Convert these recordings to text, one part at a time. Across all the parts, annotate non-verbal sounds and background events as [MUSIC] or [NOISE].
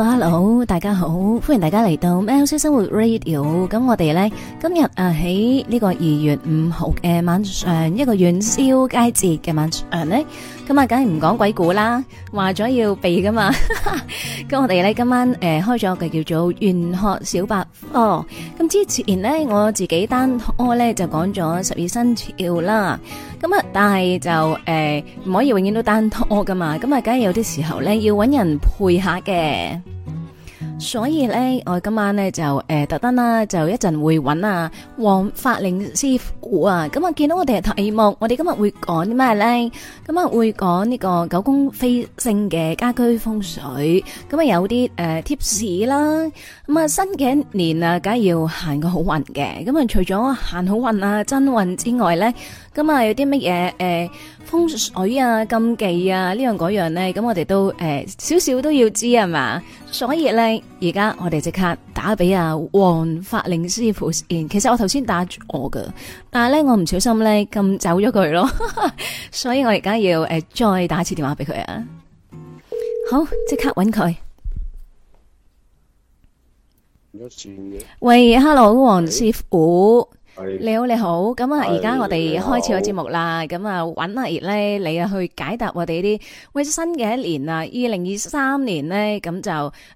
Hello, hello，大家好，歡迎大家嚟到《喵式生活 Radio》啊。咁我哋咧今日啊喺呢個二月五號嘅晚上，一個元宵佳節嘅晚上咧。咁啊，梗係唔講鬼故啦，話咗要避噶嘛。咁 [LAUGHS] 我哋咧今晚誒、呃、開咗個叫做《玄學小白玄學小百科》，哦，咁之前呢，咧我自己單拖咧就講咗十二生肖啦。咁啊，但係就誒唔可以永遠都單拖噶嘛。咁啊，梗係有啲時候咧要搵人配下陪下嘅。所以咧，我今晚咧就誒、呃、特登啦，就一陣會揾啊黃法寧師傅啊，咁、嗯、啊見到我哋嘅題目，我哋今日會講啲咩咧？咁、嗯、啊會講呢個九宮飛星嘅家居風水，咁、嗯、啊有啲誒 tips 啦，咁、嗯、啊新嘅一年、嗯、啊，梗係要行個好運嘅，咁啊除咗行好運啊增運之外咧。咁啊，有啲乜嘢誒風水啊、禁忌啊樣樣呢樣嗰樣咧，咁我哋都誒少少都要知係嘛？所以咧，而家我哋即刻打俾阿黃法寧師傅先。其實我頭先打住我噶，但係咧我唔小心咧撳走咗佢咯。 [LAUGHS] 所以我而家要誒、欸、再打一次電話俾佢啊。好，即刻揾佢。喂，Hello，黃師傅。你好，你好，咁啊，而家我哋開始個節目啦，咁啊，搵阿爺咧，你啊去解答我哋啲，喂，新嘅一年啊，二零二三年咧，咁就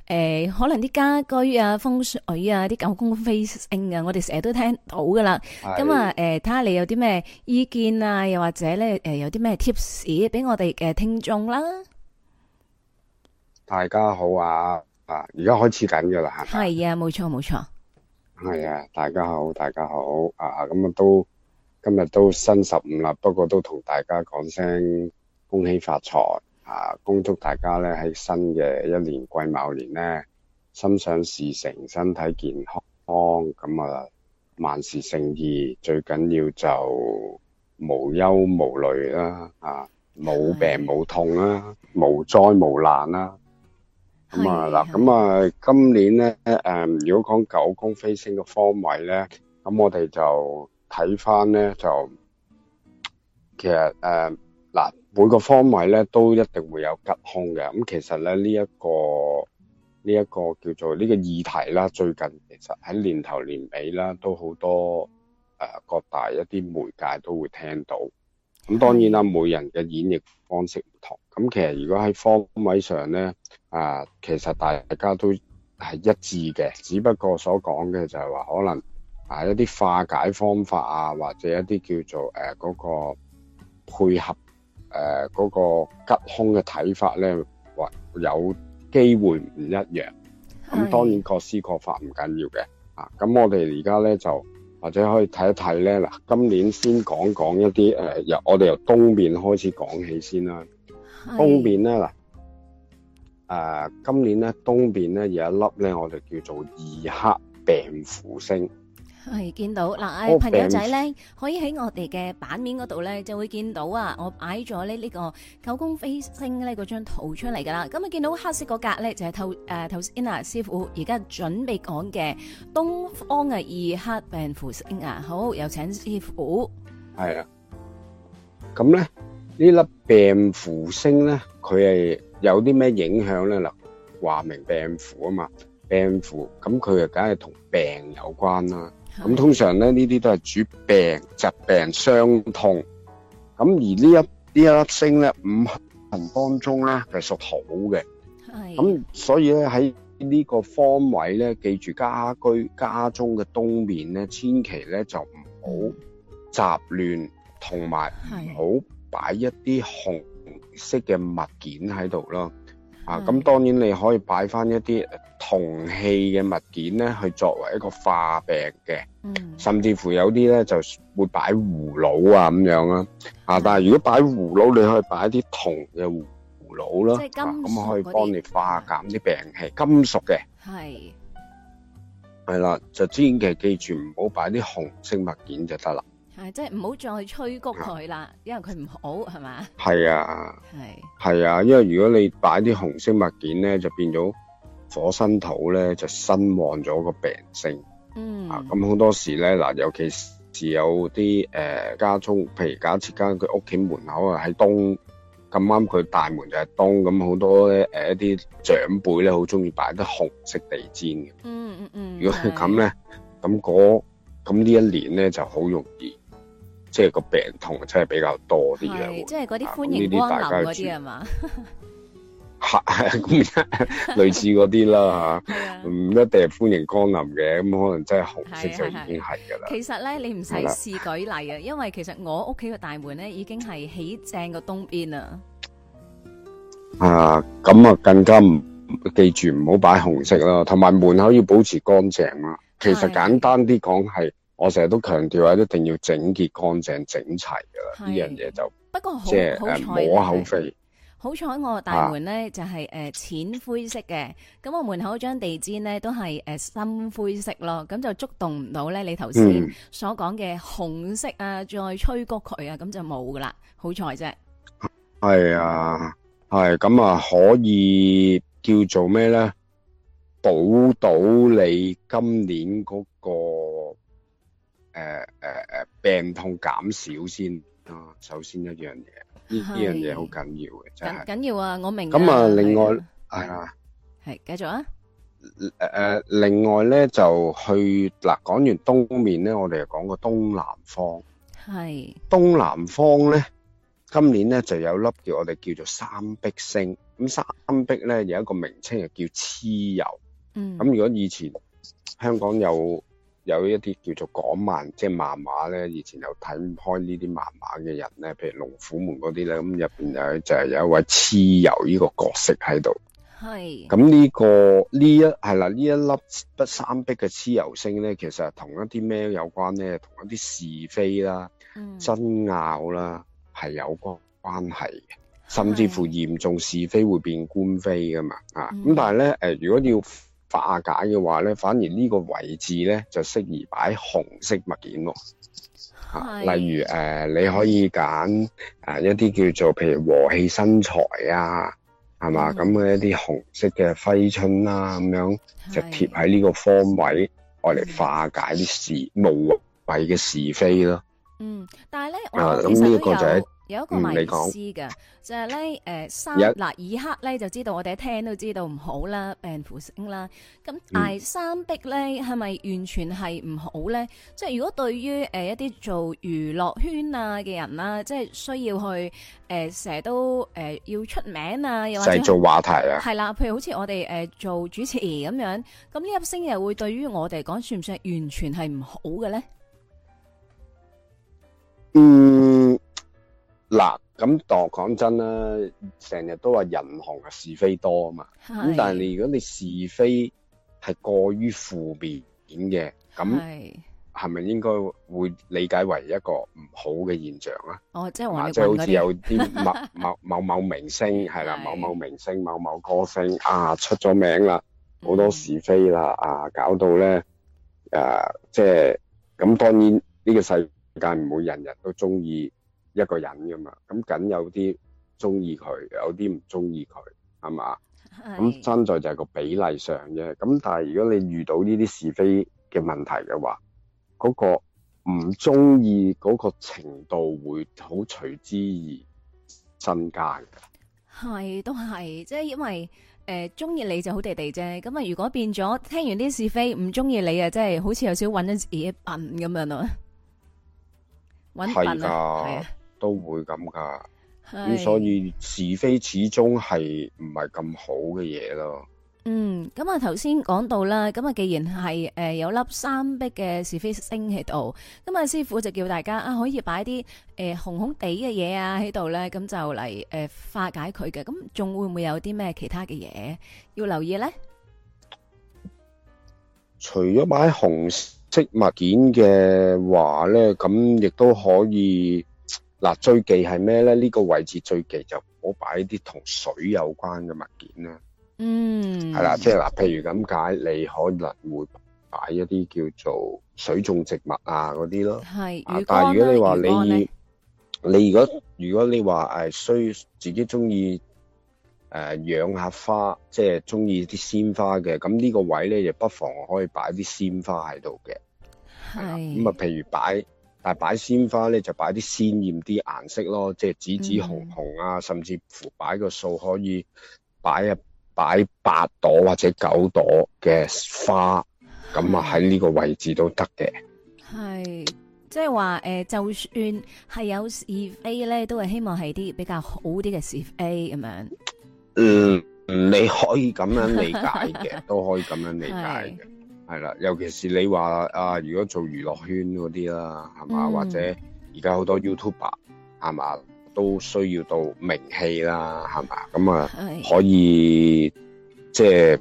誒，可能啲家居啊，風水啊，啲九宮飛星啊，我哋成日都聽到噶啦，咁啊，誒，睇下你有啲咩意見啊，又或者咧，誒，有啲咩 tips 俾我哋嘅聽眾啦。大家好啊，啊，而家開始緊噶啦，係啊，冇錯冇錯。係啊，大家好，大家好啊！咁啊，都今日都新十五啦，不過都同大家講聲恭喜發財啊！恭祝大家咧喺新嘅一年癸卯年咧，心想事成，身體健康，咁啊萬事勝意，最緊要就無憂無慮啦，啊冇病冇痛啦，無災無難啦。咁啊，嗱，咁啊，今年咧，誒，如果講九宮飛星嘅方位咧，咁我哋就睇返咧，就其實誒，嗱、啊，每個方位咧都一定會有吉凶嘅。咁其實咧，呢、呢、一個呢一、呢個叫做呢個議題啦，最近其實喺年頭年尾啦，都好多誒各大一啲媒介都會聽到。咁當然啦、啊，每人嘅演繹方式唔同。咁其實如果喺方位上咧，啊、呃，其實大家都係一致嘅，只不過所講嘅就係話可能啊一啲化解方法啊，或者一啲叫做誒嗰、呃那個配合誒嗰、呃那個吉凶嘅睇法咧，或、呃、有機會唔一樣。咁當然各施各法唔緊要嘅。啊，咁我哋而家咧就。或者可以睇一睇呢。今年先講講一啲由、呃、我哋由東面開始講起先啦。東邊呢、呃，今年呢，東面呢有一粒咧，我哋叫做二黑病符星。係見到嗱，誒，朋友仔咧，可以喺我哋嘅版面嗰度咧，就會見到啊，我擺咗咧呢個九宮飛星咧嗰張圖出嚟噶啦。咁啊，見到黑色嗰格咧，就係頭誒，頭先啊，師傅而家準備講嘅東方嘅二黑病符星啊，好，有請師傅。係啦，咁咧呢粒病符星咧，佢係有啲咩影響咧？嗱，話明病符啊嘛，病符，咁佢啊，梗係同病有關啦。咁、嗯、通常咧，呢啲都係主病、疾病、傷痛。咁、嗯、而一一星呢一呢一粒星咧，五行當中咧係屬土嘅。係。咁、嗯、所以咧喺呢個方位咧，記住家居家中嘅東面咧，千祈咧就唔好雜亂，同埋唔好擺一啲紅色嘅物件喺度咯。啊，咁當然你可以擺翻一啲銅器嘅物件咧，去作為一個化病嘅，甚至乎有啲咧就會擺葫蘆啊咁樣啦。啊，但係如果擺葫蘆，你可以擺一啲銅嘅葫蘆囉，咁可以幫你化減啲病氣，金屬嘅係係啦，就千祈記住唔好擺啲紅色物件就得啦。即係唔好再去催谷佢啦，啊，因為佢唔好係嘛？係啊，係係啊，因為如果你擺啲紅色物件咧，就變咗火身土咧，就身旺咗個病性。嗯，啊，咁好多時咧嗱，尤其是有啲誒、呃，家中譬如假設間佢屋企門口啊喺東，咁啱佢大門就係東，咁好多咧，誒一啲長輩咧好中意擺啲紅色地氈嘅。嗯嗯嗯。如果係咁咧，咁嗰咁呢一年咧就好容易。即係個病痛，真係比較多啲嘅。即係嗰啲歡迎光臨嗰啲係嘛？係 [LAUGHS] [LAUGHS] 類似嗰啲啦吓。唔、 [LAUGHS] 啊啊嗯、一定係歡迎光臨嘅，咁、嗯、可能真係紅色就已經係噶啦。其實咧，你唔使試舉例啊，因為其實我屋企嘅大門咧已經係起正個東邊喇。啊，咁啊更加記住唔好擺紅色喇，同埋門口要保持乾淨啦。其實簡單啲講係。我成日都強調啊，一定要整潔、乾淨、整齊噶啦，呢樣嘢就不過好好彩，好彩我個大門咧就係誒淺灰色嘅，咁我門口張地氈咧都係誒深灰色咯，咁就觸動唔到咧你頭先所講嘅紅色啊，再吹谷佢啊，咁就冇噶啦，好彩啫。係啊，係咁啊，可以叫做咩咧？保到你今年嗰個誒誒誒，病痛減少先啊，首先一樣嘢，呢呢樣嘢好緊要嘅，緊緊要啊，我明。咁啊，另外係啊，係繼續啊。誒誒，另外咧就去嗱，講完東面咧，我哋又講個東南方。係。東南方咧，今年咧就有粒叫我哋叫做三碧星。咁三碧咧有一個名稱，又叫蚩尤。嗯。咁如果以前香港有。有一啲叫做港漫，即、就、係、是、漫畫咧。以前又睇唔開畫呢啲漫畫嘅人咧，譬如《龍虎門呢》嗰啲咧，咁入邊有就係、是、有一位蚩尤呢個角色喺度。係。咁呢、這個呢一係啦，一呢一粒不三碧嘅蚩尤星咧，其實係同一啲咩有關咧？同一啲是非啦、嗯、爭拗啦，係有關關係嘅。甚至乎嚴重是非會變官非㗎嘛、嗯？啊，咁但係咧，誒，如果要。化解嘅話咧，反而呢個位置咧就適宜擺紅色物件咯。吓、啊，例如誒、呃，你可以揀誒、呃、一啲叫做，譬如和氣生財啊，係嘛，咁嘅一啲紅色嘅揮春啊，咁樣就貼喺呢個方位，愛嚟化解啲事無謂嘅是非咯。嗯，但係咧，啊，咁呢個就係。有一個迷思嘅，、嗯，就係、是、咧，誒、呃，三、嗱、啊，二黑咧就知道我哋一聽都知道唔好啦，病符星啦。咁，但係三碧咧係咪完全係唔好咧？即、就、係、是、如果對於誒、呃、一啲做娛樂圈啊嘅人啦、啊，即、就、係、是、需要去誒成日都誒、呃、要出名啊，又製造話題啊，係啦。譬如好似我哋誒、呃、做主持咁樣，咁呢粒星又會對於我哋講算唔算完全係唔好嘅咧？嗯。嗱，咁當講真啦，成日都話人紅啊是非多啊嘛，咁但係如果你是非係過於負面演嘅，咁係咪應該會理解為一個唔好嘅現象啊？哦，即係、啊、即係好似有啲某某某某明星係啦， [LAUGHS] 某某明星某，某某歌星啊出咗名啦，好多是非啦，啊搞到咧，誒、啊、即係咁當然呢個世界唔會人人都中意。一個人噶嘛，咁梗有啲中意佢，有啲唔中意佢，係嘛？咁真在就係個比例上啫。咁但係如果你遇到呢啲是非嘅問題嘅話，嗰、嗰個唔中意嗰個程度會好隨之而增加嘅。係，都係，即係因為誒中意你就好地地啫。咁啊，如果變咗聽完啲是非唔中意你啊，即係好似有少少揾咗自己笨咁樣咯，揾笨啊，係啊。都會咁噶，咁所以是非始終係唔係咁好嘅嘢咯。嗯，咁啊，頭先講到啦，咁啊，既然係誒有粒三碧嘅是非星喺度，咁啊，師傅就叫大家啊，可以擺啲誒紅紅地嘅嘢啊喺度咧，咁就嚟誒化解佢嘅。咁仲會唔會有啲咩其他嘅嘢要留意咧？除咗買紅色物件嘅話咧，咁亦都可以。嗱，最忌係咩咧？呢個位置最忌就唔好擺啲同水有關嘅物件啦。嗯，係啦，即係嗱，譬如咁解，你可能會擺一啲叫做水種植物啊嗰啲咯。係、啊。但係如果你話你你，你如果如果你話誒需自己中意誒養下花，即係中意啲鮮花嘅，咁呢個位咧就不妨可以擺啲鮮花喺度嘅。係。咁啊，譬如擺。但係擺鮮花咧，就擺啲鮮艷啲顏色咯，即係紫紫紅紅啊，嗯、甚至乎擺個數可以擺啊，擺八朵或者九朵嘅花，咁啊喺呢個位置都得嘅。係，即係話誒，就算係有 C A 咧，都係希望係啲比較好啲嘅 C A 咁樣。嗯，你可以咁樣理解嘅， [LAUGHS] 都可以咁樣理解嘅。係啦，尤其是你話啊，如果做娛樂圈嗰啲啦，係嘛、嗯，或者而家好多 YouTuber 係嘛，都需要到名氣啦，係嘛，咁啊，可以即係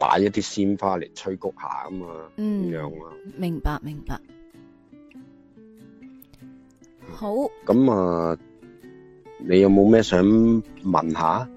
擺一啲鮮花嚟催谷一下咁啊，咁、嗯、樣啊。明白，明白。好。咁啊，你有冇咩想問下？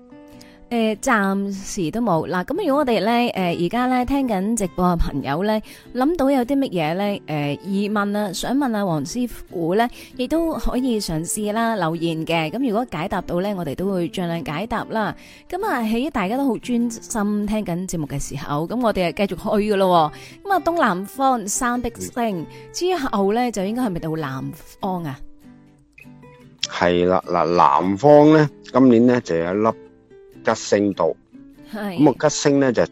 誒，暫時都冇嗱。咁如果我哋咧，誒，而家咧聽緊直播嘅朋友咧，諗到有啲乜嘢咧，誒，疑問啊，想問啊，黃師傅咧，亦都可以嘗試啦留言嘅。咁如果解答到咧，我哋都會盡量解答啦。咁啊，喺大家都好專心聽緊節目嘅時候，咁我哋係繼續去噶咯。咁啊，東南方三碧星之後咧，就應該係咪到南方啊？係啦，嗱，南方咧，今年咧就有一粒。吉星到，咁啊吉星咧就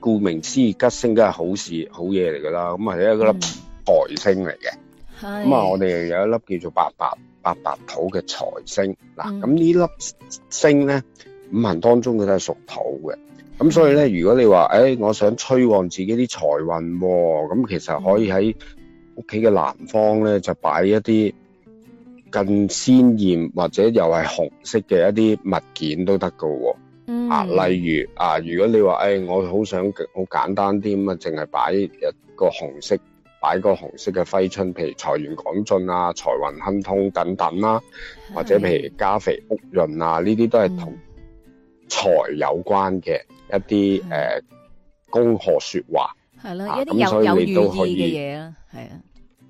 顧名思義，吉星都係好事好嘢嚟噶啦，咁啊係一粒財星嚟嘅，咁、嗯、啊我哋又有一粒叫做八白八白土嘅財星，嗱咁呢粒星咧五行當中佢都係屬土嘅，咁所以咧如果你話誒、哎、我想催旺自己啲財運，咁其實可以喺屋企嘅南方咧就擺一啲。更鮮豔或者又係紅色嘅一啲物件都得㗎喎，啊，例如啊，如果你話誒、哎，我好想好簡單啲咁啊，淨係擺一個紅色，擺一個紅色嘅揮春，譬如財源廣進啊、財運亨通等等啦、啊，或者譬如家肥屋潤啊，呢啲都係同財有關嘅一啲誒恭賀説話，係咯，咁、啊嗯、所以你都可以嘢啦，係啊，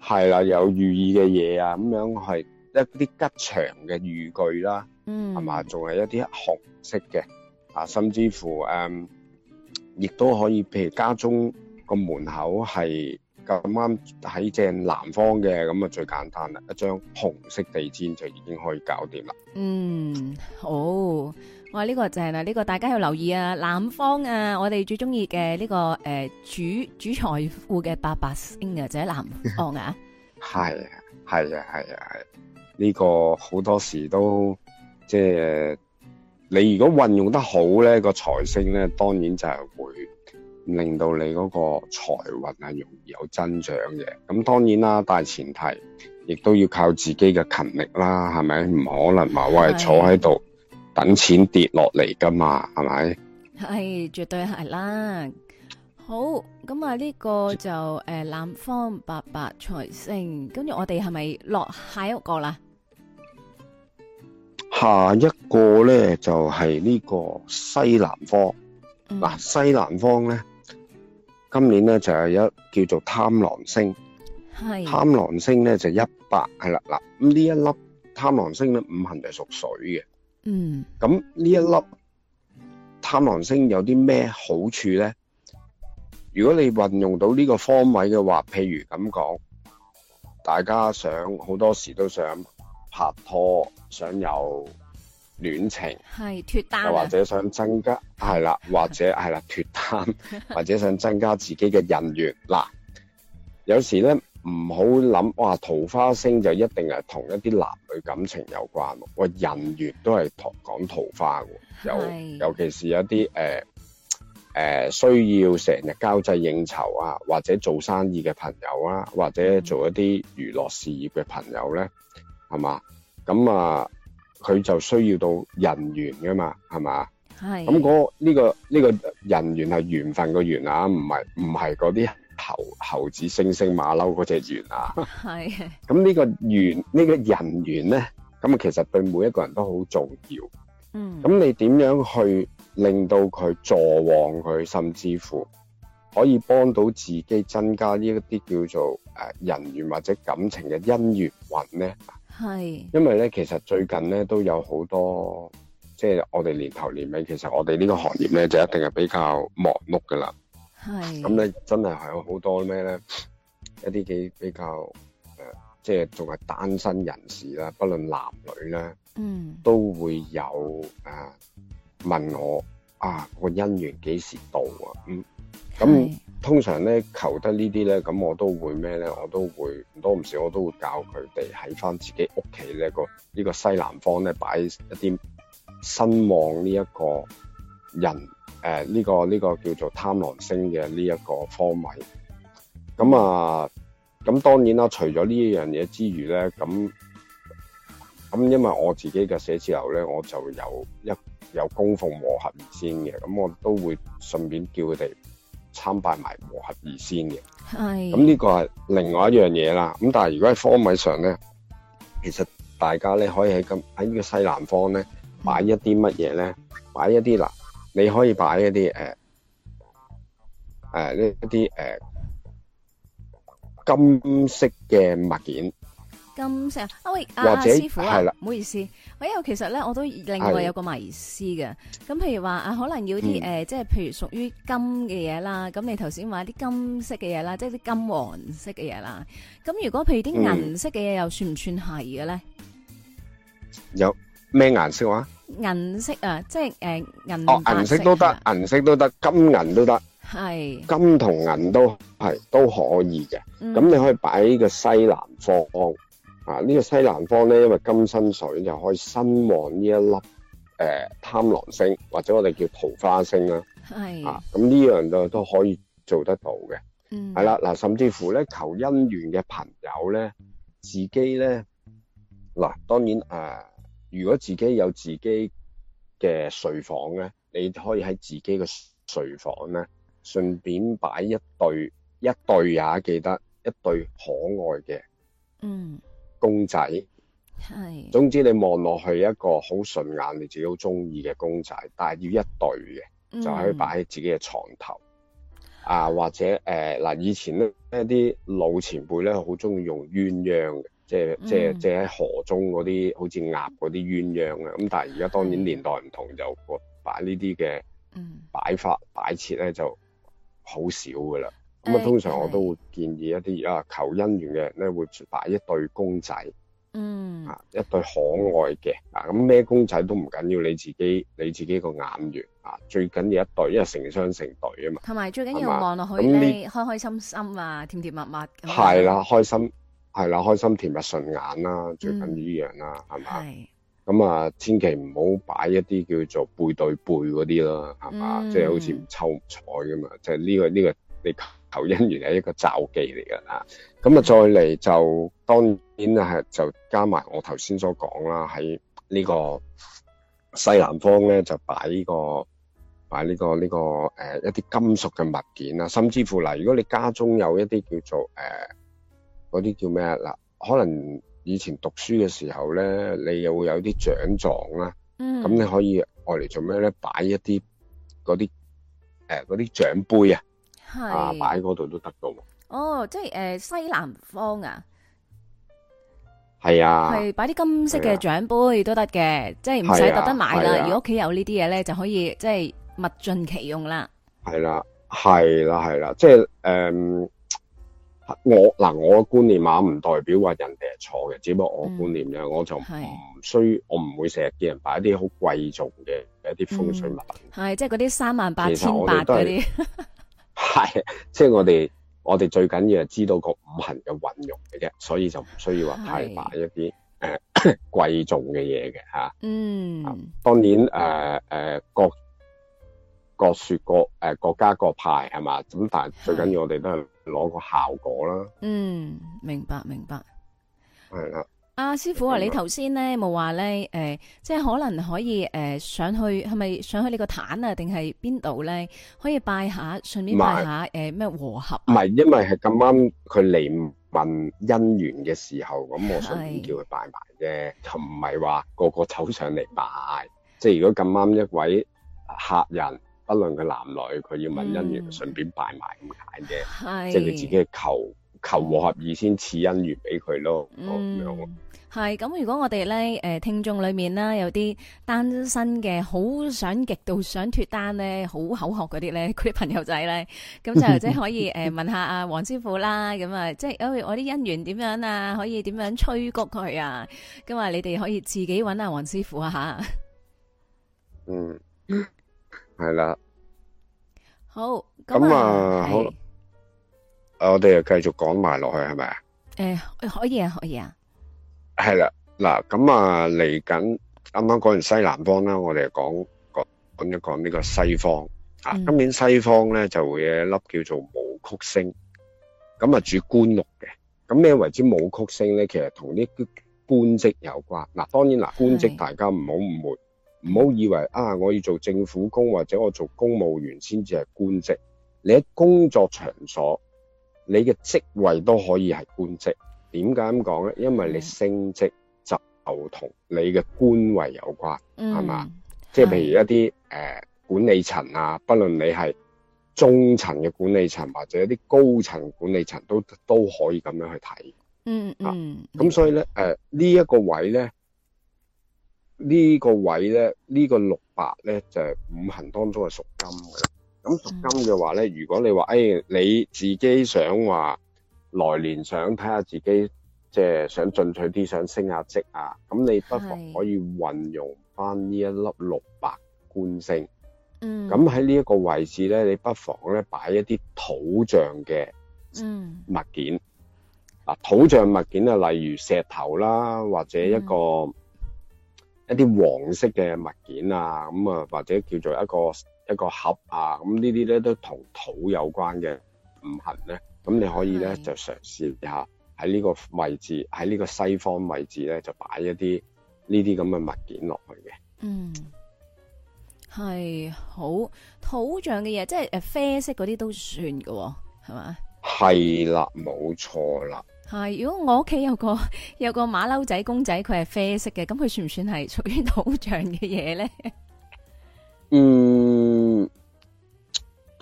係啦，有寓意嘅嘢啊，咁、啊、樣係。一啲吉祥嘅語句啦，嗯，係嘛？仲係一啲紅色嘅啊，甚至乎誒，亦、嗯、都可以。譬如家中個門口係咁啱喺正南方嘅，咁啊最簡單啦，一張紅色地氈就已經可以搞掂啦。嗯，好、哦，我呢、這個就係嗱，呢、這個大家要留意啊，南方啊，我哋最中意嘅呢個誒、呃、主主財富嘅八白星啊，就喺、是、南方啊。係 [LAUGHS] 啊，係啊，係啊，係、啊。呢、這個好多時都即係你如果運用得好咧，那個財星咧，當然就係會令到你嗰個財運啊容易有增長嘅。咁當然啦，大前提亦都要靠自己嘅勤力啦，係咪？唔可能話我係坐喺度等錢跌落嚟噶嘛，係咪？係絕對係啦。好，咁啊呢個就誒、呃、南方八白財星，跟住我哋係咪落下一個啦？下一個咧就係、是、呢個西南方，嗱、啊嗯、西南方咧今年咧就係一叫做貪狼星，貪狼星咧就一百係啦，嗱，咁呢一粒貪狼星咧五行就係屬水嘅，嗯，咁呢一粒貪狼星有啲咩好處咧？如果你運用到呢個方位嘅話，譬如咁講，大家想好多時都想。拍拖想有戀情，係脫單，或者想增加係啦， [LAUGHS] 或者係啦脫單， [LAUGHS] 或者想增加自己嘅人緣。嗱，有時咧唔好諗哇，桃花星就一定係同一啲男女感情有關喎。人緣都係講桃花嘅，尤尤其是一啲誒誒需要成日交際應酬啊，或者做生意嘅朋友啦、啊，或者做一啲娛樂事業嘅朋友咧。嗯係嘛咁啊？佢就需要到人緣噶嘛，係嘛？係咁呢個呢、呢個這個人緣係緣分個緣啊，唔係唔係嗰啲猴猴子猩猩馬騮嗰隻緣啊。係咁呢個緣呢、呢個人緣咧，咁啊，其實對每一個人都好重要。嗯，咁你點樣去令到佢助旺佢，甚至乎可以幫到自己增加呢一啲叫做誒人緣或者感情嘅姻緣運咧？係，因為咧，其實最近咧都有好多，即係我哋年頭年尾，其實我哋呢個行業咧就一定係比較忙碌噶啦。係，咁咧真係係有好多咩咧，一啲幾比較誒，即係仲係單身人士啦，不論男女咧，嗯，都會有誒問我啊個姻緣幾時到啊？嗯咁通常咧求得這些呢啲咧，咁我都會咩咧？我都會唔多唔少，我都會教佢哋喺翻自己屋企咧個呢、呢個西南方咧擺一啲身旺呢一個人誒呢、呃呢個呢、呢個叫做貪狼星嘅呢一個方位。咁啊，咁當然啦、啊，除咗呢樣嘢之餘咧，咁咁因為我自己嘅寫字樓咧，我就有一有供奉和合二仙嘅。咁我都會順便叫佢哋。參拜埋和合二仙嘅，咁呢個係另外一樣嘢啦。咁但係如果喺方位上咧，其實大家咧可以喺咁喺呢個西南方咧擺一啲乜嘢咧，擺一啲嗱，你可以擺一啲誒誒呢一啲誒、呃、金色嘅物件。金色啊！喂，阿阿師傅啊，係啦，唔好意思，因為其實咧，我都另外有個迷思嘅。咁譬如話啊，可能要啲誒，即係譬如屬於金嘅嘢啦。咁你頭先話啲金色嘅嘢啦，即係啲金黃色嘅嘢啦。咁如果譬如啲銀色嘅嘢，又算唔算係嘅咧？有咩顏色話？銀色啊，即係誒銀哦，銀色都得，銀色都得，金銀都得，係金同銀都係都可以嘅。咁你可以擺喺個西南方。啊！呢、這個西南方咧，因為金生水，就可以身旺呢一粒誒、呃、貪狼星，或者我哋叫桃花星啦。係。啊，咁呢、啊、樣都都可以做得到嘅。嗯。係啦，嗱、啊，甚至乎咧，求姻緣嘅朋友咧，自己咧，嗱、啊，當然誒、啊，如果自己有自己嘅睡房咧，你可以喺自己嘅睡房咧，順便擺一對一對呀、啊，記得一對可愛嘅，嗯。公仔，係，總之你望落去一個好順眼，你自己好中意嘅公仔，但係要一對嘅，就可以擺喺自己嘅床頭，嗯、啊或者誒嗱、呃，以前咧一啲老前輩咧好中意用鴛鴦嘅，即係即係即係喺河中嗰啲好似鴨嗰啲鴛鴦啊，咁但係而家當然年代唔同，就個擺呢啲嘅，嗯，擺法擺設咧就好少㗎喇。咁、嗯、啊，通常我都會建議一啲啊求姻緣嘅人咧，會擺一對公仔，嗯，啊一對可愛嘅，啊咁咩公仔都唔緊要，你自己你自己個眼緣啊，最緊要一對，因為成雙成對啊嘛。同埋最緊要望落去，去你開開心心啊，甜甜蜜蜜咁。係啦，開心係啦，開心甜蜜順眼啦、啊嗯，最緊要呢樣啦，係嘛？咁啊，千祈唔好擺一啲叫做背對背嗰啲啦，係、嗯、嘛？即係好似唔瞅唔睬噶嘛，即係呢個呢、呢個你。頭姻緣係一個罩機嚟噶啦，咁啊再嚟就當然係就加埋我頭先所講啦，喺呢個西南方咧就擺呢個擺呢個呢個誒、呃、一啲金屬嘅物件啦。甚至乎嗱，如果你家中有一啲叫做誒嗰啲叫咩啊嗱，可能以前讀書嘅時候咧，你又會有啲獎狀啦，咁你可以愛嚟做咩咧？擺一啲嗰啲誒嗰啲獎杯啊。係啊，擺喺嗰度都得噶喎。哦，即係誒、呃，西南方啊。係啊。係擺啲金色嘅獎杯都得嘅，即係唔使特登買啦、啊啊。如果屋企有這些東西呢啲嘢咧，就可以即係物盡其用啦。係啦、啊，係啦、啊，係啦、啊啊，即係誒、嗯，我嗱，我嘅觀念啊唔代表話人哋係錯嘅，只不過我嘅觀念啫、就是嗯，我就唔需、啊，我唔會成日見人擺一啲好貴重嘅一啲風水物品。係、嗯啊，即係嗰啲三萬八千八嗰啲。 [LAUGHS] 係，即係我哋，我哋最緊要係知道個五行嘅運用嘅啫，所以就唔需要話太買一啲誒貴重嘅嘢嘅吓。嗯，啊、當然誒誒、呃、各各說各誒各家各派係嘛，咁但係最緊要我哋都係攞個效果啦。嗯，明白明白。係啦。阿、啊、師傅啊，你頭先咧冇話咧，誒、呃，即係可能可以誒、呃、上去，係咪上去呢個壇啊，定係邊度咧？可以拜下，順便拜下誒咩、呃、和合、啊？唔係，因為係咁啱佢嚟問姻緣嘅時候，咁我順便叫佢拜埋啫，同唔係話個個走上嚟拜。嗯、即係如果咁啱一位客人，不論佢男女，佢要問姻緣，順、嗯、便拜埋咁解啫。係，即係佢自己去求。求和合二仙賜姻緣俾佢咯，咁、嗯、樣。係咁，如果我哋咧，誒、呃，聽眾裏面啦，有啲單身嘅，好想極度想脫單咧，好口渴嗰啲咧，嗰啲朋友仔咧，咁就即係可以誒、 [LAUGHS] 呃，問下阿、啊、黃師傅啦，咁啊，即、哎、係我啲姻緣點樣啊？可以點樣催谷佢啊？咁啊，你哋可以自己揾下黃師傅啊吓。嗯，係啦。好，咁啊，啊，好。我哋又繼續講埋落去，係咪啊？誒、呃，可以啊，可以啊。係啦，嗱咁啊，嚟緊啱啱講完西南方啦，我哋講講講一講呢個西方、嗯、啊。今年西方咧就會有一粒叫做武曲星，咁啊主官祿嘅。咁咩為之武曲星咧？其實同呢啲官職有關。嗱，當然啦，官職，大家唔好誤會，唔好以為啊，我要做政府工或者我做公務員先至係官職。你喺工作場所。嗯你嘅職位都可以係官職，點解咁講咧？因為你升職就同你嘅官位有關，係、mm-hmm. 嘛？即係譬如一啲誒、呃、管理層啊，不論你係中層嘅管理層或者一啲高層管理層，都都可以咁樣去睇。嗯、mm-hmm. 咁、啊、所以咧，誒呢一個位咧，呢、這個位咧，這個、600呢個六白咧就係、是、五行當中係屬金嘅。咁屬金嘅話咧，如果你話誒、哎、你自己想話來年想睇下自己，即、就、係、是、想進取啲，想升下職啊，咁你不妨可以運用翻呢一粒六白官星。嗯。咁喺呢一個位置咧，你不妨咧擺一啲土象嘅物件。啊，土象物件啊，例如石頭啦，或者一個、嗯、一啲黃色嘅物件啊，咁啊，或者叫做一個。一個盒啊，咁呢啲咧都同土有關嘅五行咧，咁你可以咧就嘗試下喺呢個位置，喺呢個西方位置咧就擺一啲呢啲咁嘅物件落去嘅。嗯，係好土象嘅嘢，即係誒啡色嗰啲都算嘅、哦，係嘛？係啦，冇錯啦。係如果我屋企有個有個馬騮仔公仔，佢係啡色嘅，咁佢算唔算係屬於土象嘅嘢咧？嗯。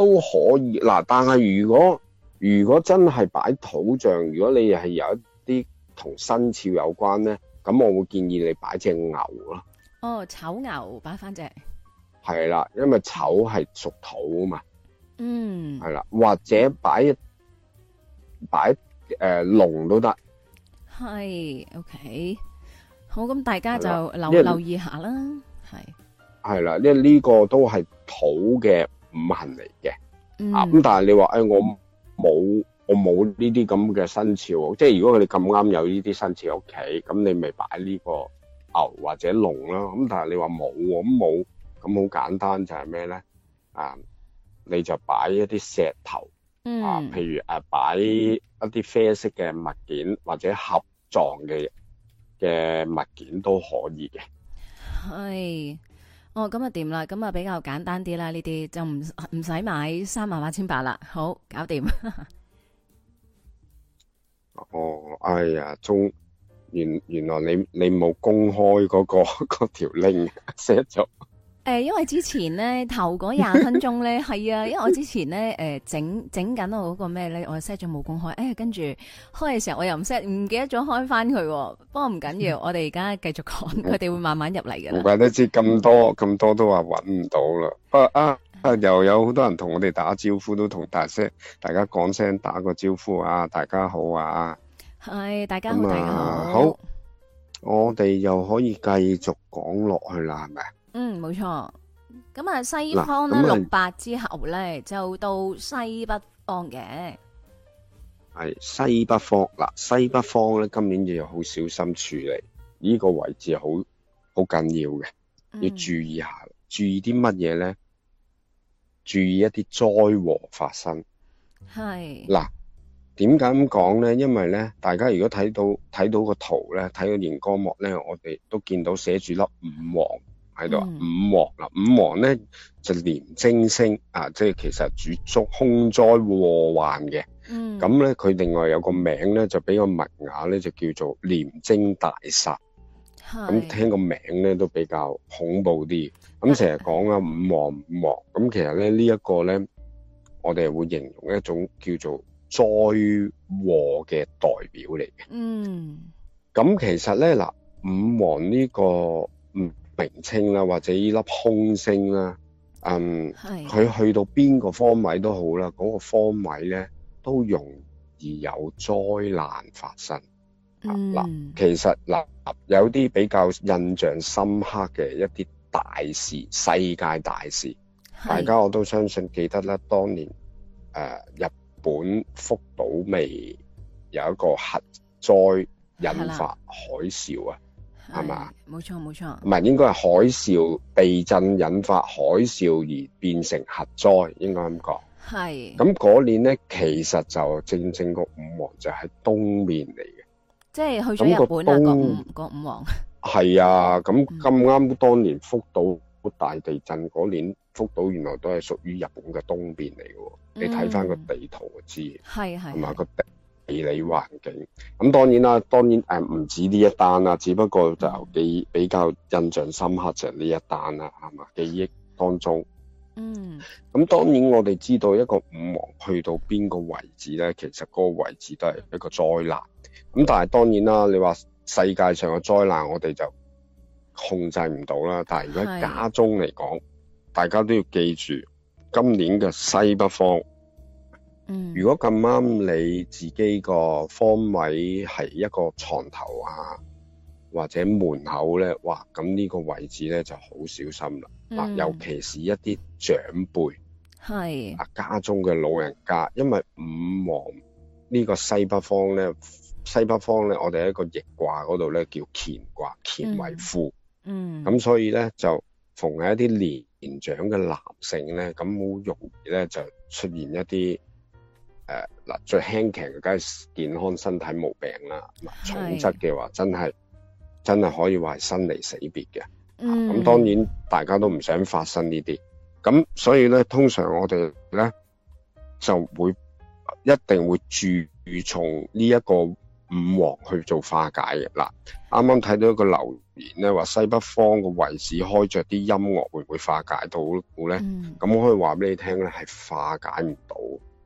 都可以嗱、啊，但係如果如果真係擺土象，如果你係有一啲同生肖有關咧，咁我會建議你擺隻牛咯。哦，丑牛擺翻隻係啦，因為丑係屬土啊嘛。嗯，係啦，或者擺擺誒龍都得。係、呃，OK，好，咁大家就留留意一下啦。係係啦，因為呢個都係土嘅。五行嚟嘅，啊、嗯、咁、嗯、但係你話誒、哎、我冇我冇呢啲咁嘅生肖，即係如果你咁啱有呢啲生肖屋企，咁你咪擺呢個牛或者龍啦。咁但係你話冇喎，咁冇，咁好簡單就係咩咧？啊，你就擺一啲石頭、嗯，啊，譬如誒、啊、擺一啲啡色嘅物件或者盒狀嘅嘅物件都可以嘅。係。哦，咁啊，掂啦？咁啊，比較簡單啲啦，呢啲就唔唔使買三萬八千八啦，好，搞掂。 [LAUGHS] 哦，哎呀，中，原原來你你冇公開嗰、嗰個嗰條 link 寫咗。誒、呃，因為之前咧頭嗰廿分鐘咧係啊，因為我之前咧誒、呃、整、整整緊我嗰個咩咧，我 set 咗冇公開，誒、哎、跟住開嘅時候我又唔 set，唔記得咗開翻佢、哦。不過唔緊要，我哋而家繼續講，佢、嗯、哋會慢慢入嚟嘅。唔怪得知咁多咁多都話揾唔到啦。啊啊啊！又有好多人同我哋打招呼，都同大 s 大家講聲打個招呼啊，大家好啊。係大家好大家好。好，我哋又可以繼續講落去啦，係咪？嗯，冇錯，咁啊，西方咧六八之後咧，就到西北方嘅，係西北方嗱，西北方咧今年就要好小心處理，呢、這個位置好好緊要嘅，要注意一下、嗯，注意啲乜嘢咧？注意一啲災禍發生，係嗱，點解咁講咧？因為咧，大家如果睇到睇到個圖咧，睇到螢光幕咧，我哋都見到寫住粒五黃。喺度五黃啦，五黃咧就廉貞星啊，即係其實是主足空災禍患嘅。嗯，咁咧佢另外有個名咧就比較文雅咧，就叫做廉貞大煞。咁、嗯、聽個名咧都比較恐怖啲。咁成日講啊五黃五黃，咁其實咧呢一、這個咧，我哋係會形容一種叫做災禍嘅代表嚟嘅。嗯，咁其實咧嗱，五黃呢、這個唔。嗯名稱啦，或者呢粒空星啦，嗯，佢去到邊個方位都好啦，嗰、嗰個方位咧都容易有災難發生。嗱、嗯啊，其實嗱、啊，有啲比較印象深刻嘅一啲大事，世界大事，大家我都相信記得啦。當年誒、啊，日本福島未有一個核災引發海嘯啊。係嘛？冇錯冇錯，唔係應該係海嘯，地震引發海嘯而變成核災，應該咁講。係。咁嗰年咧，其實就正正個五王就喺東面嚟嘅，即係去咗日本啊個個東個五個五王。係啊，咁咁啱當年福島、嗯、大地震嗰年，福島原來都係屬於日本嘅東邊嚟嘅，你睇翻個地圖就知。係係。係嘛？咁。地理環境，咁當然啦，當然誒啊，唔止呢一單啦，只不過就你比較印象深刻就係呢一單啦，係嘛，記憶當中，嗯，咁當然我哋知道一個五黃去到邊個位置咧，其實個位置都係一個災難，咁但係當然啦，你話世界上嘅災難我哋就控制唔到啦，但係如果家中嚟講，大家都要記住今年嘅西北方。如果咁啱你自己個方位係一個床頭啊，或者門口咧，哇咁呢個位置咧就好小心啦。嗱、嗯，尤其是一啲長輩，係家中嘅老人家，因為五黃呢個西北方咧，西北方咧，我哋一個逆卦嗰度咧叫乾卦，乾為父，嗯，咁、嗯、所以咧就逢係一啲年長嘅男性咧，咁好容易咧就出現一啲。誒，嗱，最輕騎嘅梗係健康身體毛病啦，重則嘅話真係真係可以話係生離死別嘅。咁、嗯、當然大家都唔想發生呢啲，咁所以咧，通常我哋咧就會一定會注重呢一個五黃去做化解嘅。嗱，啱啱睇到一個留言咧，話西北方嘅位置開着啲音樂會唔會化解到咧？咁、嗯、我可以話俾你聽咧，係化解唔到。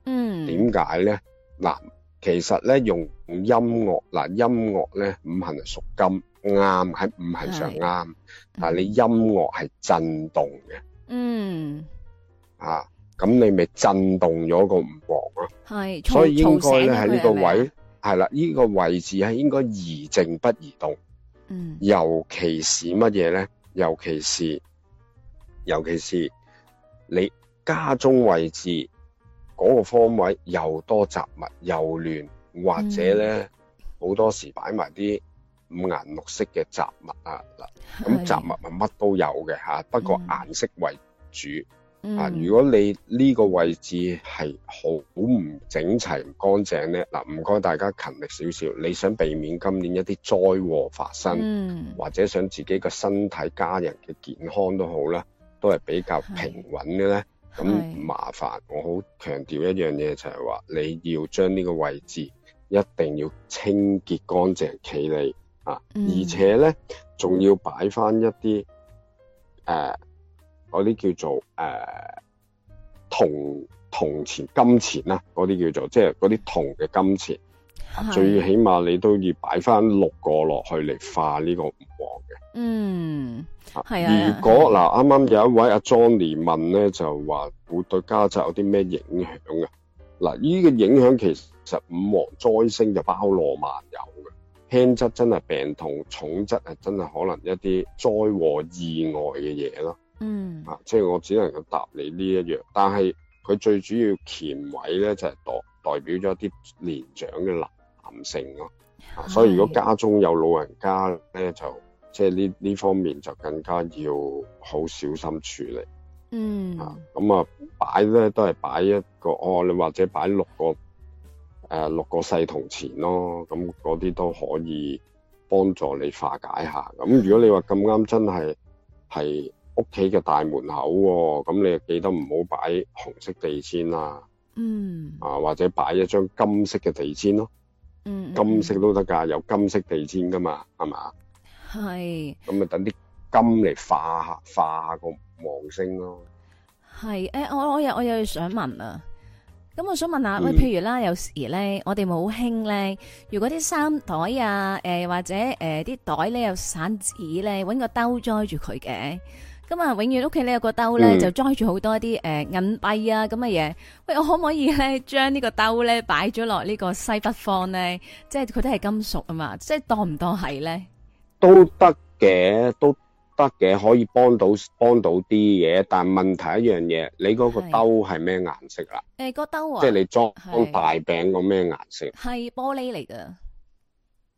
嗯，點解咧？嗱，其實咧用音樂，嗱音樂咧五行係屬金，啱喺五行上啱，但係你音樂係震動嘅，嗯，啊，咁你咪震動咗個五黃咯，係，所以應該咧喺呢個位，係啦呢個位置係應該宜靜不宜動，嗯，尤其是乜嘢咧？尤其是，尤其是你家中位置。嗰、嗰個方位又多雜物又亂，或者咧好、嗯、多時擺埋啲五顏六色嘅雜物，雜物啊！咁雜物咪乜都有嘅嚇，不過顏色為主、嗯、啊！如果你呢個位置係好唔整齊、唔乾淨咧，嗱、啊，唔該大家勤力少少，你想避免今年一啲災禍發生、嗯，或者想自己個身體、家人嘅健康都好啦，都係比較平穩嘅咧。咁麻煩，我好強調一樣嘢，就係話你要將呢個位置一定要清潔乾淨，企理啊，而且咧仲要擺翻一啲誒嗰啲叫做誒、呃、銅銅錢金錢啦、啊，嗰啲叫做即係嗰啲銅嘅金錢。最起碼你都要擺翻六個落去嚟化呢個五黃嘅。嗯，啊。啊如果嗱啱啱有一位阿、啊、Johnny 問咧，就話會對家宅有啲咩影響啊？嗱，呢、這個影響其實五黃災星就包羅萬有嘅。輕則真係病痛，重則係真係可能一啲災禍意外嘅嘢咯。嗯，啊，即係我只能夠答你呢一樣，但係佢最主要樞位咧就係、是、代代表咗一啲年長嘅啦性咯，啊啊，所以如果家中有老人家咧，就即係呢呢方面就更加要好小心處理。嗯啊，咁啊擺咧都係擺一個哦，你或者擺六個誒、呃、六個細銅錢咯。咁嗰啲都可以幫助你化解下。咁如果你話咁啱真係係屋企嘅大門口，咁你就記得唔好擺紅色地氈啦，啊。嗯啊，或者擺一張金色嘅地氈咯，啊。金色都得噶，有金色地氈噶嘛，係嘛？係。咁咪等啲金嚟化下，化下個黃星咯。係，誒、欸，我我又我又想問啊，咁我想問下、嗯，喂，譬如啦，有時咧，我哋冇好興咧，如果啲衫袋啊，誒、呃、或者誒啲、呃、袋咧有散紙咧，搵個兜載住佢嘅。咁啊，永遠屋企咧有個兜咧，就裝住好多啲誒銀幣啊咁嘅嘢。喂，我可唔可以咧將呢個兜咧擺咗落呢個西北方咧？即係佢都係金屬啊嘛，即係當唔當係咧？都得嘅，都得嘅，可以幫到幫到啲嘢。但係問題是一樣嘢，你嗰個兜係咩顏色啊？誒，個兜啊？即係你裝大餅個咩顏色？係玻璃嚟㗎。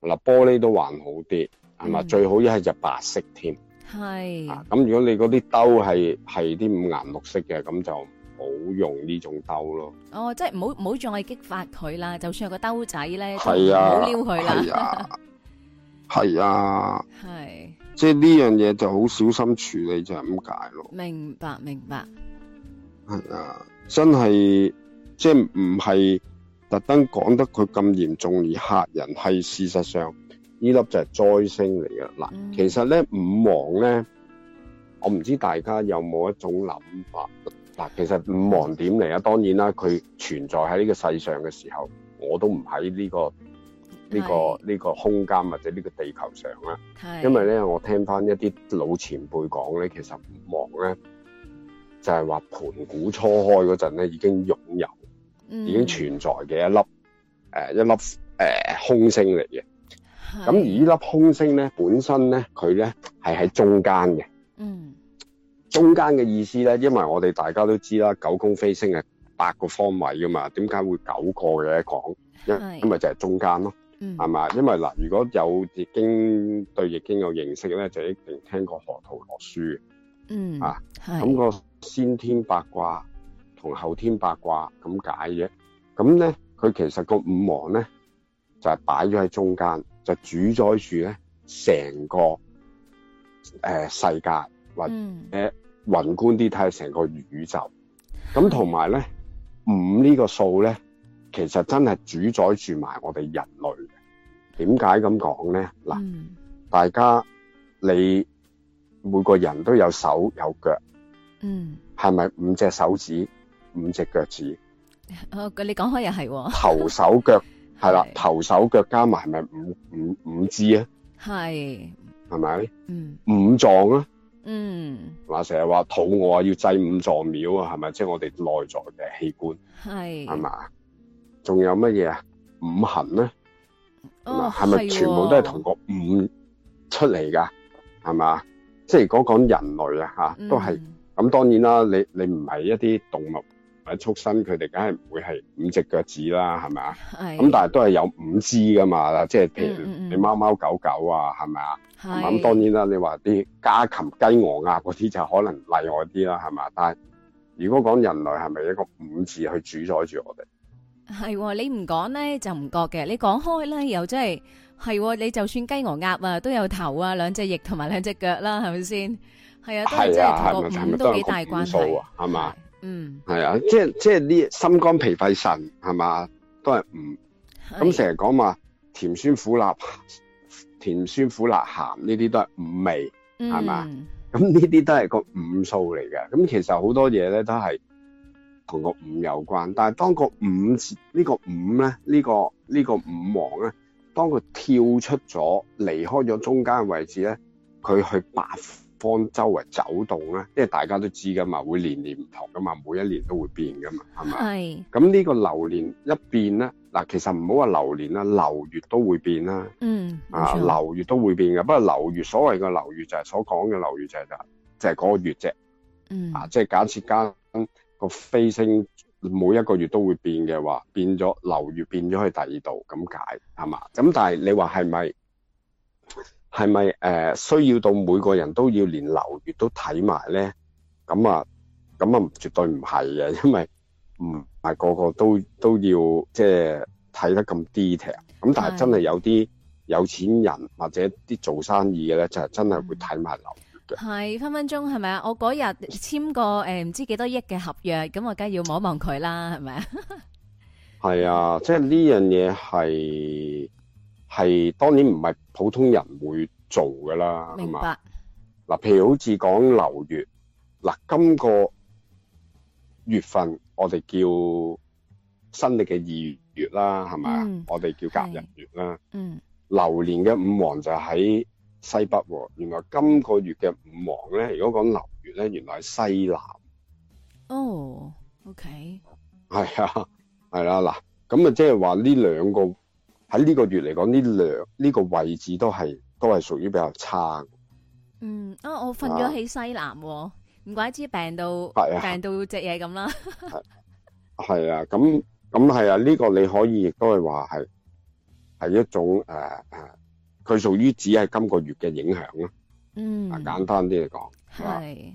嗱，玻璃都還好啲，係嘛，嗯，最好一係就白色添。係，咁、啊、如果你嗰啲兜係係啲五顏六色嘅，咁就唔好用呢種兜咯。哦，即係唔好再激發佢啦。就算有個兜仔咧，係啊，冇撩佢啦。係啊，係、啊 [LAUGHS] 啊，即係呢樣嘢就好小心處理就係咁解咯。明白，明白。係啊，真係即係唔係特登講得佢咁嚴重而嚇人，係事實上。呢粒就係災星嚟嘅嗱，其實咧五芒咧，我唔知大家有冇一種諗法嗱，其實五芒點嚟啊？當然啦，佢存在喺呢個世上嘅時候，我都唔喺呢個呢、呢個呢、呢個空間或者呢個地球上啦，因為咧我聽翻一啲老前輩講咧，其實五芒咧就係、是、話盤古初開嗰陣咧已經擁有，嗯、已經存在嘅一粒誒、呃、一粒誒、呃、空星嚟嘅。咁而呢粒空星咧，本身咧佢咧係喺中間嘅。嗯，中間嘅意思咧，因為我哋大家都知啦，九宮飛星係八個方位噶嘛，點解會九個嘅講？因因為就係中間咯，係嘛，嗯？因為嗱、呃，如果有易經對易經有認識咧，就一定聽過河圖洛書嘅。嗯啊、咁、嗯那個先天八卦同後天八卦咁解嘅，咁咧佢其實個五王咧就係擺咗喺中間。就主宰住咧成個誒、呃、世界，或誒宏觀啲睇下成個宇宙。咁同埋咧五，這個呢個數咧，其實真係主宰住埋我哋人類。點解咁講咧？嗱、嗯，大家你每個人都有手有腳，嗯，係咪五隻手指五隻腳趾？佢、哦、你講開又係、哦、頭手腳。 [LAUGHS] 係啦、啊，頭手腳加埋係咪五五五肢啊？係，係咪？嗯，五臟啊？嗯，嗱，成日話肚餓啊，要祭五臟廟啊，係咪？即、就、係、是、我哋內在嘅器官，係，係嘛？仲有乜嘢啊？五行咧？係咪、哦、全部都係同個五出嚟噶？係、哦、嘛？即係講講人類啊，吓、啊、都係咁。嗯、當然啦，你你唔係一啲動物。喺畜生，佢哋梗係唔會係五隻腳趾啦，係咪啊？咁、嗯、但係都係有五肢噶嘛，即係譬如你貓貓狗狗啊，係咪啊？咁當然啦，你話啲家禽雞鵝鴨嗰啲就可能例外啲啦，係嘛？但係如果講人類係咪一個五字去主宰住我哋？係你唔講咧就唔覺嘅，你講開咧又真係係你就算雞鵝鴨啊都有頭啊兩隻翼同埋兩隻腳啦，係咪先？係啊，都係即係都幾大關數，係嘛？嗯，係啊，即係即係呢，心肝脾肺腎係嘛，都係五。咁成日講話，甜酸苦辣甜酸苦辣鹹呢啲都係五味係嘛，咁呢啲都係個五數嚟嘅，咁其實好多嘢咧都係同個五有關，但係當個五呢、這個五咧、這個、呢個呢個五黃咧，當佢跳出咗離開咗中間嘅位置咧，佢去拔。方周圍走動咧，因為大家都知噶嘛，會年年唔同噶嘛，每一年都會變噶嘛，係嘛？係。咁呢個流年一變咧，嗱，其實唔好話流年啦，流月都會變啦。嗯。啊，流月都會變噶，不過流月所謂嘅流月就係、是、所講嘅流月就係、是、就係、是、嗰個月啫。嗯。啊，即、就、係、是、假設間個飛星每一個月都會變嘅話，變咗流月變咗去第二度咁解，係嘛？咁但係你話係咪？係咪誒需要到每個人都要連流月都睇埋咧？咁啊，咁啊，絕對唔係嘅，因為唔係個個都都要即係睇得咁 detail。咁但係真係有啲有錢人或者啲做生意嘅咧，就係、係、真係會睇埋流月。係分分鐘係咪啊？我嗰日簽個誒唔知幾多億嘅合約，咁我梗係要摸一摸佢啦，係咪 [LAUGHS] 啊？係啊，即係呢樣嘢係。係當然唔係普通人會做噶啦，明白？嗱，譬如好似講流月，嗱今個月份我哋叫新曆嘅二月啦，係咪，嗯？我哋叫甲寅月啦。嗯。流年嘅五黃就喺西北，啊，原來今個月嘅五黃咧，如果講流月咧，原來係西南。哦，oh，OK [LAUGHS] 係啊，係、啊、啦，嗱，咁啊，即係話呢兩個。喺呢個月嚟講，呢兩呢個位置都係都係屬於比較差。嗯，啊，我瞓咗喺西南、啊，唔怪之病到係啊，病到隻嘢咁啦。係啊，咁咁係啊，呢、啊這個你可以亦都係話係係一種誒誒，佢、呃、屬於只係今個月嘅影響啦。嗯，啊，簡單啲嚟講係。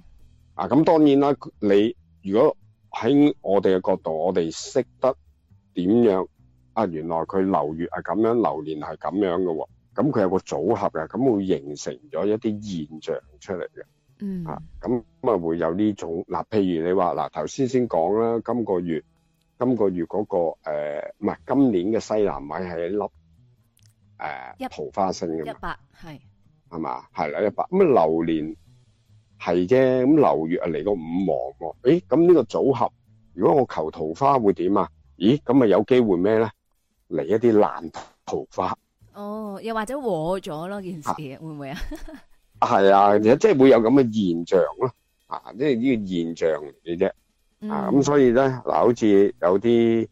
啊，咁當然啦，你如果喺我哋嘅角度，我哋識得點樣。啊，原來佢流月係咁樣，流年係咁樣嘅喎、哦。咁佢有個組合嘅，咁會形成咗一啲現象出嚟嘅。嗯、mm. 啊。啊，咁啊會有呢種嗱，譬如你話嗱，頭先先講啦，今個月，今個月嗰、那個唔係、啊、今年嘅西南位係一粒誒、啊、桃花星嘅嘛，一白係係嘛係啦，一白咁啊流年係啫，咁流月啊嚟個五黃喎。誒咁呢個組合，如果我求桃花會點啊？咦咁啊有機會咩咧？嚟一啲爛桃花，哦，又或者和咗咯件事，會唔會啊？係啊，即係會有咁嘅現象咯。啊，即係呢個現象嚟啫。啊，咁所以咧，嗱，好似有啲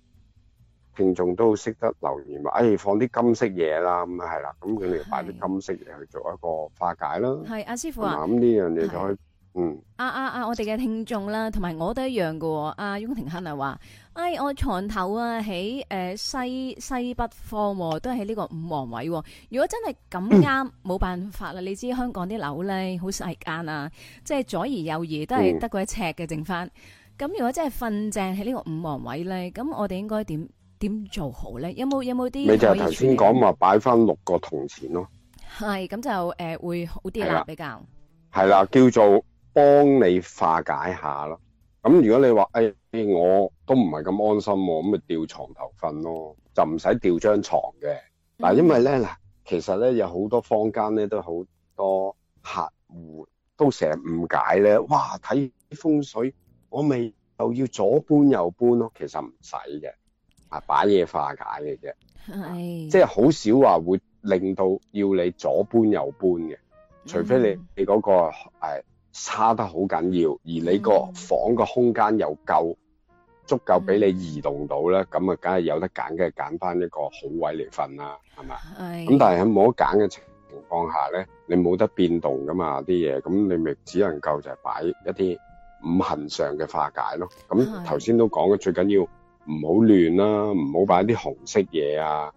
聽眾都識得留言話，哎，放啲金色嘢啦，咁係啦，咁佢哋擺啲金色嘢去做一個化解咯。係，阿師傅啊，咁呢樣嘢就可以，嗯。啊啊啊！我哋嘅聽眾啦，同埋我都一樣嘅。阿雍庭亨啊話。哎，我床頭啊喺誒、呃、西西北方，啊，都喺呢個五黃位，啊。如果真係咁啱，冇、嗯、辦法啦，啊。你知香港啲樓咧好細間啊，即係左而右而都係得嗰一尺嘅剩翻。咁，嗯、如果真係瞓正喺呢個五黃位咧，咁我哋應該點點做好咧？有冇有冇啲？你就頭先講話擺翻六個銅錢咯，啊。係，咁就誒、呃、會好啲啦，比較係啦，叫做幫你化解下咯。咁如果你話誒、哎，我都唔係咁安心，咁咪掉床頭瞓咯，就唔使掉張床嘅。嗱，因為咧嗱，其實咧有好多坊間咧都好多客戶都成日誤解咧，哇睇風水，我咪又要左搬右搬咯，其實唔使嘅，啊，擺嘢化解嘅啫，係，即係好少話會令到要你左搬右搬嘅，除非你、嗯、你嗰、嗰個誒。哎差得好緊要，而你個房個空間又夠足夠俾、mm-hmm. 你移動到咧，咁啊，梗係有得揀，梗係揀翻一個好位嚟瞓啦，係嘛？係。咁但係喺冇得揀嘅情情況下咧，你冇得變動噶嘛啲嘢，咁你咪只能夠就係擺一啲五行上嘅化解咯。咁頭先都講嘅最緊要唔好亂啦，唔好擺啲紅色嘢啊。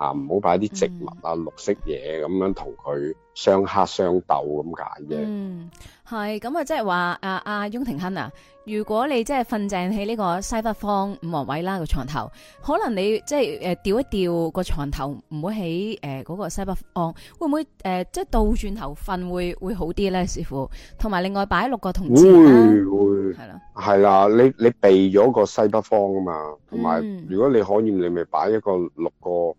啊！唔好擺啲植物啊，綠色嘢咁樣同佢相剋相鬥咁解啫。嗯，係咁啊，即係話啊啊，雍庭亨啊，如果你即係瞓正喺呢個西北方五黃位啦，個床頭，可能你即係誒調一調個床頭，唔會喺誒嗰個西北方，會唔會誒即係倒轉頭瞓會會好啲咧？師傅，同埋另外擺六個銅錢啦，會係咯，係啦，你你避咗個西北方啊嘛，同埋如果你可以，你咪擺一個六個。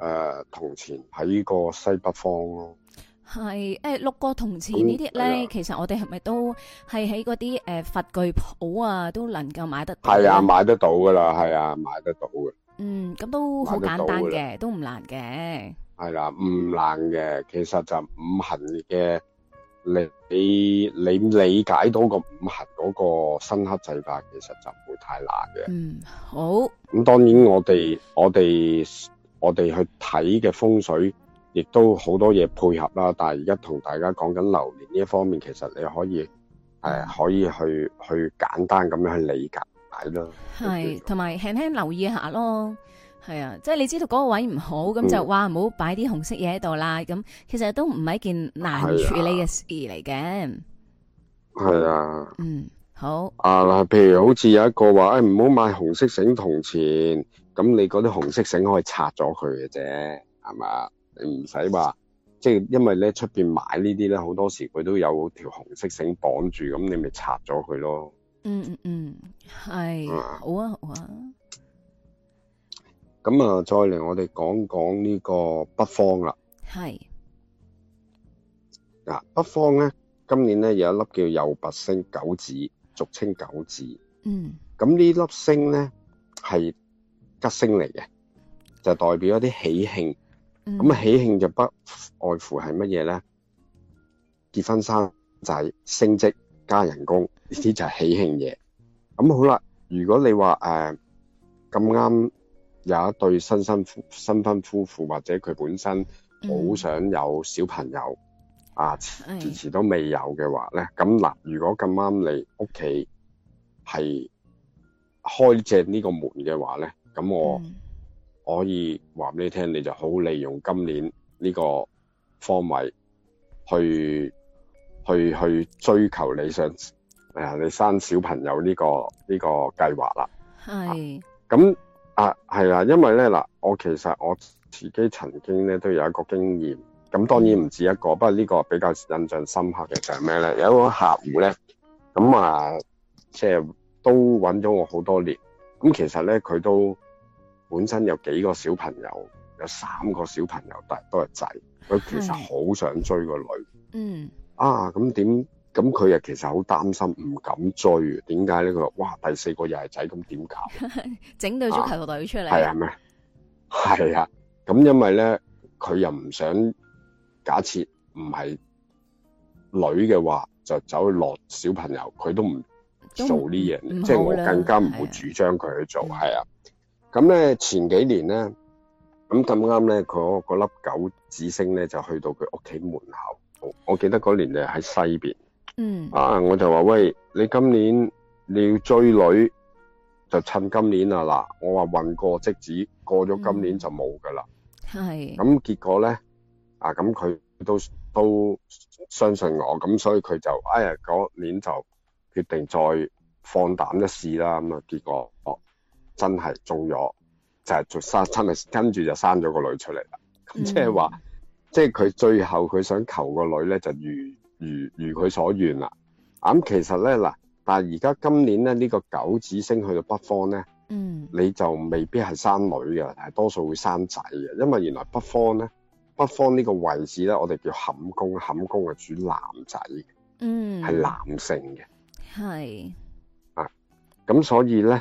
誒、呃，銅錢喺個西北方咯、啊，係誒、欸，六個銅錢呢啲咧、嗯啊，其實我哋係咪都係喺嗰啲誒佛具鋪啊都能夠買得到、啊？係啊，買得到噶啦，係啊，買得到嘅。嗯，咁都好簡單嘅，都唔難嘅。係啦、啊，唔難嘅，其實就五行嘅理你，你理解到個五行嗰個深刻制法，其實就唔會太難嘅。嗯，好，咁，當然我哋我哋。我哋去睇嘅風水，亦都好多嘢配合啦。但係而家同大家講緊流年呢一方面，其實你可以誒、呃、可以去去簡單咁樣去理解輕輕下咯。係，同埋輕輕留意下咯。係啊，即係你知道嗰個位唔好，咁就話唔好擺啲紅色嘢喺度啦。咁其實都唔係一件難處理嘅事嚟嘅。係啊，啊。嗯。嗯.好啊，嗱，譬如好似有一個話，誒、哎，唔好買紅色繩銅錢，咁你嗰啲紅色繩可以拆咗佢嘅啫，係嘛，你唔使話，即係因為咧出邊買呢啲咧，好多時佢都有條紅色繩綁住，咁你咪拆咗佢咯。嗯嗯嗯，係、嗯，好啊好啊。咁啊，啊，再嚟我哋講講呢個北方啦。係。嗱、啊，北方咧，今年咧有一粒叫右弼星九紫。俗稱九紫」嗯，咁呢粒星咧，係吉星嚟嘅，就代表一啲喜慶，咁喜慶就不外乎係乜嘢咧？結婚生就仔，是，升職加人工，呢啲就係喜慶嘢。咁好啦，如果你話誒，咁啱有一對新新新婚夫婦，或者佢本身好想有小朋友。嗯啊，遲遲都未有嘅話咧，咁嗱，如果咁啱你屋企係開正呢個門嘅話咧，咁我可以話俾你聽，你就好利用今年呢個方位去去去追求你想誒、哎、你生小朋友呢、這個呢、這個計劃啦。係咁啊，係啦、啊啊，因為咧嗱，我其實我自己曾經咧都有一個經驗。咁當然唔止一個，不過呢個比較印象深刻嘅就係咩咧？有一個客戶咧，咁啊，即係都揾咗我好多年。咁其實咧，佢都本身有幾個小朋友，有三個小朋友，但係都係仔。佢其實好想追個女。嗯。啊，咁點？咁佢又其實好擔心，唔敢追。點解咧？佢話：哇，第四個又係仔，咁點搞？ [LAUGHS] 整到足球隊出嚟。係啊，咩？係啊。咁因為咧，佢又唔想。假設唔係女嘅話，就走去落小朋友，佢都唔做呢樣嘢，即係、就是，我更加唔會主張佢去做。係啊，咁咧，前幾年咧，咁咁啱咧，佢嗰粒九子星咧就去到佢屋企門口。我我記得嗰年誒喺西邊，嗯啊，我就話喂，你今年你要追女，就趁今年啊，嗱，我話運過即止，過咗今年就冇㗎喇。係、嗯、咁結果咧。啊，咁佢都都相信我，咁所以佢就哎呀嗰年就決定再放膽一試啦，咁啊結果哦真係中咗，就係就生，真係跟住就生咗個女出嚟啦。咁即係話，即係佢最後佢想求個女咧，就如如如佢所願啦。咁、嗯、其實咧嗱，但係而家今年咧呢個九子星去到北方咧，嗯，你就未必係生女嘅，但係多數會生仔嘅，因為原來北方咧。北方呢個位置咧，我哋叫坎宮，坎宮係主男仔，嗯，係男性嘅，係啊，咁所以咧，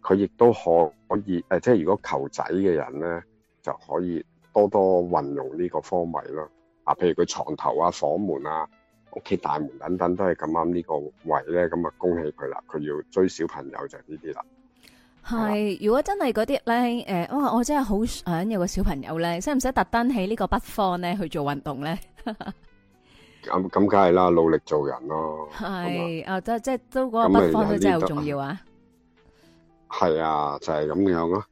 佢亦都可可以誒、呃，即係如果求仔嘅人咧，就可以多多運用呢個方位咯。啊，譬如佢床頭啊、房門啊、屋企大門等等都係咁啱呢個位咧，咁啊恭喜佢啦，佢要追小朋友就係呢啲啦。係，如果真係嗰啲咧，誒，哇，我真係好想有個小朋友咧，使唔使特登喺呢個北方咧去做運動咧？咁咁梗係啦，努力做人咯。係，啊、嗯，即即都嗰個北方都真係好重要啊。係啊，就係咁樣咯。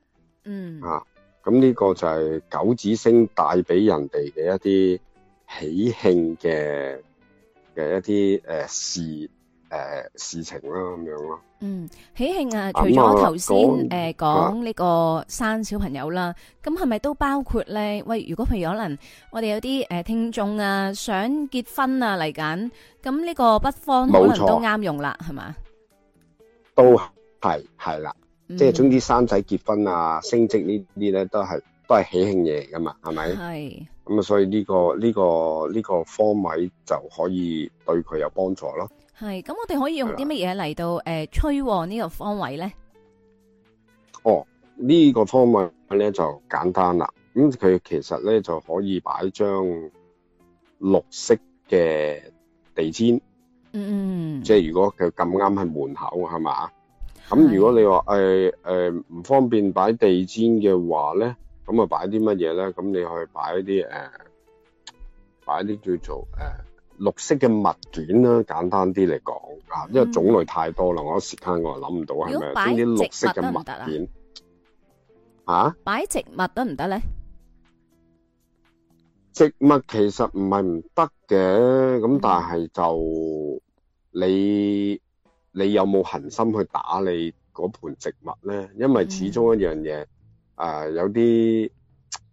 嗯。啊，咁、就、呢、是個，啊就是啊嗯啊、個就係九紫星帶俾人哋嘅一啲喜慶嘅嘅一啲誒事。嗯嗯誒、呃，事情啦，咁樣咯。嗯，喜慶啊，嗯、除咗頭先誒講呢個生小朋友啦，咁係咪都包括咧？喂，如果譬如可能我哋有啲誒、呃、聽眾啊，想結婚啊嚟緊，咁呢個北方可能都啱用啦，係嘛？都係係啦，即係總之生仔結婚啊、升職呢啲咧，都係都係喜慶嘢嚟㗎嘛？係咪？係咁啊，所以呢、呢個呢、呢個呢、呢個科米就可以對佢有幫助咯。係，咁我哋可以用啲乜嘢嚟到誒催旺呢個方位咧？哦，呢、這個方位咧就簡單啦。咁、嗯、佢其實咧就可以擺張綠色嘅地氈。嗯嗯。即係如果佢咁啱喺門口係嘛，咁如果你話誒誒唔方便擺地氈嘅話咧，咁啊擺啲乜嘢咧？咁你可以擺啲誒，擺、呃、啲叫做誒。呃綠色嘅物件啦，簡單啲嚟講啊，因為種類太多啦、嗯，我一時間我諗唔到係咪？邊啲綠色嘅物件？吓、啊？擺、啊、植物得唔得咧？植物其實唔係唔得嘅，咁但係就、嗯、你你有冇恆心去打理嗰盆植物咧？因為始終一樣嘢，誒、嗯呃，有啲誒、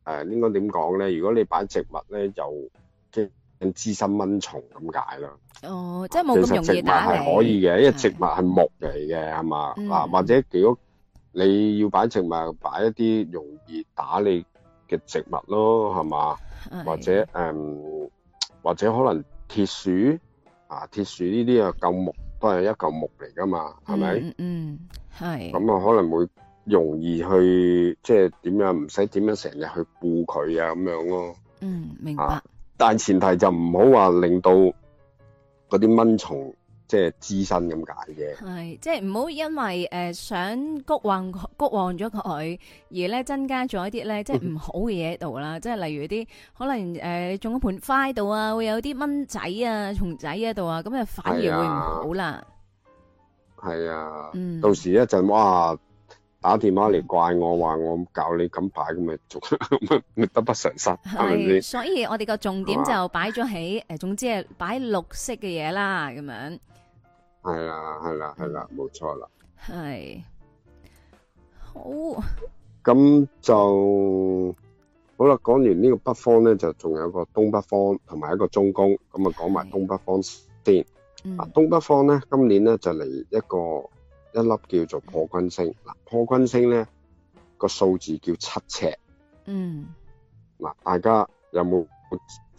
呃，應該點講咧？如果你擺植物咧，就即。跟滋生蚊蟲咁解咯，哦，即係冇咁容易打你。其實植物係可以嘅，因為植物係木嚟嘅，係嘛啊？或者如果你要擺植物，擺一啲容易打理嘅植物咯，係嘛？或者誒，或者可能鐵樹啊，鐵樹呢啲啊，嚿木都係一嚿木嚟㗎嘛，係咪？嗯嗯，係。咁啊，可能會容易去即係點樣，唔使點樣成日去顧佢啊，咁樣咯。嗯，明白。但前提就唔好話令到嗰啲蚊蟲即係滋生咁解嘅，係即係唔好因為誒、呃、想谷旺谷旺咗佢，而咧增加咗一啲咧即係唔好嘅嘢，喺度啦。即係、嗯、例如啲可能誒、呃、種一盆花度啊，會有啲蚊仔啊、蟲仔喺度啊，咁就反而會唔好啦。係啊，啊，嗯，到時一陣哇～打電話嚟，怪我，話我教你咁擺，咁咪仲咪得不償失。係，所以我哋個重點就擺咗喺誒，總之係擺綠色嘅嘢啦，咁樣。係啦，係啦，係啦，冇錯啦。係，好。咁就好啦。講完呢個北方咧，就仲有個東北方同埋一個中宮。咁啊，講埋東北方先。啊，東北方咧，今年咧就嚟一個。一粒叫做破軍星嗱，破軍星咧個數字叫七赤，嗯嗱，大家有冇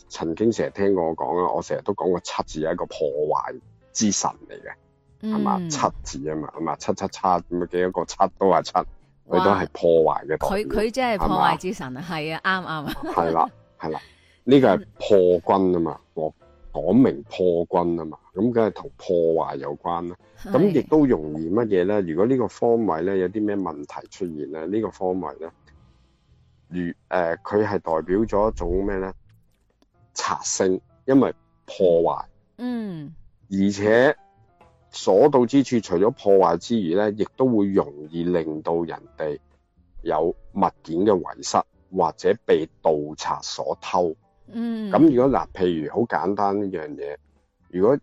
曾經成日聽過我講啊？我成日都講過七字係一個破壞之神嚟嘅，係、嗯、嘛？七字啊嘛，係嘛？七七七咁樣幾多個七都係七，佢都係破壞嘅。佢佢即係破壞之神，係係啊，係 [LAUGHS] 啊，啱啱、啊。係啦，係啦，呢個係破軍啊嘛，講明破軍啊嘛，咁梗係同破壞有關啦。咁亦都容易乜嘢咧？如果呢個方位咧有啲咩問題出現咧，呢、呢個方位咧，如誒，佢、呃、係代表咗一種咩咧？賊星，因為破壞。嗯。而且所到之處，除咗破壞之餘咧，亦都會容易令到人哋有物件嘅遺失，或者被盜賊所偷。嗯，咁如果嗱，譬如好簡單一樣嘢，如果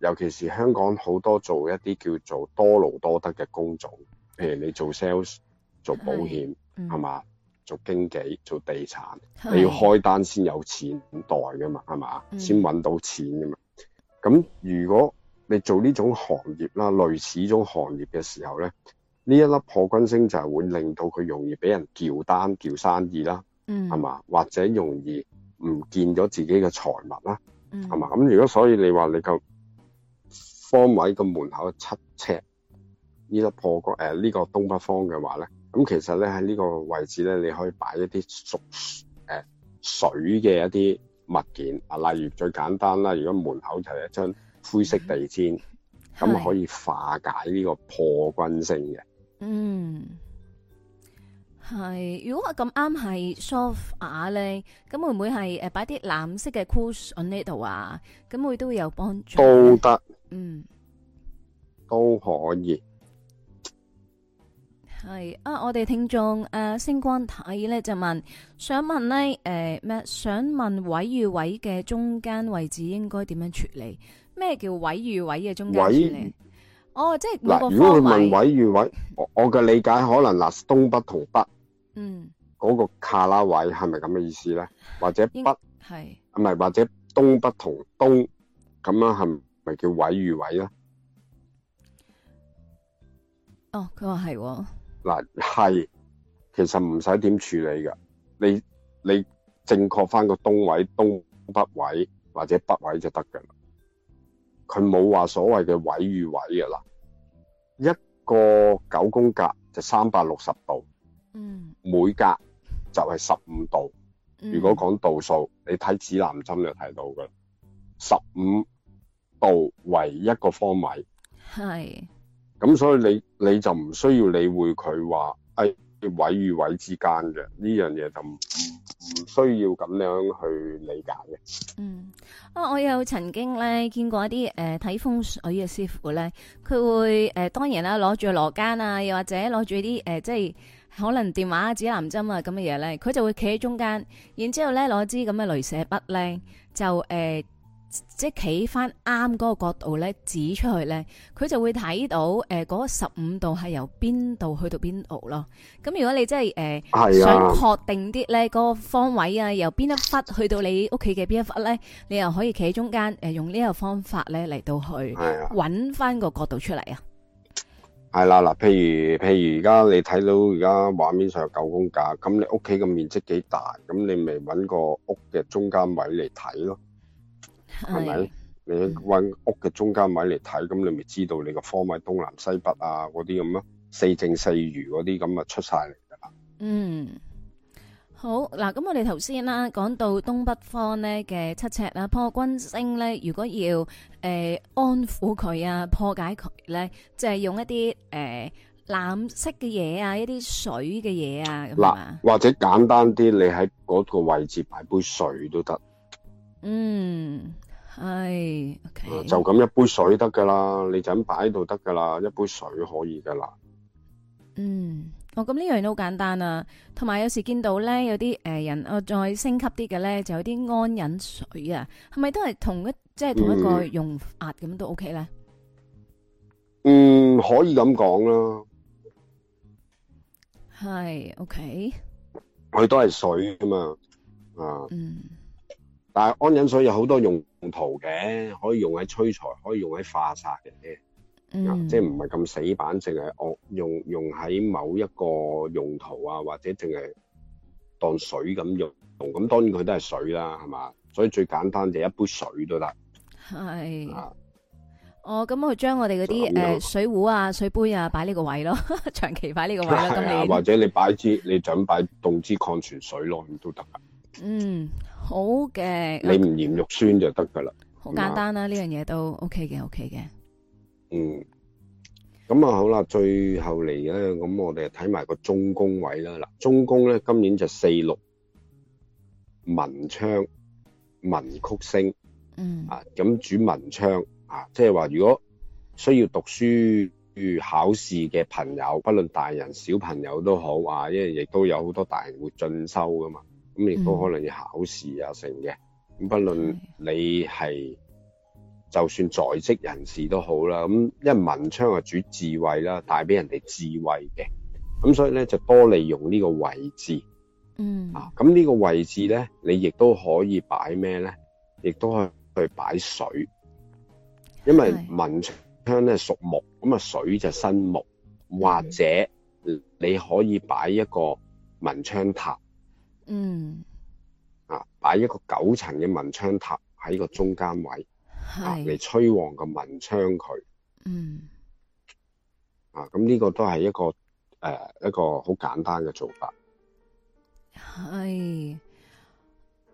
尤其是香港好多做一啲叫做多勞多得嘅工種，譬如你做 sales 做保險係嘛、mm-hmm.，做經紀做地產，mm-hmm. 你要開單先有錢代嘅嘛，係、mm-hmm. 嘛，先揾到錢嘅嘛。咁如果你做呢種行業啦，類似呢種行業嘅時候咧，呢一粒破軍星就係會令到佢容易俾人叫單叫生意啦，係嘛，mm-hmm. 或者容易唔見咗自己嘅財物啦，係、嗯、嘛。咁如果所以你話你個方位個門口七尺呢粒，這個，破誒呢，呃這個東北方嘅話咧，咁其實咧喺呢在這個位置咧，你可以擺一啲屬誒水嘅一啲物件啊，例如最簡單啦，如果門口就係一張灰色地氈，咁就可以化解呢個破軍星嘅。嗯。係，如果我咁啱係 sofa 咧，咁會唔會係誒擺啲藍色嘅 cushion 呢度啊？咁會會都有幫助，都得，嗯，都可以。係啊，我哋聽眾誒、啊，星光睇咧，就問，想問咧誒咩？想問位與位嘅中間位置應該點樣處理？咩叫位與位嘅中間位置？哦，即係嗱，如果佢問位與位，我我嘅理解可能嗱，東北同北。嗯，嗰、那個卡拉位係咪咁嘅意思咧？或者北係，唔係或者東北同東咁樣係咪叫位與位咧？哦，佢話係嗱，係其實唔使點處理噶，你你正確翻個東位、東北位或者北位就得嘅啦。佢冇話所謂嘅位與位嘅啦，一個九宮格就三百六十度，嗯。每格就係十五度，如果講度數，你睇指南針就睇到噶，十五度為一個方位，係，咁所以你你就唔需要理會佢話誒位與位之間嘅呢樣嘢就唔唔需要咁樣去理解嘅。嗯，啊，我又曾經咧見過一啲誒睇風水嘅師傅咧，佢會誒、呃、當然啦，攞住羅庚啊，又或者攞住啲誒即係。可能電話、指南針啊咁嘅嘢咧，佢就會企喺中間，然之後咧攞支咁嘅鐳射筆咧，就誒、呃、即係企翻啱嗰個角度咧，指出去咧，佢就會睇到誒嗰十五度係由邊度去到邊度咯。咁如果你真係誒想確定啲咧嗰個方位啊，由邊一忽去到你屋企嘅邊一忽咧，你又可以企喺中間誒、呃、用呢個方法咧嚟到去揾翻個角度出嚟啊、嗯！係啦嗱，譬如譬如而家你睇到而家畫面上有九宮格，咁你屋企嘅面積幾大，咁你咪揾個屋嘅中間位嚟睇咯，係咪？你揾屋嘅中間位嚟睇，咁你咪知道你個方位東南西北啊嗰啲咁咯，四正四隅嗰啲咁啊出晒嚟㗎啦。嗯。好嗱，咁我哋頭先啦，講到東北方咧嘅七赤啦，破軍星咧，如果要誒、呃、安撫佢啊，破解佢咧，就係、是、用一啲誒、呃、藍色嘅嘢啊，一啲水嘅嘢啊咁，嗱，或者簡單啲，你喺嗰個位置擺杯水都得。嗯，係、okay。就咁一杯水得噶啦，你就咁擺喺度得噶啦，一杯水可以噶啦。嗯。哦，咁呢樣都好簡單啊！同埋有，有時見到咧，有啲誒、呃、人再升級啲嘅咧，就有啲安忍水啊，係咪都係同一即係同一個用法咁都 OK 咧？嗯，可以咁講啦。係 OK。佢都係水啊嘛，啊。嗯。但係安忍水有好多用途嘅，可以用喺催財，可以用喺化煞嘅。嗯、即係唔係咁死板，淨係我用用喺某一個用途啊，或者淨係當水咁用，咁當然佢都係水啦，係嘛？所以最簡單就係一杯水都得。係啊，哦，咁我將我哋嗰啲誒水壺啊、水杯啊擺呢個位咯，長期擺呢個位咯。咁、啊、或者你擺支你想擺凍支礦泉水咯，咁都得。嗯，好嘅，你唔嫌肉酸就得噶啦，好簡單啦、啊，呢樣嘢都 OK 嘅，OK 嘅。嗯，咁啊好啦，最後嚟咧，咁我哋睇埋個中宮位啦嗱，中宮咧今年就四六文昌文曲星，嗯啊，咁主文昌啊，即係話如果需要讀書與考試嘅朋友，不論大人小朋友都好啊，因為亦都有好多大人會進修噶嘛，咁亦都可能要考試啊成嘅，咁、嗯、不論你係。就算在職人士都好啦，咁因為文昌啊主智慧啦，帶俾人哋智慧嘅，咁所以咧就多利用呢個位置，嗯啊，咁呢個位置咧你亦都可以擺咩咧，亦都可以去擺水，因為文昌咧屬木，咁啊水就生木係，或者你可以擺一個文昌塔，嗯啊，擺一個九層嘅文昌塔喺個中間位。係嚟催旺個文昌佢。嗯啊，咁呢個都係一個誒、呃、一個好簡單嘅做法。係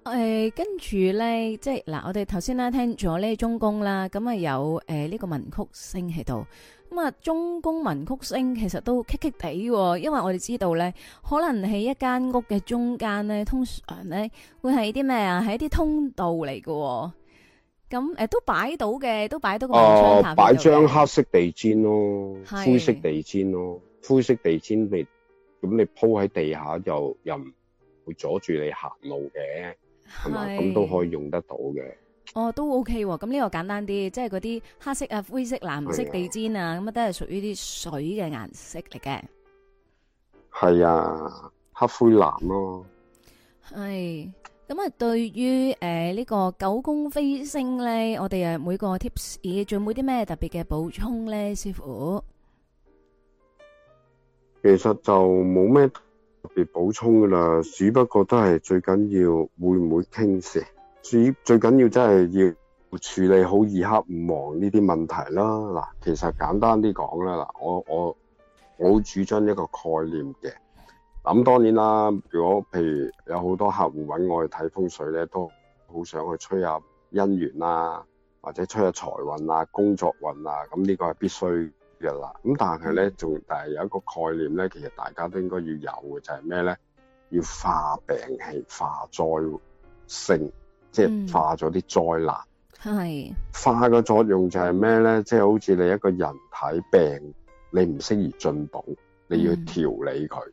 誒，跟住咧，即係嗱，我哋頭先咧聽咗呢中宮啦，咁啊有誒呢、呃這個文曲星喺度，咁啊中宮文曲星其實都棘棘地、哦，因為我哋知道咧，可能喺一間屋嘅中間咧，通常咧會係啲咩啊？係一啲通道嚟嘅、哦。咁誒、呃，都擺到嘅，都擺到個窗下面擺張、啊、黑色地氈咯、哦，灰色地氈咯、哦，灰色地氈咪咁你鋪喺地下又又唔會阻住你行路嘅，係嘛？咁都可以用得到嘅。哦，都 OK 喎、哦。咁呢個簡單啲，即係嗰啲黑色啊、灰色、藍色地氈啊，咁啊都係屬於啲水嘅顏色嚟嘅。係啊，黑灰藍咯、啊。係。咁啊，對於誒呢個九宮飛星咧，我哋誒每個 tips，仲有冇啲咩特別嘅補充咧，師傅？其實就冇咩特別補充噶啦，只不過都係最緊要會唔會傾斜，最最緊要真係要處理好二黑五黃呢啲問題啦。嗱，其實簡單啲講啦，嗱，我我我好主張一個概念嘅。咁當然啦，如果譬如有好多客戶揾我去睇風水咧，都好想去吹下姻緣啊，或者吹下財運啊、工作運啊，咁呢個係必須嘅啦。咁但係咧，仲但係有一個概念咧，其實大家都應該要有嘅就係咩咧？要化病氣、化災星，即係化咗啲災難。係、嗯、化嘅作用就係咩咧？即、就、係、是、好似你一個人體病，你唔適宜進補，你要調理佢。嗯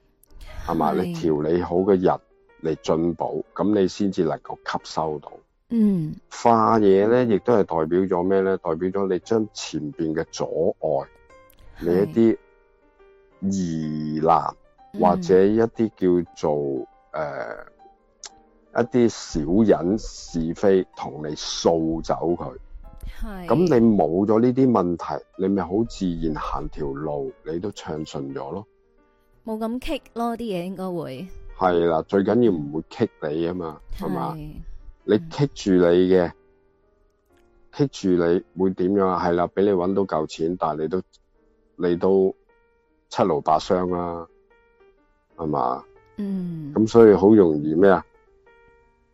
係嘛？你調理好嘅人嚟進步，咁你先至能夠吸收到。嗯，化嘢咧，亦都係代表咗咩咧？代表咗你將前面嘅阻礙，你一啲疑難、嗯、或者一啲叫做誒、呃、一啲小人是非，同你掃走佢。係。咁你冇咗呢啲問題，你咪好自然行條路，你都暢順咗咯。冇咁棘咯，啲嘢應該會係啦，最緊要唔會棘你啊嘛，係嘛？你棘住你嘅棘、嗯、住你會點樣啊？係啦，俾你搵到嚿錢，但係你都你都七勞八傷啦、啊，係嘛？嗯，咁所以好容易咩啊？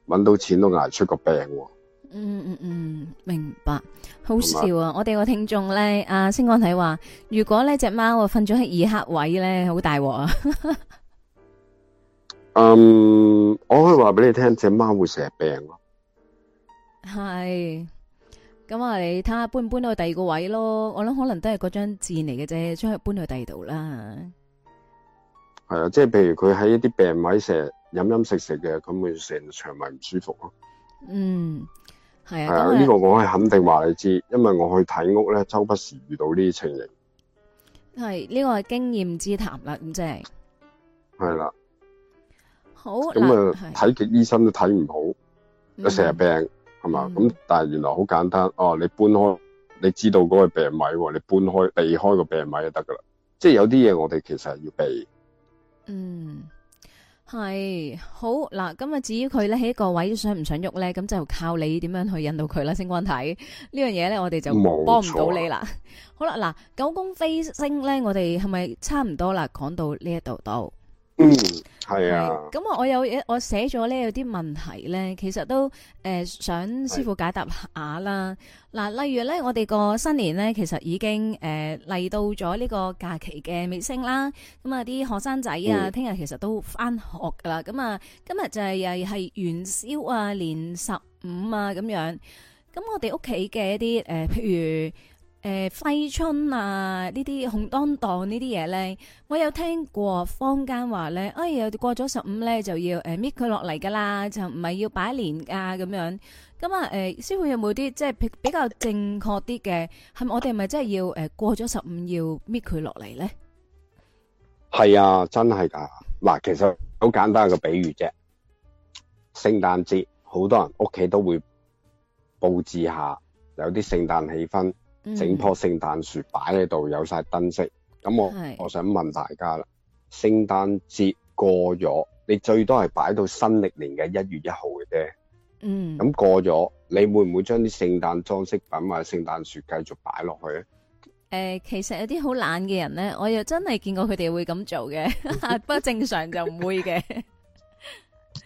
搵到錢都挨出個病、啊。嗯嗯嗯，明白。好笑啊！嗯、我哋個聽眾咧，阿、啊、星安仔話，如果呢隻貓瞓咗喺二黑位咧，好大鑊啊！嗯，我可以話俾你聽，隻貓會成日病咯。係，咁啊，你睇下搬唔搬到去第二個位咯？我諗可能都係嗰張字嚟嘅啫，將佢搬去第二度啦。係啊，即係譬如佢喺一啲病位成日飲飲食食嘅，咁咪成日腸胃唔舒服咯。嗯。係啊，呢、這個我係肯定話你知，因為我去睇屋咧，周不時遇到呢啲情形。係呢、這個是經驗之談啦，咁即係。係啦。好。咁啊，睇極、啊、醫生都睇唔好，又成日病係嘛？咁、嗯、但係原來好簡單，哦、嗯啊，你搬開，你知道嗰個病位，你搬開避開個病位就得噶啦。即係有啲嘢我哋其實係要避。嗯。係好嗱，咁啊，至於佢咧喺個位置想唔想喐咧，咁就靠你點樣去引導佢啦，星光體呢樣嘢咧，我哋就幫唔到你啦。 [LAUGHS] 好啦，嗱，九宮飛星咧，我哋係咪差唔多啦？講到呢一度度。嗯，係啊。咁、嗯、啊，我有我寫咗咧，有啲問題咧，其實都誒想師傅解答下啦。嗱，例如咧，我哋個新年咧，其實已經誒嚟、呃、到咗呢個假期嘅尾聲啦。咁啊，啲學生仔啊，聽日其實都翻學噶啦。咁、嗯、啊，今日就係又係元宵啊，年十五啊，咁樣。咁我哋屋企嘅一啲誒、呃，譬如。誒、呃，揮春啊，呢啲紅當當呢啲嘢咧，我有聽過坊間話咧，哎呀過咗十五咧就要誒搣佢落嚟噶啦，就唔係要擺年噶咁樣。咁啊，誒、呃，師傅有冇啲即係比較正確啲嘅？係我哋係咪真係要誒過咗十五要搣佢落嚟咧？係啊，真係噶。嗱，其實好簡單嘅比喻啫。聖誕節好多人屋企都會布置下，有啲聖誕氣氛。整棵聖誕樹擺喺度，有晒燈飾。咁我我想問大家啦，聖誕節過咗，你最多係擺到新歷年嘅一月一號嘅啫。嗯。咁過咗，你會唔會將啲聖誕裝飾品啊、聖誕樹繼續擺落去咧？誒、呃，其實有啲好懶嘅人咧，我又真係見過佢哋會咁做嘅， [LAUGHS] [LAUGHS] 不過正常就唔會嘅。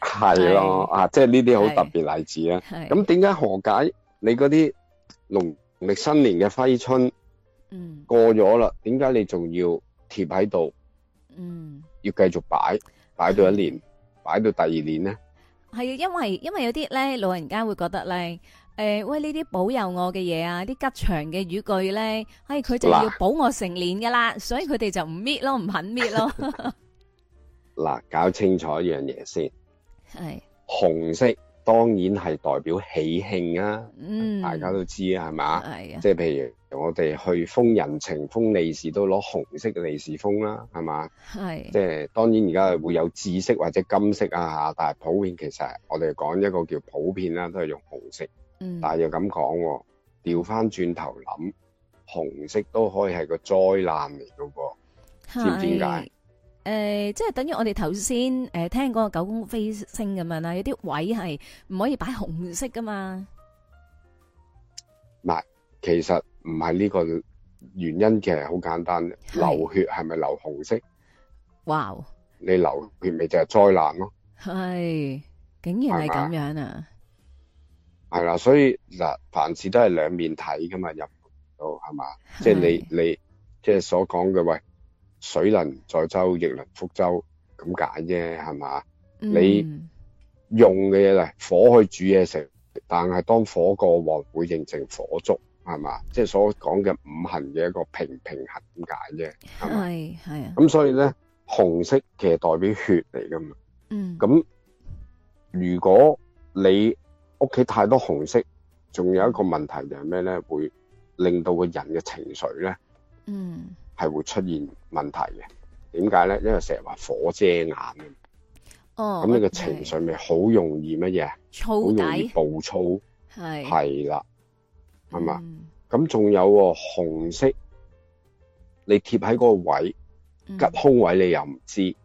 係咯，啊，即係呢啲好特別例子啊。咁點解何解你嗰啲農農曆新年嘅揮春，嗯，過咗啦，點解你仲要貼喺度？嗯，要繼續擺，擺到一年，擺到第二年咧？係啊，因為因為有啲咧老人家會覺得咧，誒、呃，喂，呢啲保佑我嘅嘢啊，啲吉祥嘅語句咧，哎，佢就要保我成年噶啦，所以佢哋就唔搣咯，唔肯搣咯。嗱， [LAUGHS] 搞清楚一樣嘢先，係紅色。當然係代表喜慶啊，嗯、大家都知啊，係嘛？係啊，即係譬如我哋去封人情、封利是都攞紅色利是封啦，係嘛？係。即係當然而家會有紫色或者金色啊嚇，但係普遍其實我哋講一個叫普遍啦、啊，都係用紅色。嗯、但係又咁講、啊，調翻轉頭諗，紅色都可以係個災難嚟嘅喎，知唔知點解？誒，即係等於我哋頭先誒聽嗰個九宮飛星咁樣啦，有啲位係唔可以擺紅色噶嘛？唔係，其實唔係呢個原因，其實好簡單，流血係咪流紅色？哇！你流血咪就係災難咯？係，竟然係咁樣啊！係啦，所以嗱，凡事都係兩面睇噶嘛，入到係嘛？即係你你即係所講嘅話。水能載舟，亦能覆舟，咁解啫，係嘛？你用嘅嘢嚟火去煮嘢食，但係當火過旺會形成火燭，係嘛？即係所講嘅五行嘅一個平平衡咁解啫，係嘛？係係啊。咁所以咧，紅色其實代表血嚟噶嘛？嗯。咁如果你屋企太多紅色，仲有一個問題就係咩咧？會令到個人嘅情緒咧？嗯。係會出現問題嘅，點解咧？因為成日話火遮眼，哦，咁你個情緒咪好容易乜嘢？好容易暴躁，係係啦，係嘛？咁、嗯、仲有個紅色，你貼喺個位、嗯、吉空位，你又唔知，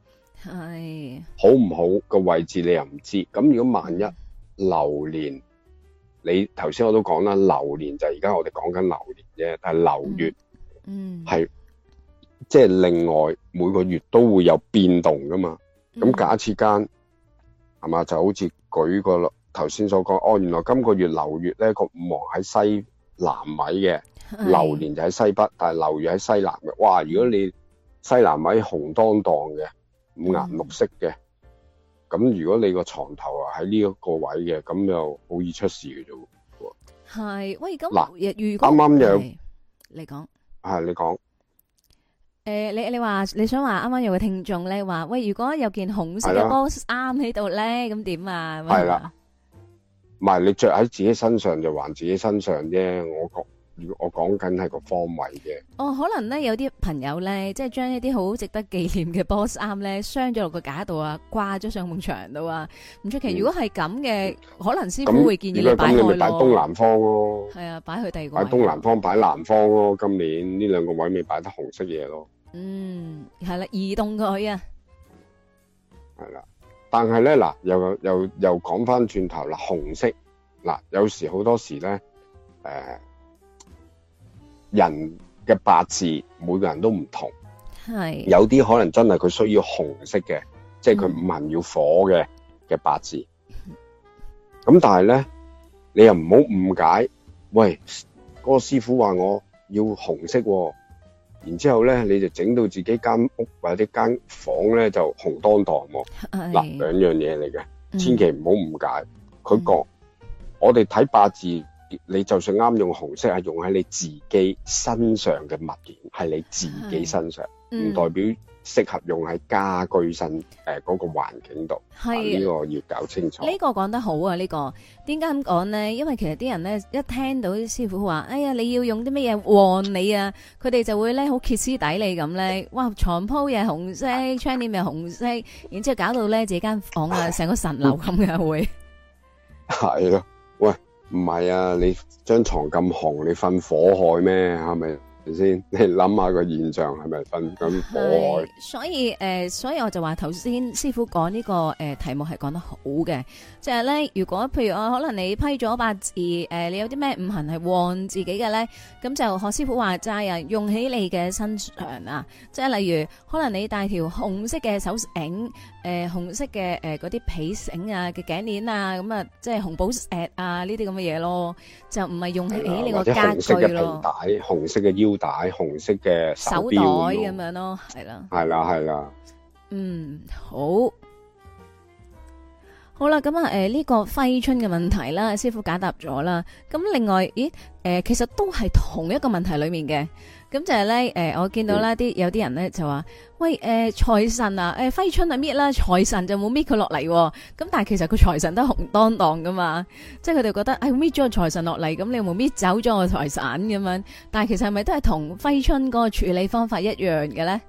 係好唔好嘅位置，你又唔知。咁如果萬一流年，你頭先我都講啦，流年就係而家我哋講緊流年啫，係流月，嗯，係。即係另外每個月都會有變動噶嘛，咁假設間，係嘛，就好似舉個頭先所講，哦，原來今個月流月咧，個五黃喺西南位嘅，流年就喺西北，但係流月喺西南嘅，哇！如果你西南位紅噹噹嘅，五顏六色嘅，咁、嗯、如果你個床頭啊喺呢一個位嘅，咁又好易出事嘅啫。係，喂，今嗱，如果啱啱有，你講，係，你講。誒、欸，你你話你想話啱啱有個聽眾咧話，喂，如果有件紅色嘅波啱喺度咧，咁、嗯、點啊？係咪？係啦，唔係你着喺自己身上就還自己身上啫，我覺。我講緊係個方位嘅哦，可能咧有啲朋友咧，即係將一啲好值得紀念嘅 boss 衫咧，鑲咗落個架度啊，掛咗上滿牆度啊。唔出奇，如果係咁嘅，可能師傅會建議你擺喺東南方咯，係啊，擺去第二個位。擺東南方，擺南方咯。今年呢兩個位未擺得紅色嘢咯。嗯，係啦，移動佢啊，係啦。但係咧嗱，又又又講翻轉頭啦，紅色嗱，有時好多時咧，誒。人嘅八字，每個人都唔同，有啲可能真係佢需要紅色嘅、嗯，即係佢五行要火嘅嘅八字。咁、嗯嗯、但係咧，你又唔好誤解，喂，嗰、那個師傅話我要紅色、哦，然之後咧，你就整到自己間屋或者間房咧就紅當堂喎。嗱，兩樣嘢嚟嘅，千祈唔好誤解。佢、嗯、講、嗯，我哋睇八字。你就算啱用紅色，係用喺你自己身上嘅物件，係你自己身上，唔、嗯、代表適合用喺家居身誒嗰、呃、那個環境度。係呢、啊這個要搞清楚。呢、這個講得好啊！這個、為什麼麼說呢個點解咁講咧？因為其實啲人咧一聽到啲師傅話，哎呀，你要用啲乜嘢旺你啊，佢哋就會咧好歇斯底里咁咧，哇床鋪嘢紅色，啊、窗簾又紅色，啊、然之後搞到咧自己間房間啊成、啊、個神樓咁樣會。係咯，喂。唔係啊！你張床咁紅，你瞓火害咩？係咪先？你諗下個現象係咪瞓咁火海？所以、呃、所以我就話頭先師傅講呢個、誒、呃、題目係講得好嘅，即係咧，如果譬如我可能你批咗八字、呃、你有啲咩五行係旺自己嘅咧，咁就學師傅話齋啊，用喺你嘅身上啊，即係例如可能你戴條紅色嘅手繩。誒，紅色嘅、誒嗰啲皮繩啊，嘅頸鏈啊，咁啊，即係紅寶石啊，呢啲咁嘅嘢咯，就唔係用喺你個家具咯。或者紅色腰帶，紅色嘅腰帶，紅色嘅手袋咁樣咯，係啦，係啦，係啦。嗯，好，好啦，咁啊，誒呢個揮春嘅問題啦，師傅解答咗啦。咁另外，咦，誒其實都係同一個問題裏面嘅。咁就係咧，我見到啦，啲有啲人咧就話，喂誒、呃、財神啊，誒、呃、揮春啊搣啦、啊，財神就冇搣佢落嚟喎。咁但係其實佢財神都紅當當噶嘛，即係佢哋覺得誒搣咗個財神落嚟，咁你冇搣走咗個財神咁樣？但係其實係咪、哎啊啊啊、都係同揮春嗰個處理方法一樣嘅咧？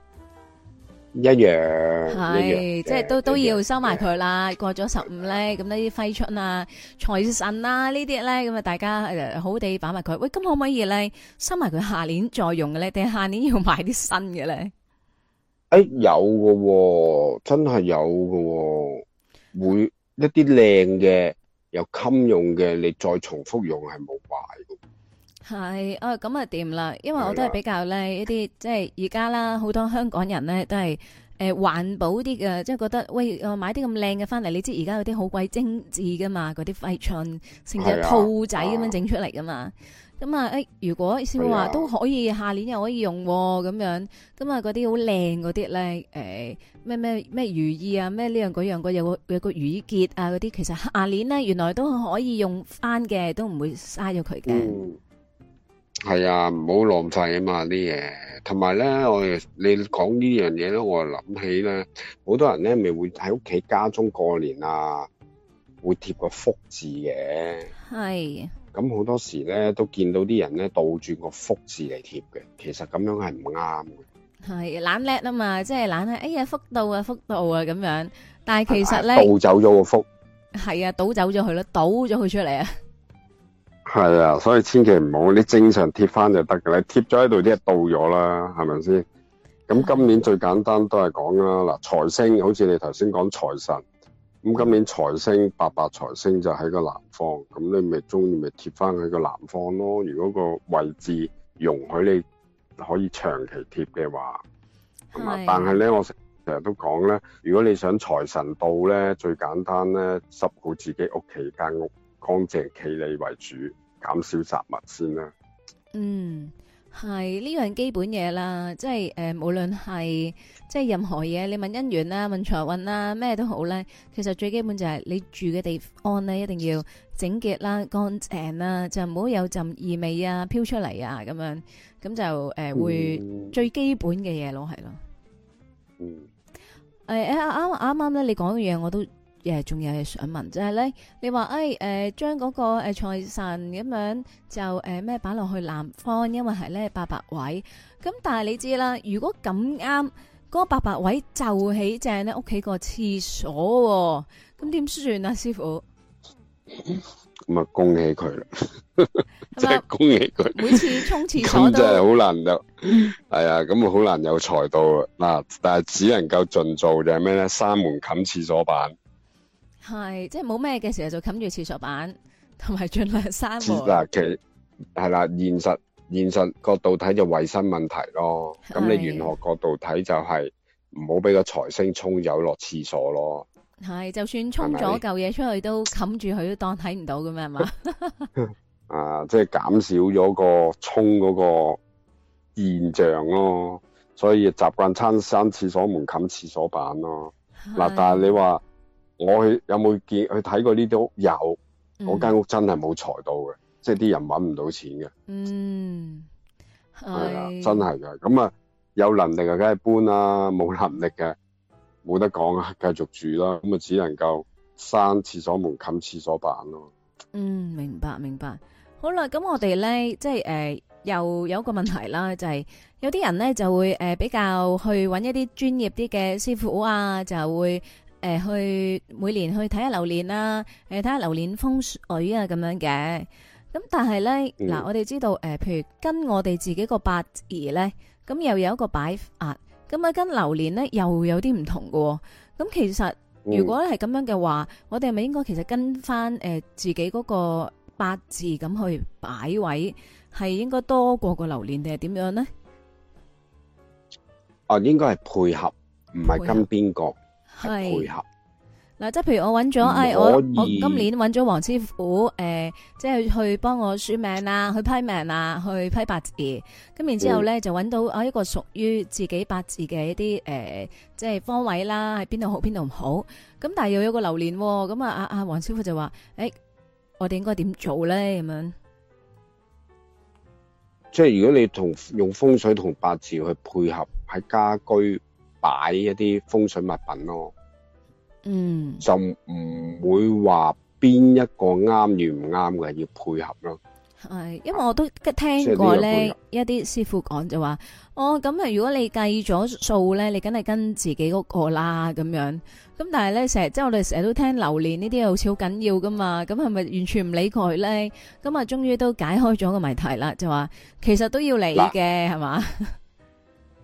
一樣，係即係都都要收埋佢啦。過咗十五咧，咁呢啲揮春啊、財神啊呢啲咧，咁啊大家好地擺埋佢。喂，咁可唔可以咧收埋佢下年再用嘅咧？定係下年要買啲新嘅咧？誒，有嘅，真係有嘅，會一啲靚嘅又襟用嘅，你再重複用係冇。係啊，咁、哎、啊，掂啦。因為我都係比較咧、啊、一啲，即係而家啦，好多香港人咧都係誒、呃、環保啲嘅，即係覺得喂，我買啲咁靚嘅翻嚟。你知而家有啲好鬼精緻噶嘛？嗰啲廢襯成隻兔仔咁、啊、樣整出嚟噶嘛？咁啊誒，如果師傅話、啊、都可以下年又可以用咁、哦、樣，咁啊嗰啲好靚嗰啲咧誒咩咩咩如意啊，咩呢樣嗰樣有個有個如意結啊嗰啲，其實下年咧原來都可以用翻嘅，都唔會嘥咗佢嘅。嗯。係啊，唔好浪費啊嘛啲嘢，同埋咧，我你講呢樣嘢咧，我啊諗起咧，好多人咧咪會喺屋企家中過年啊，會貼個福字嘅。係。咁好多時咧，都見到啲人咧倒轉個福字嚟貼嘅，其實咁樣係唔啱嘅。係懶叻啊嘛，即係懶係，哎呀福到啊福到啊咁樣，但係其實咧倒走咗個福。係啊，倒走咗佢啦，倒咗佢出嚟啊！係啊，所以千祈唔好，你正常貼翻就得嘅啦。貼咗喺度啲係到咗啦，係咪先？咁今年最簡單都係講啦，嗱財星，好似你頭先講財神，咁今年財星八白財星就喺個南方，咁你咪中意咪貼翻喺個南方咯。如果個位置容許你可以長期貼嘅話，咁、啊、但係咧，我成日都講咧，如果你想財神到咧，最簡單咧，十顧自己家家屋企間屋乾淨企理為主。減少雜物先啦。嗯，係呢樣基本嘢啦，即係誒、呃，無論係即係任何嘢，你問姻緣啦、啊，問財運啦，咩都好咧。其實最基本就係你住嘅地方咧，一定要整潔啦、啊、乾淨啦，就唔好有陣異味啊飄出嚟啊咁樣，咁就誒、呃嗯、會最基本嘅嘢咯，係咯。嗯。誒、欸、誒，啱啱啱啱咧，剛剛你講嘅嘢我都。誒，仲有嘢想問，就係、是、咧，你話誒，誒、哎、將、呃、嗰、那個誒財、呃、神咁樣就誒咩擺落去南方，因為係咧八白位，咁但係你知啦，如果咁啱嗰個八白位就起正咧，屋企個廁所，咁點算啊，師傅？咁啊，恭喜佢啦！即係恭喜佢，每次沖廁所都真係好難得。係啊，咁啊好難有財到。嗱，但係只能夠盡做就係咩咧？三門冚廁所板。係，即係冇咩嘅時候就冚住廁所板，同埋盡量閂住。其係啦，現實現實角度睇就衛生問題咯。咁你玄學角度睇就係唔好俾個財星沖走落廁所咯。係，就算沖咗嚿嘢出去都冚住佢，都當睇唔到咁啊嘛。 [LAUGHS] 啊，即係減少咗個沖嗰個現象咯。所以習慣閂閂廁所門冚廁所板咯。嗱、啊，但係你話。我去有冇見去睇過呢啲屋？有，嗰間屋真係冇財到嘅，即係啲人搵唔到錢嘅。嗯，係啦、嗯，真係嘅。咁啊，有能力啊，梗係搬啦；冇能力嘅，冇得講啊，繼續住啦。咁啊，只能夠閂廁所門、冚廁所板咯。嗯，明白明白。好啦，咁我哋咧，即係誒、呃，又有一個問題啦，就係、是、有啲人咧就會誒、呃，比較去搵一啲專業啲嘅師傅啊，就會。誒，去每年去睇下流年啦，啊，誒，睇下流年風水啊，咁樣嘅。咁但係咧，嗱，我哋知道，誒、呃，譬如跟我哋自己個八字咧，咁又有一個擺壓，咁啊，跟流年咧又有啲唔同嘅，哦。咁其實，嗯、如果咧係咁樣嘅話，我哋係咪應該其實跟翻誒，呃、自己嗰個八字咁去擺位，係應該多過個流年定係點樣呢？哦，應該係配合，唔係跟邊個。配合嗱，即係譬如我揾咗，哎，我我今年揾咗黃師傅，誒、呃、即、就、係、是、去幫我算命啊，去批命啊，去批八字，咁然之後咧就揾到啊一個屬於自己八字嘅一啲誒、即、呃、係、就是、方位啦，喺邊度好，邊度唔好，咁但係又有一個流年，咁啊啊啊，黃、嗯啊啊啊、師傅就話，誒、哎，我哋應該點做咧咁樣？即係如果你同用風水同八字去配合喺家居。擺一啲風水物品咯，嗯，就唔會話邊一個啱與唔啱嘅，要配合咯。係，因為我都聽過咧，一啲師傅講就話，哦，咁啊，如果你計咗數咧，你梗係跟自己嗰個啦，咁樣。咁但係咧，成日即係我哋成日都聽流年呢啲，好似好緊要噶嘛。咁係咪完全唔理佢咧？咁啊，終於都解開咗個謎題啦，就話其實都要理嘅，係嘛？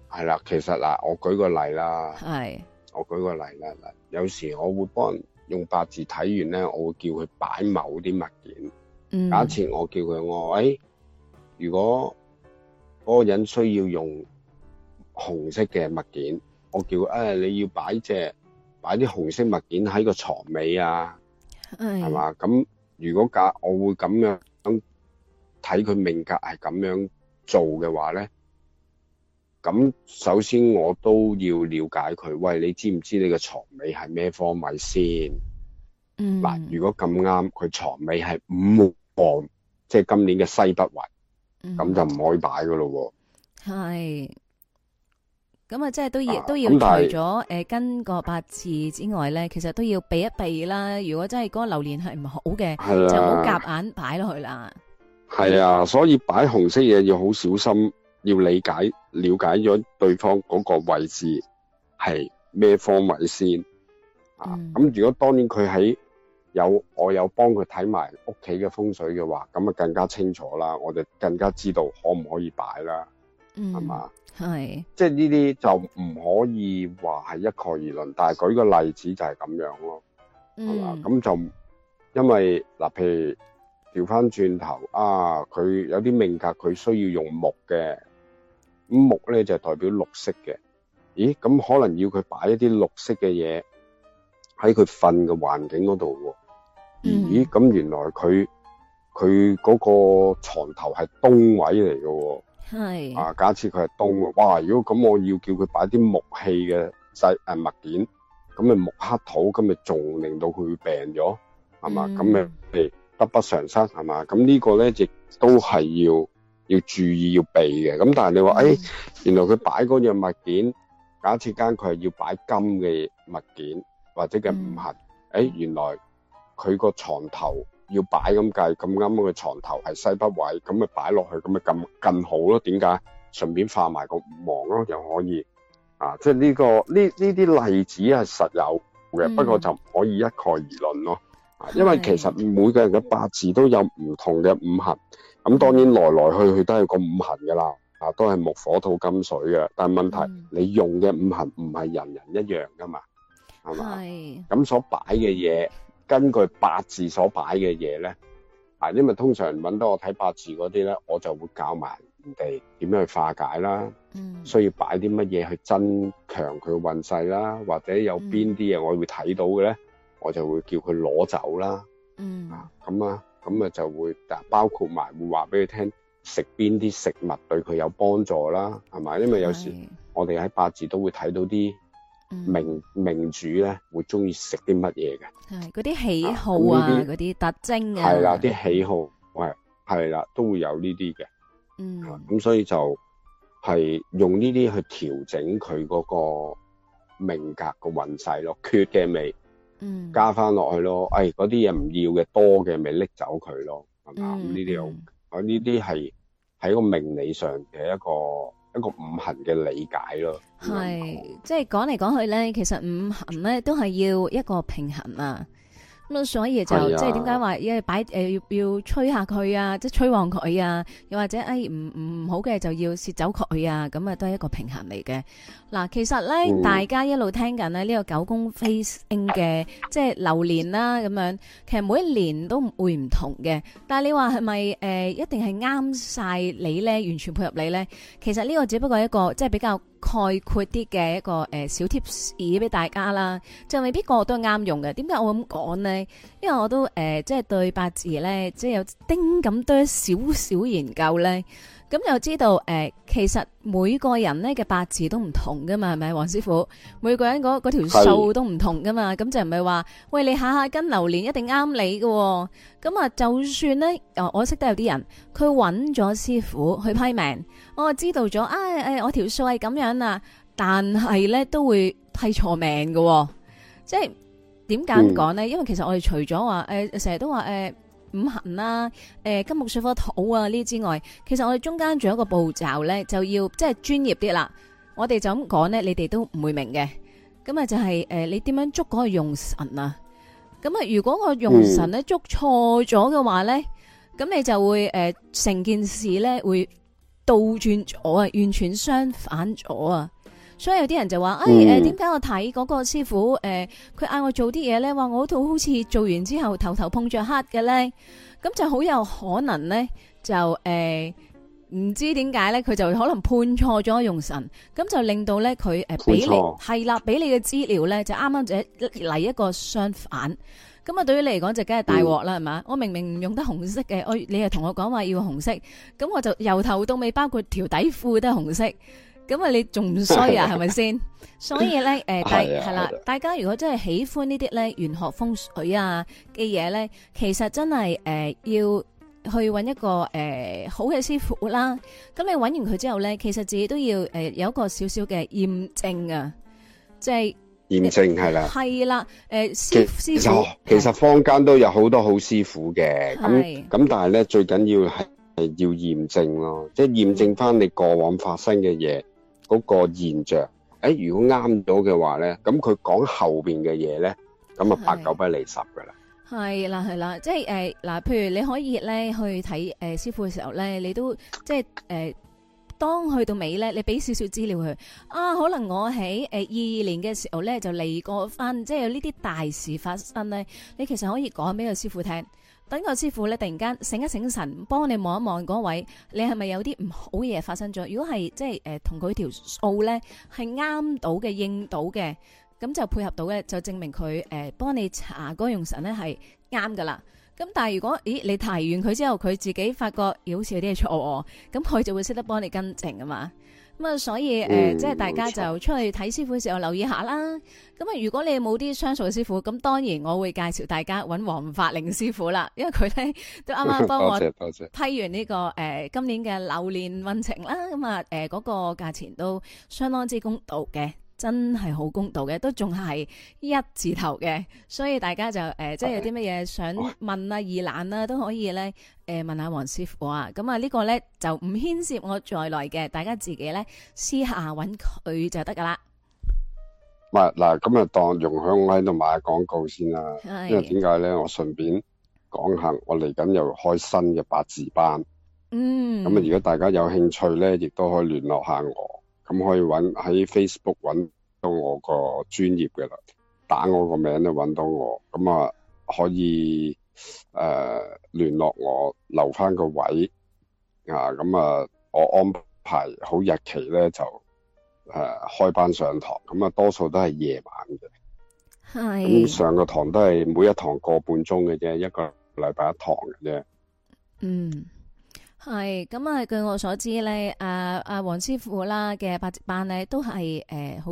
係啦，其實嗱，我舉個例啦。係。我舉個例啦，嗱，有時我會幫人用八字睇完咧，我會叫佢擺某啲物件。嗯。假設我叫佢我，誒、欸，如果嗰個人需要用紅色嘅物件，我叫誒、欸，你要擺隻擺啲紅色物件喺個床尾啊，係嘛？咁如果假，我會咁樣，咁睇佢命格係咁樣做嘅話咧。咁首先我都要了解佢，喂，你知唔知你個床尾係咩方位先？嗯。嗱，如果咁啱佢床尾係五黃，即係今年嘅西北位，咁就唔可以擺噶咯。係。咁啊，即係都要都要除咗誒跟個八字之外咧，其實都要避一避啦。如果真係嗰個流年係唔好嘅，就唔好夾硬擺落去啦。係啊，所以擺紅色嘢要好小心。要理解、了解咗對方嗰個位置係咩方位先，嗯、啊！咁如果當然佢喺有我有幫佢睇埋屋企嘅風水嘅話，咁啊更加清楚啦，我就更加知道可唔可以擺啦，係、嗯、嘛？係即係呢啲就唔可以話係一概而論，但係舉個例子就係咁樣咯，係嘛、嗯？咁就因為嗱，譬如調翻轉頭啊，佢有啲命格佢需要用木嘅。木咧就係、代表綠色嘅，咦？咁可能要佢擺一啲綠色嘅嘢喺佢瞓嘅環境嗰度喎。咦？咁原來佢佢嗰個床頭係東位嚟嘅喎。係。啊，假設佢係東喎，哇！如果咁，我要叫佢擺啲木器嘅、啊、物件，咁咪木剋土，咁咪仲令到佢病咗，係嘛？咁咪得不償失係嘛？咁呢個咧亦都係要。要注意要避嘅，咁但係你話，誒、嗯哎，原來佢擺嗰樣物件，假設間佢係要擺金嘅物件，或者嘅五行，誒、嗯哎，原來佢個床頭要擺咁計，咁啱佢床頭係西北位，咁咪擺落去，咁咪咁更好為什麼咯？點解？順便化埋個五黃咯，又可以，啊，即係、這、呢個呢呢啲例子係實有嘅、嗯，不過就唔可以一概而論咯，啊，因為其實每個人嘅八字都有唔同嘅五行。嗯嗯咁當然來來去去都係個五行噶啦，啊都係木火土金水嘅。但係問題、嗯、你用嘅五行唔係人人一樣噶嘛，係嘛？咁所擺嘅嘢根據八字所擺嘅嘢咧，啊因為通常揾到我睇八字嗰啲咧，我就會教埋人哋點樣去化解啦。嗯，需要擺啲乜嘢去增強佢運勢啦，或者有邊啲嘢我會睇到嘅咧，我就會叫佢攞走啦。嗯，啊咁啊。咁啊就會，啊包括埋會話俾佢聽，食邊啲食物對佢有幫助啦，係咪？因為有時我哋喺八字都會睇到啲命命主咧會中意食啲乜嘢嘅，係啲喜好啊，啲、啊、特徵啊，係啦，啲喜好，喂係啦，都會有呢啲嘅，嗯，咁、啊、所以就係用呢啲去調整佢個命格個運勢咯，缺嘅味。嗯，加翻落去咯，哎，嗰啲嘢唔要嘅多嘅，咪拎走佢咯，係嘛？呢啲又，啊呢啲係喺個命理上嘅一個一個五行嘅理解咯。係，即係講嚟講去咧，其實五行咧都係要一個平衡啊。咁所以就、哎、即係點解話要擺誒、呃、要要吹下佢啊，即係吹旺佢啊，又或者誒唔唔好嘅就要蝕走佢啊，咁啊都係一個平衡嚟嘅。嗱、啊，其實咧、哦、大家一路聽緊咧呢個九宮飛星嘅，即係流年啦咁樣，其實每一年都會唔同嘅。但係你話係咪誒一定係啱晒你咧，完全配合你咧？其實呢個只不過係一個即係比較。概括啲嘅一個、呃、小貼士俾大家啦，就未必個個都啱用嘅。點解我咁講呢？因為我都、呃、即係對八字咧，即係有丁咁多少少研究咧。咁又知道，誒，其實每個人咧嘅八字都唔同噶嘛，係咪，黃師傅？每個人嗰嗰條數都唔同噶嘛，咁就唔係話，喂，你下下跟流年一定啱你嘅、哦。咁啊，就算咧，我識得有啲人，佢揾咗師傅去批命，我知道咗，啊、哎，我條數係咁樣啊，但係咧都會批錯命嘅、哦。即係點解講講咧？為呢嗯、因為其實我哋除咗話，成、欸、日都話，欸五行啦、啊，誒、呃、金木水火土啊呢之外，其實我哋中間仲有一個步驟咧，就要即係專業啲啦。我哋就咁講咧，你哋都唔會明嘅。咁啊就係、是、誒、呃，你點樣捉嗰個用神啊？咁啊如果個用神咧捉錯咗嘅話咧，咁、嗯、你就會誒成、呃、件事咧會倒轉咗啊，完全相反咗啊！所以有啲人就話，誒、嗯，誒、哎，點解我睇嗰個師傅，誒、呃，佢嗌我做啲嘢咧，話我套好似做完之後頭頭碰着黑嘅咧，咁就好有可能咧，就誒，唔、呃、知點解咧，佢就可能判錯咗用神，咁就令到咧佢誒，俾你，係啦，俾你嘅資料咧就啱啱就嚟一個相反，咁啊對於你嚟講就梗係大鑊啦，係、嗯、嘛，我明明唔用得紅色嘅，你我你又同我講話要紅色，咁我就由頭到尾包括條底褲都係紅色。咁啊！你仲唔衰啊？係咪先？所以咧，誒，大係啦，大家如果真係喜歡呢啲咧玄學風水啊嘅嘢咧，其實真係誒要去揾一個誒好嘅師傅啦。咁你揾完佢之後咧，其實自己都要誒有一個少少嘅驗證啊，即係驗證係啦。係啦，誒師師傅，其實坊間都有好多好師傅嘅，咁咁但係咧最緊要係係要驗證咯，即係驗證翻你過往發生嘅嘢。嗰、那個現象，欸、如果啱咗嘅話咧，咁佢講後面嘅嘢咧，咁啊八九不離十噶啦。係啦係啦，即係嗱、呃，譬如你可以咧去睇誒、呃、師傅嘅時候咧，你都即係誒、呃、當去到尾咧，你俾少少資料佢啊，可能我喺二二年嘅時候咧就嚟過翻，即係有呢啲大事發生咧，你其實可以講俾個師傅聽。等個師傅咧，突然間醒一醒神，幫你望一望嗰位，你係咪有啲唔好嘢發生咗？如果係即係誒，同佢條數咧係啱到嘅應到嘅，咁就配合到嘅，就證明佢誒幫你查嗰用神咧係啱噶啦。咁但係如果咦你提完佢之後，佢自己發覺、呃、好似有啲嘢錯，咁佢就會識得幫你更正啊嘛。咁啊，所以誒、呃嗯、即係大家就出去睇師傅嘅時候留意下啦。咁、嗯、啊，如果你冇啲相熟師傅，咁當然我會介紹大家揾黃法寧師傅啦，因為佢咧都啱啱幫我批完呢、呢個誒、嗯呃、今年嘅流年運程啦。咁啊誒嗰個價錢都相當之公道嘅。真係好公道嘅，都仲係一字頭嘅，所以大家就誒、呃，即係有啲乜嘢想問啊、疑難啦，都可以咧誒、呃、問下黃師傅啊。咁啊，呢個咧就唔牽涉我在內嘅，大家自己咧私下搵佢就得噶啦。嗱嗱，咁啊，當容許我喺度買下廣告先啦。因為點解咧，我順便講下，我嚟緊又開新嘅八字班。嗯。咁啊，如果大家有興趣咧，亦都可以聯絡下我。咁可以揾喺 Facebook 揾到我個專業嘅啦，打我個名咧揾到我，咁啊可以誒，聯絡我，留翻個位啊，咁啊我安排好日期咧就誒開班上堂，咁啊多數都係夜晚嘅。係咁上個堂都係每一堂個半鐘嘅啫，一個禮拜一堂嘅啫。嗯。係咁啊！據我所知咧，啊阿黃師傅啦嘅八字班咧，都係誒好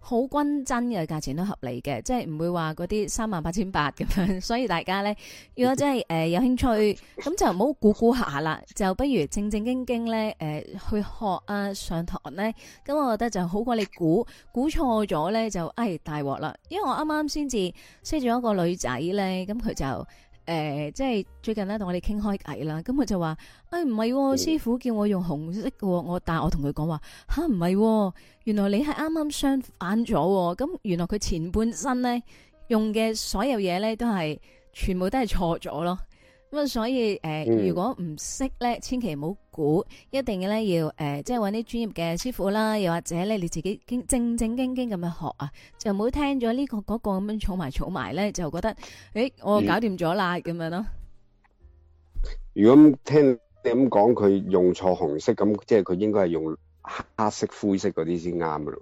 好均真嘅，價錢都合理嘅，即係唔會話嗰啲三萬八千八咁樣。所以大家咧，如果真係誒有興趣，咁 [LAUGHS] 就唔好估估下啦，就不如正正經經咧誒去學啊上堂咧。咁我覺得就好過你估估錯咗咧，就哎大鑊啦！因為我啱啱先至識咗一個女仔咧，咁佢就。誒、呃，即係最近咧同我哋傾開偈啦，咁佢就話，誒、哎，唔係，啊嗯，師傅叫我用紅色嘅，我但係我同佢講話，吓唔係，原來你係啱啱相反咗，咁原來佢前半身咧用嘅所有嘢咧都係全部都係錯咗咯。咁所以誒、呃嗯，如果唔識咧，千祈唔好估，一定要咧要誒，即係搵啲專業嘅師傅啦，又或者咧你自己經正正經經咁樣學啊，就唔好聽咗呢、這個嗰、那個咁樣儲埋儲埋咧，就覺得誒、欸，我搞掂咗啦咁樣咯。如果聽你咁講，佢用錯紅色，咁即係佢應該係用黑色、灰色嗰啲先啱噶咯。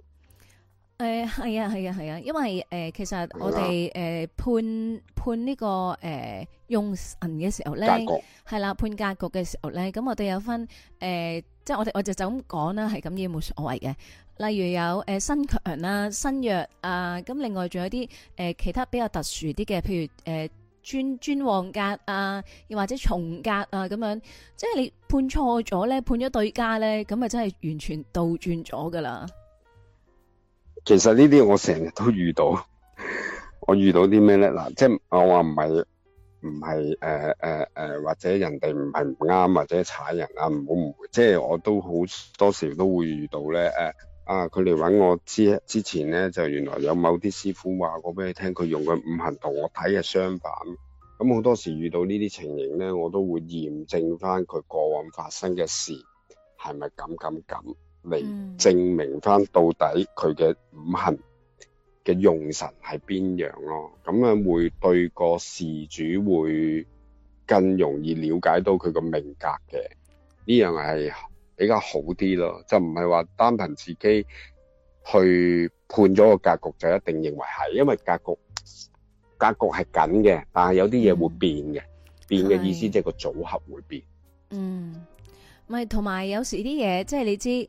誒、嗯，係啊，係啊，係啊，啊，因為誒、呃，其實我哋誒、啊呃、判判呢、這個誒、呃、用神嘅時候咧，係啦、啊、判格局嘅時候咧，咁我哋有分誒、呃，即係我哋我就就咁講啦，係咁嘢，冇所謂嘅。例如有誒身強啦，身、呃、弱啊，咁、啊、另外仲有啲誒、呃、其他比較特殊啲嘅，譬如誒專專旺格啊，又或者從格啊，咁樣，即係你判錯咗咧，判咗對家咧，咁啊真係完全倒轉咗噶啦。其實呢啲我成日都遇到， [LAUGHS] 我遇到啲咩咧？嗱、啊，即係我話唔係唔係誒誒誒，或者人哋唔係唔啱，或者踩人啊，唔好，唔會，即係我都好多時都會遇到咧。誒啊，佢哋搵我之之前咧，就原來有某啲師傅話過俾你聽，佢用嘅五行同我睇嘅相反。咁好多時遇到呢啲情形咧，我都會驗證翻佢過往發生嘅事係咪咁咁咁。是不是嚟證明翻到底佢嘅五行嘅用神係邊樣咯，咁樣會對個事主會更容易了解到佢個命格嘅，呢樣係比較好啲咯，就唔係話單憑自己去判咗個格局就一定認為係，因為格局格局係緊嘅，但係有啲嘢會變嘅，嗯，變嘅意思即係個組合會變。是嗯，咪同埋有時啲嘢即係你知。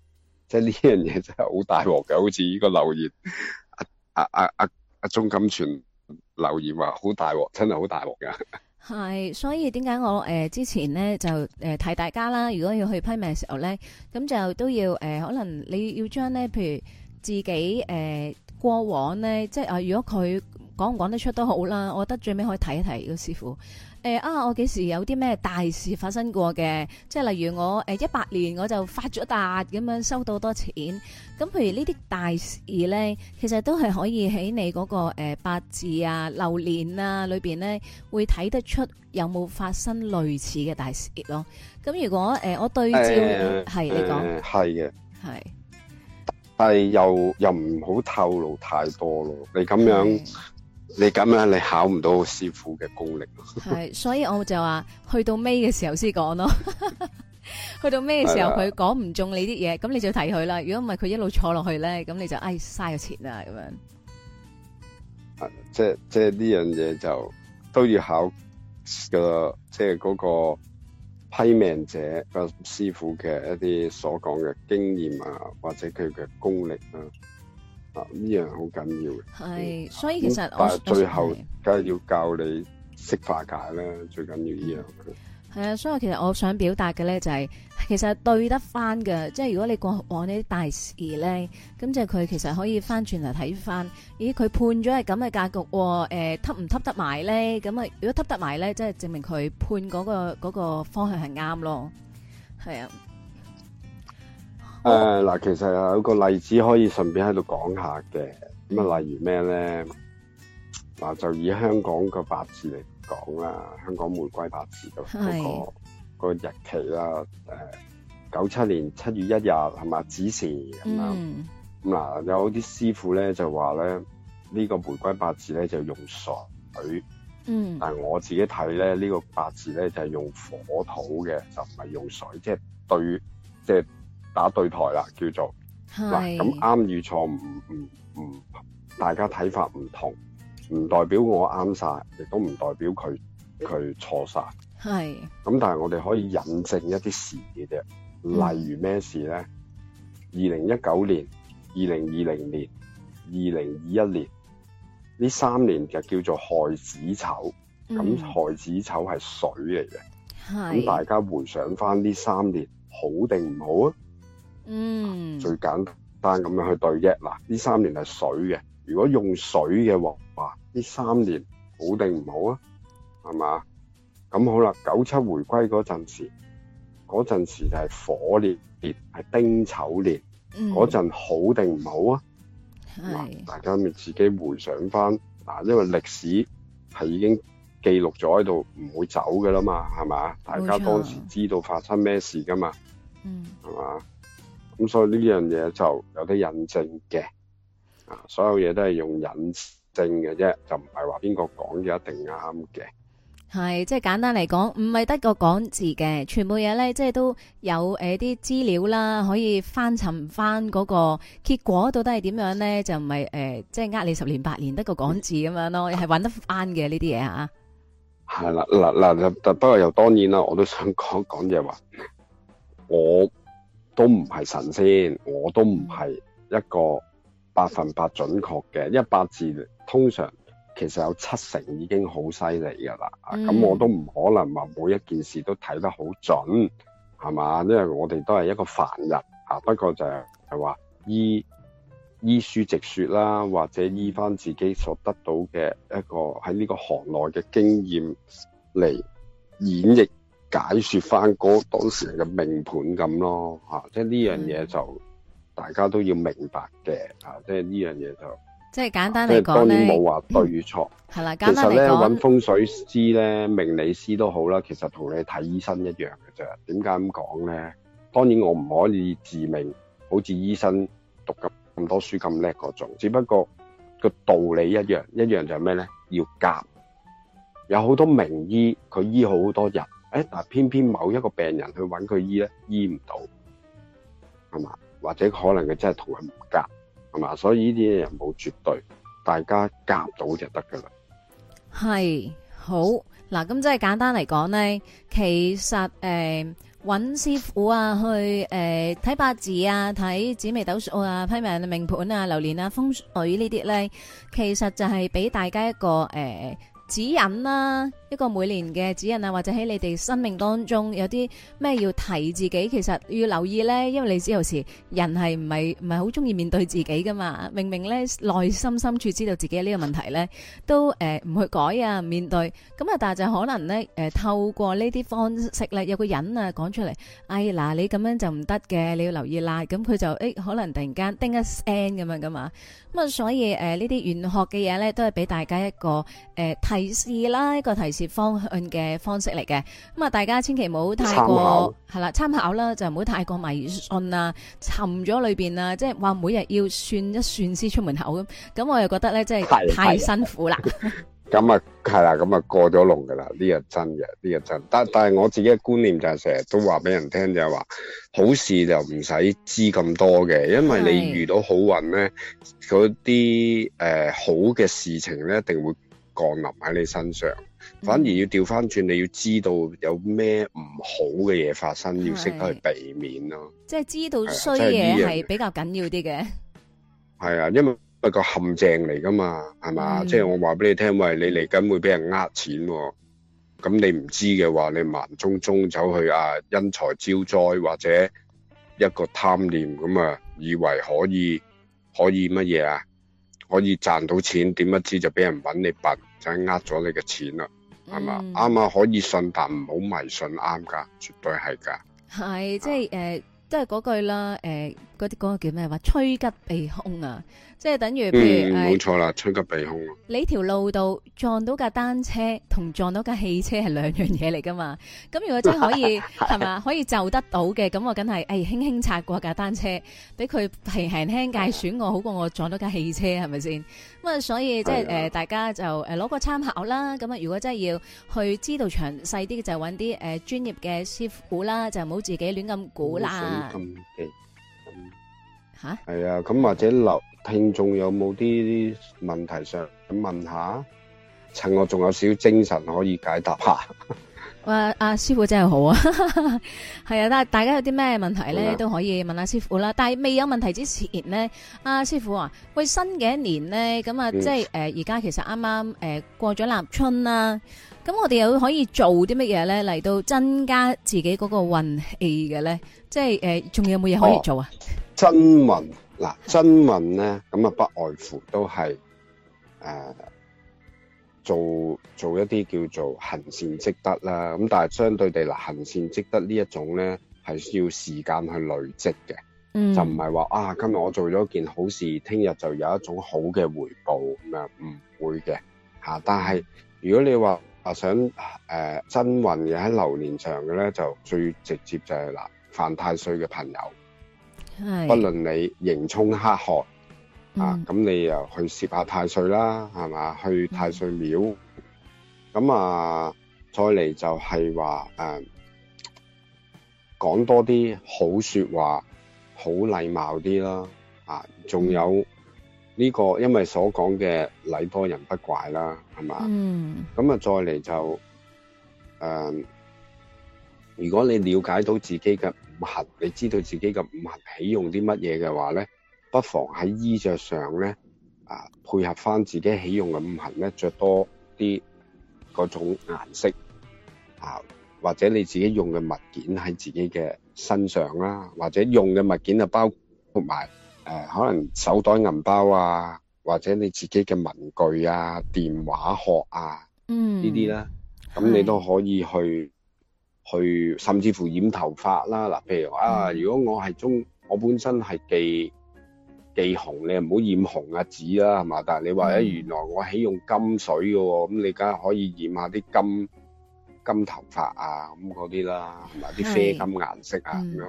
即係呢樣嘢就係好大鑊嘅，好似呢個留言阿阿阿阿阿鍾錦泉留言話好大鑊，真係好大鑊嘅係。所以點解我誒之前咧就誒提大家啦，如果要去批命嘅時候咧，咁就都要誒、呃、可能你要將咧，譬如自己誒、呃、過往咧，即係啊，如果佢講唔講得出都好啦，我覺得最尾可以睇一睇個師傅。誒、欸、啊！我幾時有啲咩大事發生過嘅？即係例如我誒一八年，我就發咗達咁樣收到好多錢。咁譬如呢啲大事咧，其實都係可以喺你嗰、那個誒、呃、八字啊、流年啊裏邊咧，會睇得出有冇發生類似嘅大事咯。咁如果誒、呃、我對照係、呃、你講係嘅係，但係、呃、又又唔好透露太多咯。你咁樣。你咁樣，你考唔到師傅嘅功力。係， [LAUGHS] 所以我就話，去到尾嘅時候先講咯。 [LAUGHS] 去到尾嘅時候佢講唔中你啲嘢，咁你就睇佢啦。如果唔係，佢一路坐落去咧，咁你就唉嘥咗錢啦咁樣。啊、即係即係呢樣嘢就都要考，個，即係嗰個批命者個師傅嘅一啲所講嘅經驗啊，或者佢嘅功力啊。啊！咁呢樣好緊要嘅，係。所以其實我但係最後，梗係要教你識化解啦，最緊要呢樣。係啊，所以其實我想表達嘅咧，就係其實對得翻嘅，即係如果你過往啲大事咧，咁就佢其實可以翻轉嚟睇翻，咦？佢判咗係咁嘅格局，誒，噏唔噏得埋咧？咁啊，如果噏得埋咧，即係證明佢判嗰個嗰個方向係啱咯，係啊。誒，嗱，其實有個例子可以順便喺度講下嘅，咁、嗯、啊，例如咩咧？嗱，就以香港個八字嚟講啦，香港回歸八字嘅嗰、嗰個、嗰個日期啦，誒、呃，九七年七月一日係嘛？子時咁樣。咁嗱，有啲師傅咧就話咧，呢、呢個回歸八字咧就用水，嗯，但係我自己睇咧呢、呢個八字咧就係、是、用火土嘅，就唔係用水，即、就、係、是、對，即係。打對台啦，叫做嗱咁啱與錯唔唔唔，大家睇法唔同，唔代表我啱晒，亦都唔代表佢佢錯晒。係咁、嗯，但係我哋可以引證一啲事嘅啫。例如咩事咧？二零一九年、二零二零年、二零二一年呢三年就叫做亥子丑咁。亥子丑係水嚟嘅，咁、嗯嗯、大家回想翻呢三年好定唔好啊？嗯，最簡單咁樣去對啫。嗱，呢三年係水嘅，如果用水嘅話，呢三年好定唔好啊？係嘛？咁好啦，九七回歸嗰陣時，嗰陣時就係火烈烈，係丁丑年，嗰、嗯、陣好定唔好啊？係，大家咪自己回想翻嗱，因為歷史係已經記錄咗喺度，唔會走噶啦嘛，係嘛？大家當時知道發生咩事噶嘛？嗯，係嘛？咁所以呢樣嘢就有得引證嘅，啊，所有嘢都係用引證嘅啫，就唔係話邊個講嘅一定啱嘅。係，即係簡單嚟講，唔係得個講字嘅，全部嘢咧，即係都有誒啲、呃、資料啦，可以翻尋翻嗰個結果到底係點樣咧，就唔係誒，即係呃你十年八年 [LAUGHS] 得個講字咁樣咯，係搵得翻嘅呢啲嘢啊。係啦，嗱嗱，不過又當然啦，我都想講講嘢話我。都唔係神仙，我都唔係一個百分百準確嘅，一百字通常其實有七成已經好犀利噶啦，咁、嗯、我都唔可能話每一件事都睇得好準，係嘛？因為我哋都係一個凡人啊，不過就係話依依書直說啦，或者依返自己所得到嘅一個喺呢個行內嘅經驗嚟演繹。解說翻嗰當時嘅命盤咁咯，啊、即係呢樣嘢就大家都要明白嘅、啊，即係呢樣嘢就即係簡單嚟講當然冇話對與錯係、嗯、啦。簡單嚟講咧，揾風水師咧、命理師都好啦，其實同你睇醫生一樣嘅啫。點解咁講咧？當然我唔可以自命，好似醫生讀咁咁多書咁叻嗰種。只不過個道理一樣，一樣就係咩咧？要夾有好多名醫，佢醫好好多人。誒，但係偏偏某一個病人去揾佢醫咧，醫唔到，係嘛？或者可能佢真係同佢唔夾，係嘛？所以呢啲嘢冇絕對，大家夾到就得噶啦。係，好，嗱，咁即係簡單嚟講咧，其實誒揾師傅啊，去誒睇八字啊，睇紫微斗數啊，批命命盤啊，流年啊，風水呢啲咧，其實就係俾大家一個誒。指引啦、啊，一個每年嘅指引啊，或者喺你哋生命當中有啲咩要提自己，其實要留意咧。因為你知有時人係唔係唔係好中意面對自己噶嘛，明明咧內心深處知道自己有呢個問題咧，都誒唔、呃、去改啊，面對咁啊，但係就可能咧誒、呃、透過呢啲方式咧，有個人啊講出嚟，哎嗱，你咁樣就唔得嘅，你要留意啦。咁佢就誒、欸、可能突然間叮一聲咁樣噶嘛，咁啊，所以誒、呃、呢啲玄學嘅嘢咧，都係俾大家一個誒提。呃提示啦，一個提示方向嘅方式嚟嘅。咁啊，大家千祈唔好太過係啦，參考啦，就唔好太過迷信啊，沉咗裏邊啊，即係話每日要算一算先出門口咁。咁我又覺得咧，即係太辛苦啦。咁啊，係啦，咁 [LAUGHS] 啊過咗龍噶啦，呢日真嘅，呢日真。但但係我自己嘅觀念就係成日都話俾人聽就係話，好事就唔使知咁多嘅，因為你遇到好運咧，嗰啲誒好嘅事情咧，一定會。降臨喺你身上，反而要調翻轉，你要知道有咩唔好嘅嘢發生，要識得去避免咯。即係知道衰嘢係比較緊要啲嘅。係啊，因為個陷阱嚟噶嘛，係嘛、嗯？即係我話俾你聽，喂，你嚟緊會俾人呃錢，哦，咁你唔知嘅話，你盲中中走去啊，因財招災，或者一個貪念咁啊，以為可以可以乜嘢啊，可以賺到錢，點不知就俾人搵你拔。就係呃咗你嘅錢啦，係嘛？啱、嗯、啱可以信，但唔好迷信啱噶，絕對係噶。係即係誒、啊呃，都係嗰句啦，誒、呃，嗰啲嗰個叫咩話？趨吉避凶啊！即係等於，譬如冇錯啦，吹、嗯哎、個鼻孔。你條路度撞到架單車同撞到架汽車係兩樣嘢嚟噶嘛？咁如果真係可以係嘛， [LAUGHS] 可以就得到嘅，咁我梗係誒輕輕擦過架單車，俾佢平輕輕介選我， [LAUGHS] 好過我撞到架汽車，係咪先？咁、就是、啊，所以即係誒，大家就誒攞、呃、個參考啦。咁啊，如果真係要去知道詳細啲嘅，就搵啲誒專業嘅師傅估啦，就唔好自己亂咁估啦。吓係、嗯、啊，咁、啊、或者留聽眾有冇啲問題想咁問一下，趁，我仲有少精神可以解答一下。哇、 [LAUGHS] 啊，阿、啊、師傅真係好啊，係 [LAUGHS] 啊，但係大家有啲咩問題咧都可以問阿師傅啦。但係未有問題之前咧，阿、啊、師傅啊，喂，新嘅一年咧，咁啊，嗯、即係誒，而、呃、家其實啱啱誒過咗立春啦、啊，咁我哋又可以做啲乜嘢咧嚟到增加自己嗰個運氣嘅咧？即係誒，仲、呃、有冇嘢可以做啊？哦、增運。嗱，增運咧咁啊，不外乎都係，誒、呃，做做一啲叫做行善積德啦。咁但係相對地，嗱，行善積德呢一種咧，係需要時間去累積嘅、嗯，就唔係話啊，今日我做咗件好事，聽日就有一種好嘅回報咁樣，唔會嘅嚇、啊。但係如果你話話想，誒、呃，增運嘅喺流年場嘅咧，就最直接就係嗱，犯太歲嘅朋友。不論你迎沖克害、嗯、啊，咁你又去攝下太歲啦，係嘛？去太歲廟，咁啊，再嚟就係話誒，講、啊、多啲好說話，好禮貌啲啦，啊，仲有呢個，因為所講嘅禮多人不怪啦，係嘛？咁、嗯、啊，再嚟就誒，如果你了解到自己嘅。五行，你知道自己嘅五行喜用啲乜嘢嘅話咧，不妨喺衣着上咧啊，配合翻自己喜用嘅五行咧，着多啲嗰種顏色啊，或者你自己用嘅物件喺自己嘅身上啦、啊，或者用嘅物件啊，包括埋誒、啊，可能手袋、銀包啊，或者你自己嘅文具啊、電話殼啊，嗯，呢啲啦，咁你都可以去。去甚至乎染頭髮啦。嗱，譬如話，如果我係中，我本身係忌忌紅，你唔好染紅啊紫啦，係嘛？但係你話咧、嗯，原來我喜用金水嘅喎、哦，咁你梗係可以染下啲金金頭髮啊，咁嗰啲啦，同埋啲啡金顏色啊咁樣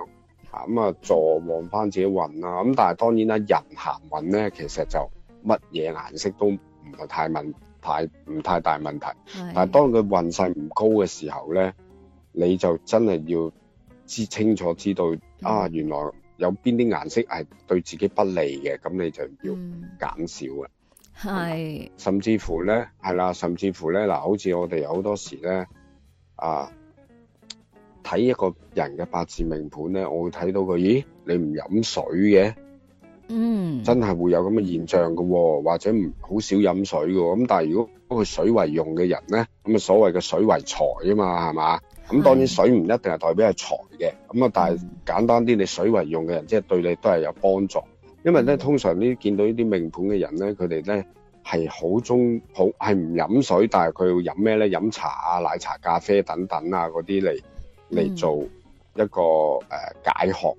嚇咁、嗯、啊助旺翻自己運啦。咁但係當然啦，人行運咧，其實就乜嘢顏色都唔係太問太唔太大問題。但係當佢運勢唔高嘅時候咧。你就真係要知清楚知道啊，原來有邊啲顏色係對自己不利嘅，咁你就要減少啊。係、嗯、甚至乎咧，係啦，甚至乎咧嗱，好似我哋好多時咧啊，睇一個人嘅八字命盤咧，我會睇到佢，咦，你唔飲水嘅，嗯，真係會有咁嘅現象嘅、哦，或者唔好少飲水嘅。咁但係如果佢水為用嘅人咧，咁啊所謂嘅水為財啊嘛，係嘛？咁當然水唔一定係代表係財嘅，咁啊、嗯、但係簡單啲，你水為用嘅人，即、就、係、是、對你都係有幫助。因為咧、嗯，通常呢見到呢啲命盤嘅人咧，佢哋咧係好中好係唔飲水，但係佢要飲咩咧？飲茶啊、奶茶、咖啡等等啊嗰啲嚟嚟做一個、嗯呃、解渴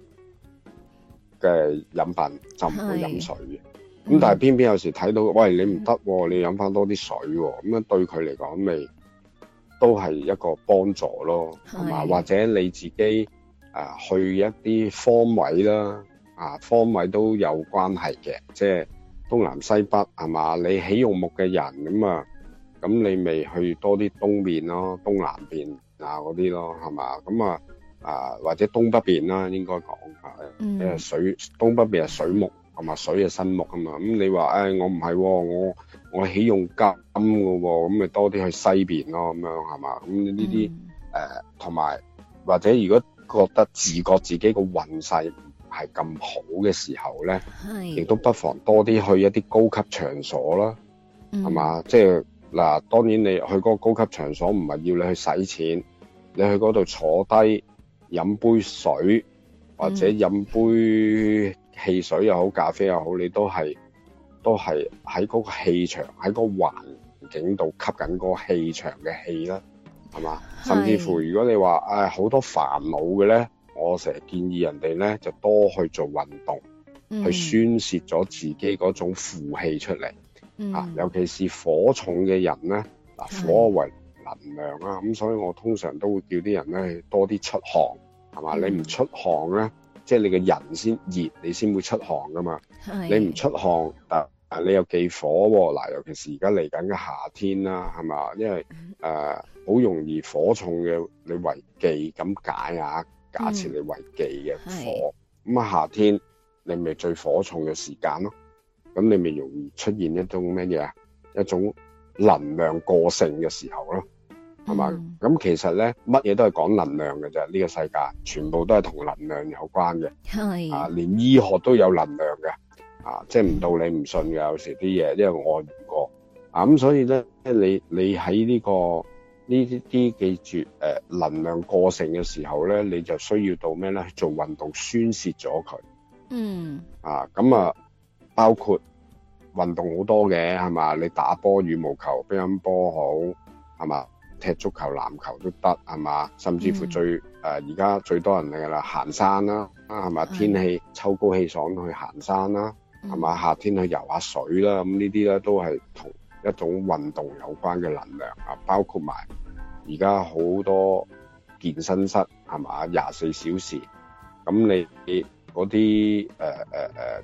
嘅飲品，就唔會飲水嘅。咁、嗯、但係偏偏有時睇到，喂，你唔得、啊，你要飲翻多啲水喎、啊，咁樣對佢嚟講未，都係一個幫助咯，啊或者你自己啊、呃、去一啲方位啦，啊方位都有關係嘅，即係東南西北係嘛？你喜用木嘅人咁啊，咁你咪去多啲東面咯，東南邊啊嗰啲咯係嘛？咁啊啊或者東北邊啦應該講吓、啊嗯，因為水東北邊係水木同埋水係生木啊嘛，咁你話誒、哎、我唔係喎我。我喜用金嘅喎、哦，咁咪多啲去西邊咯，咁樣係嘛？咁呢啲誒，同埋、嗯呃、或者如果覺得自覺自己個運勢唔係咁好嘅時候咧，亦都不妨多啲去一啲高級場所啦，係、嗯、嘛？即係嗱，當然你去嗰個高級場所唔係要你去使錢，你去嗰度坐低飲杯水或者飲杯汽水又好、咖啡又好，你都係。都係喺嗰個氣場，喺個環境度吸緊嗰個氣場嘅氣啦，係嘛？甚至乎如果你話誒好多煩惱嘅咧，我成日建議人哋咧就多去做運動，嗯、去宣泄咗自己嗰種負氣出嚟、嗯。啊，尤其是火重嘅人咧，嗱火為能量、嗯、啊，咁所以我通常都會叫啲人咧多啲出汗，係嘛、嗯？你唔出汗咧，即係你個人先熱，你先會出汗噶嘛。你唔出汗啊？但嗱，你又忌火喎，嗱，尤其是而家嚟緊嘅夏天啦、啊，係嘛？因為誒，好、嗯呃、容易火重嘅，你違忌咁解啊？假設你違忌嘅火，咁、嗯、啊、嗯、夏天你咪最火重嘅時間咯、啊，咁你咪容易出現一種咩嘢啊？一種能量過盛嘅時候咯、啊，係嘛？咁、嗯、其實咧，乜嘢都係講能量嘅啫，呢、呢個世界全部都係同能量有關嘅，啊，連醫學都有能量嘅。啊，即係唔到你唔信㗎，有時啲嘢，因為我唔過啊，咁所以咧，你你喺呢、呢個呢啲啲記住誒、呃、能量過剩嘅時候咧，你就需要到咩咧？做運動宣泄咗佢。嗯。啊，咁啊，包括運動好多嘅係嘛？你打波、羽毛球、乒乓波好係嘛？踢足球、籃球都得係嘛？甚至乎最誒而家最多人嚟㗎啦，行山啦、啊，係嘛？天氣秋高氣爽去行山啦、啊。係嘛？夏天去游下水啦，咁呢啲咧都係同一種運動有關嘅能量啊。包括埋而家好多健身室係嘛，廿四小時。咁你嗰啲誒誒誒，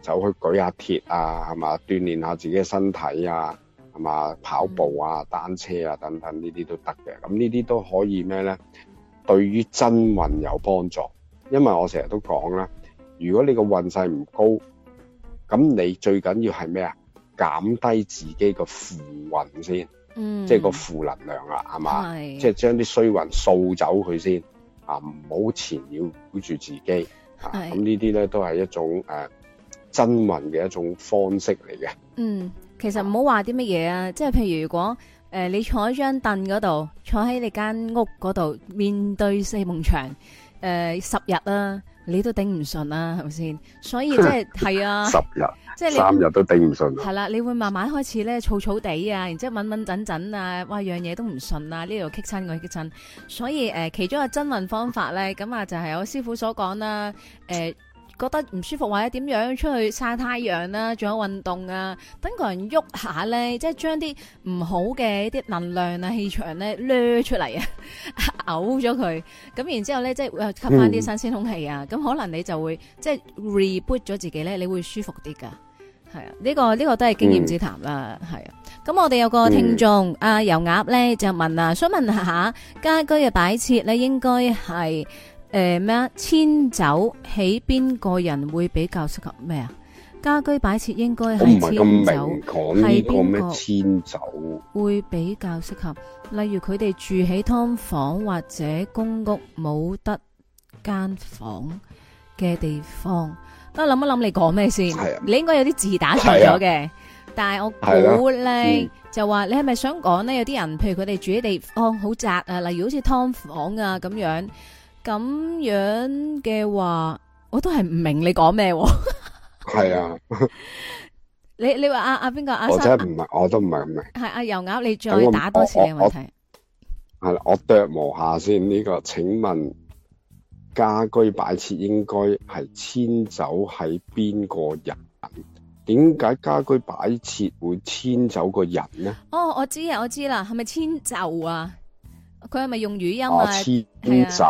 走去舉下鐵啊，係嘛？鍛煉下自己嘅身體啊，係嘛？跑步啊，單車啊，等等呢啲都得嘅。咁呢啲都可以咩咧？對於增運有幫助，因為我成日都講啦，如果你個運勢唔高。咁你最緊要係咩啊？減低自己個負運先，嗯，即係個負能量啊，係嘛？即係將啲衰運掃走佢先，啊，唔好纏繞住自己。係，咁呢啲咧都係一種誒增運嘅一種方式嚟嘅。嗯，其實唔好話啲乜嘢啊，即係譬如如果誒你坐喺張凳嗰度，坐喺你間屋嗰度面對四面牆誒十日啦。你都頂唔順啊，係咪先？所以即係係啊，十日即係、你、三日都頂唔順。係啦、啊，你會慢慢開始咧，燥躁地啊，然之後揗揗震震啊，哇，樣嘢都唔順啊，呢度激親嗰激親。所以誒、呃，其中嘅增運方法咧，咁 [LAUGHS] 啊就係我師傅所講啦，誒、呃。覺得唔舒服或者點樣出去曬太陽啦、啊，仲有運動啊，等個人喐下咧，即係將啲唔好嘅一啲能量啊、氣場咧，掠出嚟，啊，嘔咗佢。咁然之後咧，即係吸翻啲新鮮空氣啊。咁、嗯、可能你就會即係 reboot 咗自己咧，你會舒服啲噶。係啊，呢、這個呢、這個都係經驗之談啦。係、嗯、啊。咁我哋有個聽眾啊、嗯呃，油鴨咧就問啊，想問下家居嘅擺設咧，應該係。誒、欸，咩啊？遷走起邊個人會比較適合咩啊？家居擺設應該係遷走，係邊個遷走會比較適合？例如佢哋住喺劏房或者公屋冇得間房嘅地方，等我諗一諗，你講咩先？你應該有啲字打錯咗嘅。但係我估咧、啊嗯，就話你係咪想講呢？有啲人，譬如佢哋住喺地方好、哦、窄啊，例如好似劏房啊咁樣。咁樣嘅話，我都係唔明你講咩、啊？係 [LAUGHS] 啊，你你話阿阿邊個阿生？唔、啊、係、啊，我都唔係咁明。係阿油雞，你再打多次嘅問題。係，我琢磨下先。呢、這個請問家居擺設應該係遷走喺邊個人？點解家居擺設會遷走個人呢？哦，我知啊，我知啦，係咪遷就啊？佢係咪用語音啊？遷就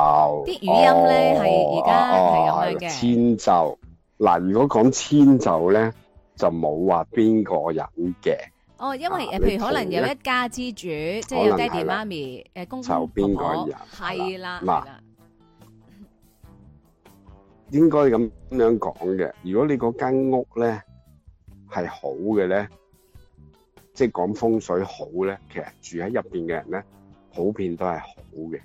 啲語音咧係而家係咁嘅。遷就嗱，如果講遷就咧，就冇話邊個人嘅。哦，因為誒、啊，譬如,如可能有一家之主，可能即係有爹哋媽咪誒，公公婆婆，就邊個人係啦。嗱，應該咁樣講嘅。如果你嗰間屋咧係好嘅咧，即係講風水好咧，其實住喺入邊嘅人咧。普遍都係好嘅，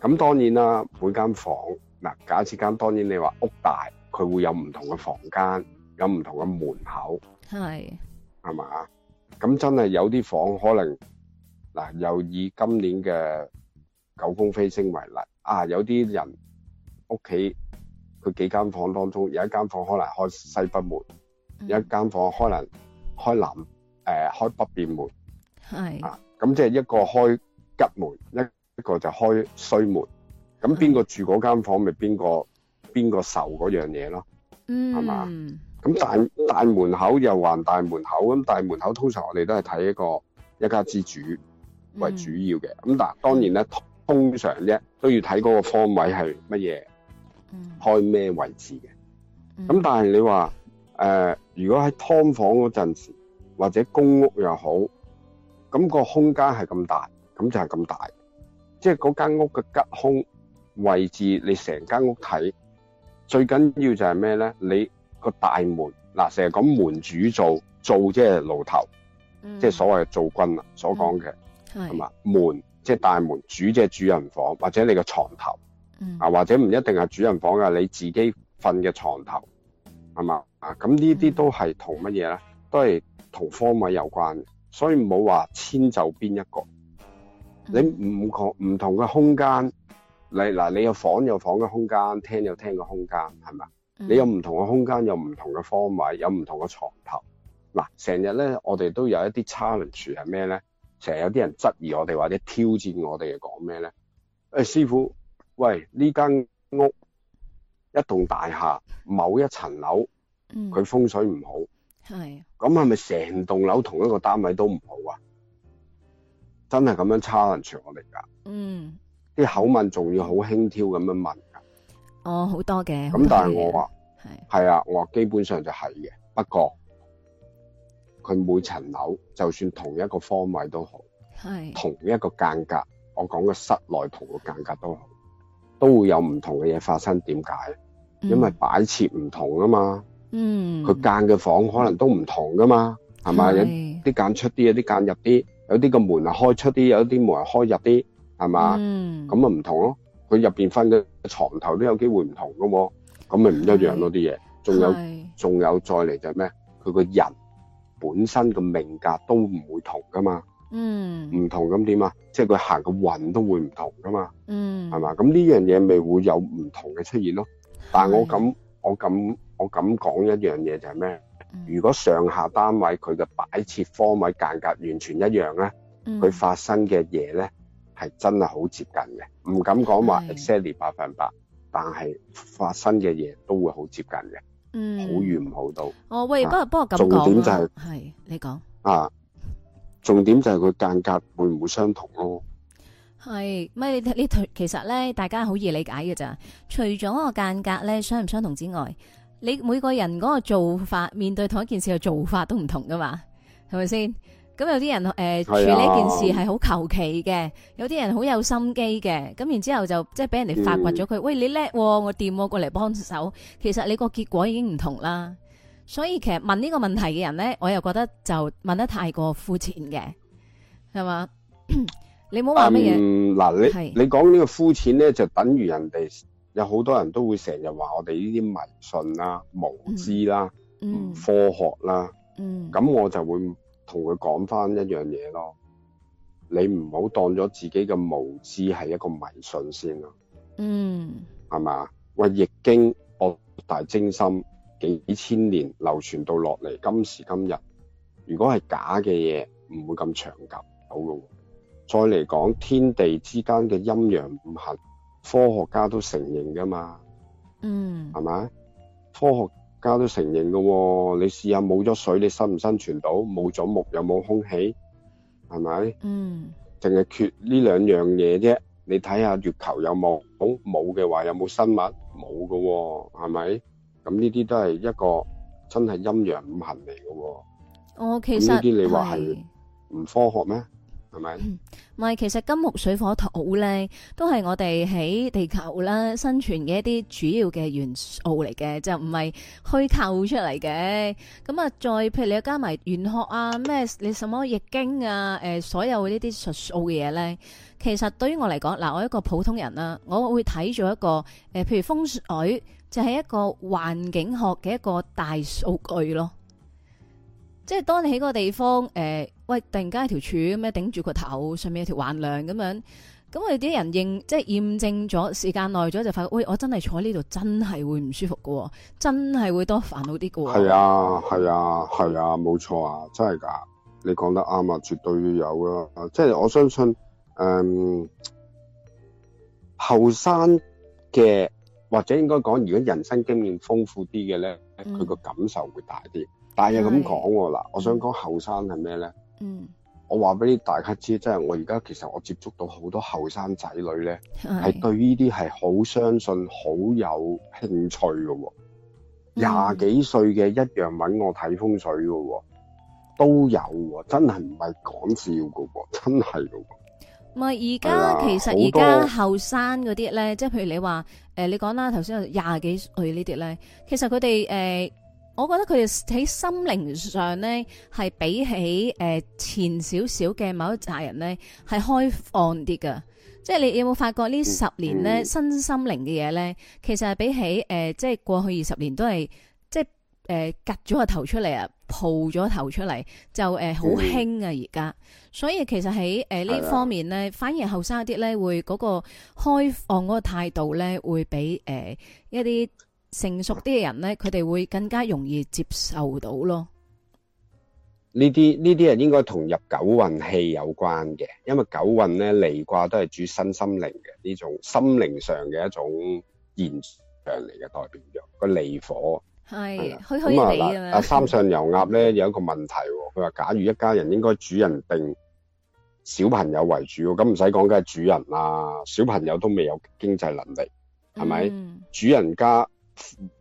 咁當然啦、啊，每間房嗱，假設間，當然你話屋大，佢會有唔同嘅房間，有唔同嘅門口，係係嘛，咁真係有啲房可能嗱、啊，又以今年嘅九宮飛星為例，啊，有啲人屋企佢幾間房當中有一間房可能開西北門，有一間房可能開南，誒、呃、開北邊門，係。咁即係一個開吉門，一一個就開衰門。咁邊個住嗰間房，咪邊個邊個受嗰樣嘢咯？係、mm. 嘛？咁大大門口又還大門口，咁大門口通常我哋都係睇一個一家之主為主要嘅。咁但，當然咧，通常呢都要睇嗰個方位係乜嘢，開咩位置嘅。咁、mm. 但係你話誒、呃，如果喺劏房嗰陣時，或者公屋又好。咁、那個空間係咁大，咁就係咁大，即係嗰間屋嘅吉凶位置你間。你成間屋睇，最緊要就係咩咧？你個大門嗱，成日講門主灶，灶即係爐頭，即、就、係、是、所謂嘅灶君啊，所講嘅係嘛門，即、就、係、是、大門主，即係主人房，或者你個床頭、嗯、啊，或者唔一定係主人房啊，你自己瞓嘅床頭係嘛啊？咁呢啲都係同乜嘢咧？都係同方位有關。所以唔好話遷就邊一個，你唔同唔同嘅空間，你嗱你有房有房嘅空間，廳有廳嘅空間，係咪啊？你有唔同嘅空間有唔同嘅方位，有唔同嘅床頭嗱，成日咧，我哋都有一啲 challenge 係咩咧？成日有啲人質疑我哋，或者挑戰我哋，嘅講咩咧？誒、哎、師傅，喂，呢間屋一棟大廈某一層樓佢風水唔好。嗯係，咁係咪成棟樓同一個單位都唔好啊？真係咁樣差人住我哋噶？嗯，啲口吻仲要好輕佻咁樣問噶。哦，好多嘅。咁但係我話係係啊，我話基本上就係嘅。不過佢每層樓，就算同一個方位都好，係同一個間隔，我講嘅室內同個間隔都好，都會有唔同嘅嘢發生。點解？因為擺設唔同啊嘛。嗯嗯，佢間嘅房間可能都唔同噶嘛，係嘛？有啲間出啲，有啲間入啲，有啲個門啊，開出啲，有啲門開入啲，係嘛？嗯，咁啊唔同咯。佢入邊分嘅床頭都有機會唔同噶，咁咪唔一樣咯啲嘢。仲有，仲有再嚟就咩？佢個人本身嘅命格都唔會同噶嘛。嗯，唔同咁點啊？即係佢行嘅運都會唔同噶嘛。嗯，係嘛？咁呢樣嘢咪會有唔同嘅出現咯。但係我咁我咁。我咁講一樣嘢就係咩？如果上下單位佢嘅擺設方位間隔完全一樣咧，佢、嗯、發生嘅嘢咧係真係好接近嘅。唔敢講話 exactly 百分百，但係發生嘅嘢都會好接近嘅，好、嗯、遠唔好到。哦，喂，不過不過咁重點就係、係、你講啊，重點就係佢間隔會唔會相同咯？係咪你其實咧，大家好易理解嘅咋？除咗個間隔咧，相唔相同之外。你每個人嗰個做法，面對同一件事嘅做法都唔同噶嘛，係咪先？咁有啲人誒處理呢件事係好求其嘅，有啲人好有心機嘅，咁然之後就即係俾人哋發掘咗佢、嗯，喂你叻、啊，我掂、啊，我過嚟幫手，其實你個結果已經唔同啦。所以其實問呢個問題嘅人咧，我又覺得就問得太過膚淺嘅，係嘛？ [COUGHS] 你唔好話乜嘢嗱，你你講呢個膚淺咧，就等於人哋。有好多人都會成日話我哋呢啲迷信啦、啊、無知啦、啊嗯嗯、科學啦、啊，咁、嗯、我就會同佢講翻一樣嘢咯。你唔好當咗自己嘅無知係一個迷信先啦。嗯，係嘛？喂，《易經》博大精深，幾千年流傳到落嚟今時今日，如果係假嘅嘢，唔會咁長久好嘅。再嚟講，天地之間嘅陰陽五行。科學家都承認噶嘛，嗯，係咪？科學家都承認噶喎，你試下冇咗水，你生唔生存到？冇咗木有沒有，有冇空氣？係咪？嗯，淨係缺呢兩樣嘢啫。你睇下月球有冇？好，冇嘅話有冇生物？冇噶喎，係咪？咁呢啲都係一個真係陰陽五行嚟噶喎。我、哦、其實呢啲你話係唔科學咩？咪，咪，其實金木水火土咧，都係我哋喺地球啦生存嘅一啲主要嘅元素嚟嘅，就唔係虛構出嚟嘅。咁啊，再譬如你加埋玄學啊，咩你什麼易經啊，誒、呃，所有術的東西呢啲術數嘅嘢咧，其實對於我嚟講，嗱、呃，我一個普通人啦、啊，我會睇咗一個誒、呃，譬如風水，就係一個環境學嘅一個大數據咯。即係當你喺個地方，誒、欸，喂，突然間一條柱咁樣頂住個頭，上面是一條橫梁咁樣，咁我哋啲人認，即係驗證咗，時間耐咗就發覺，喂，我真係坐呢度真係會唔舒服噶，真係會多煩惱啲噶。係啊，係啊，係啊，冇錯啊，真係噶，你講得啱啊，絕對要有啦、啊，即係我相信，誒、嗯，後生嘅，或者應該講，如果人生經驗豐富啲嘅咧，佢個感受會大啲。嗯但係咁講喎嗱，我想講後生係咩咧？嗯，我話俾你大家知，真、就、係、是、我而家其實我接觸到好多後生仔女咧，係對呢啲係好相信、好有興趣嘅喎、哦，廿幾歲嘅一樣揾我睇風水嘅喎、哦、嗯，都有喎、哦，真係唔係講笑嘅喎、哦，真係嘅喎。唔係，而家其實而家後生嗰啲咧，即、嗯、係譬如你話誒、呃，你講啦頭先，廿幾歲些呢啲咧，其實佢哋誒。呃我覺得佢哋喺心靈上咧，係比起誒、呃、前少少嘅某一紮人咧，係開放啲噶。即係你有冇發覺呢十年咧、嗯嗯，新心靈嘅嘢咧，其實係比起誒、呃、即係過去二十年都係即係誒夾咗個頭出嚟啊，蒲咗頭出嚟就誒好興啊而家、嗯。所以其實喺誒呢方面咧，反而後生啲咧會嗰個開放嗰個態度咧，會比誒、呃、一啲。成熟啲嘅人咧，佢哋會更加容易接受到咯。呢啲呢啲人應該同入九運氣有關嘅，因為九運咧離卦都係主身心靈嘅呢種心靈上嘅一種現象嚟嘅，代表咗個離火係虛虛地啊。三上油鴨咧有一個問題，哦，佢話假如一家人應該主人定小朋友為主，咁唔使講，梗係主人啦，小朋友都未有經濟能力，係咪？嗯，主人家。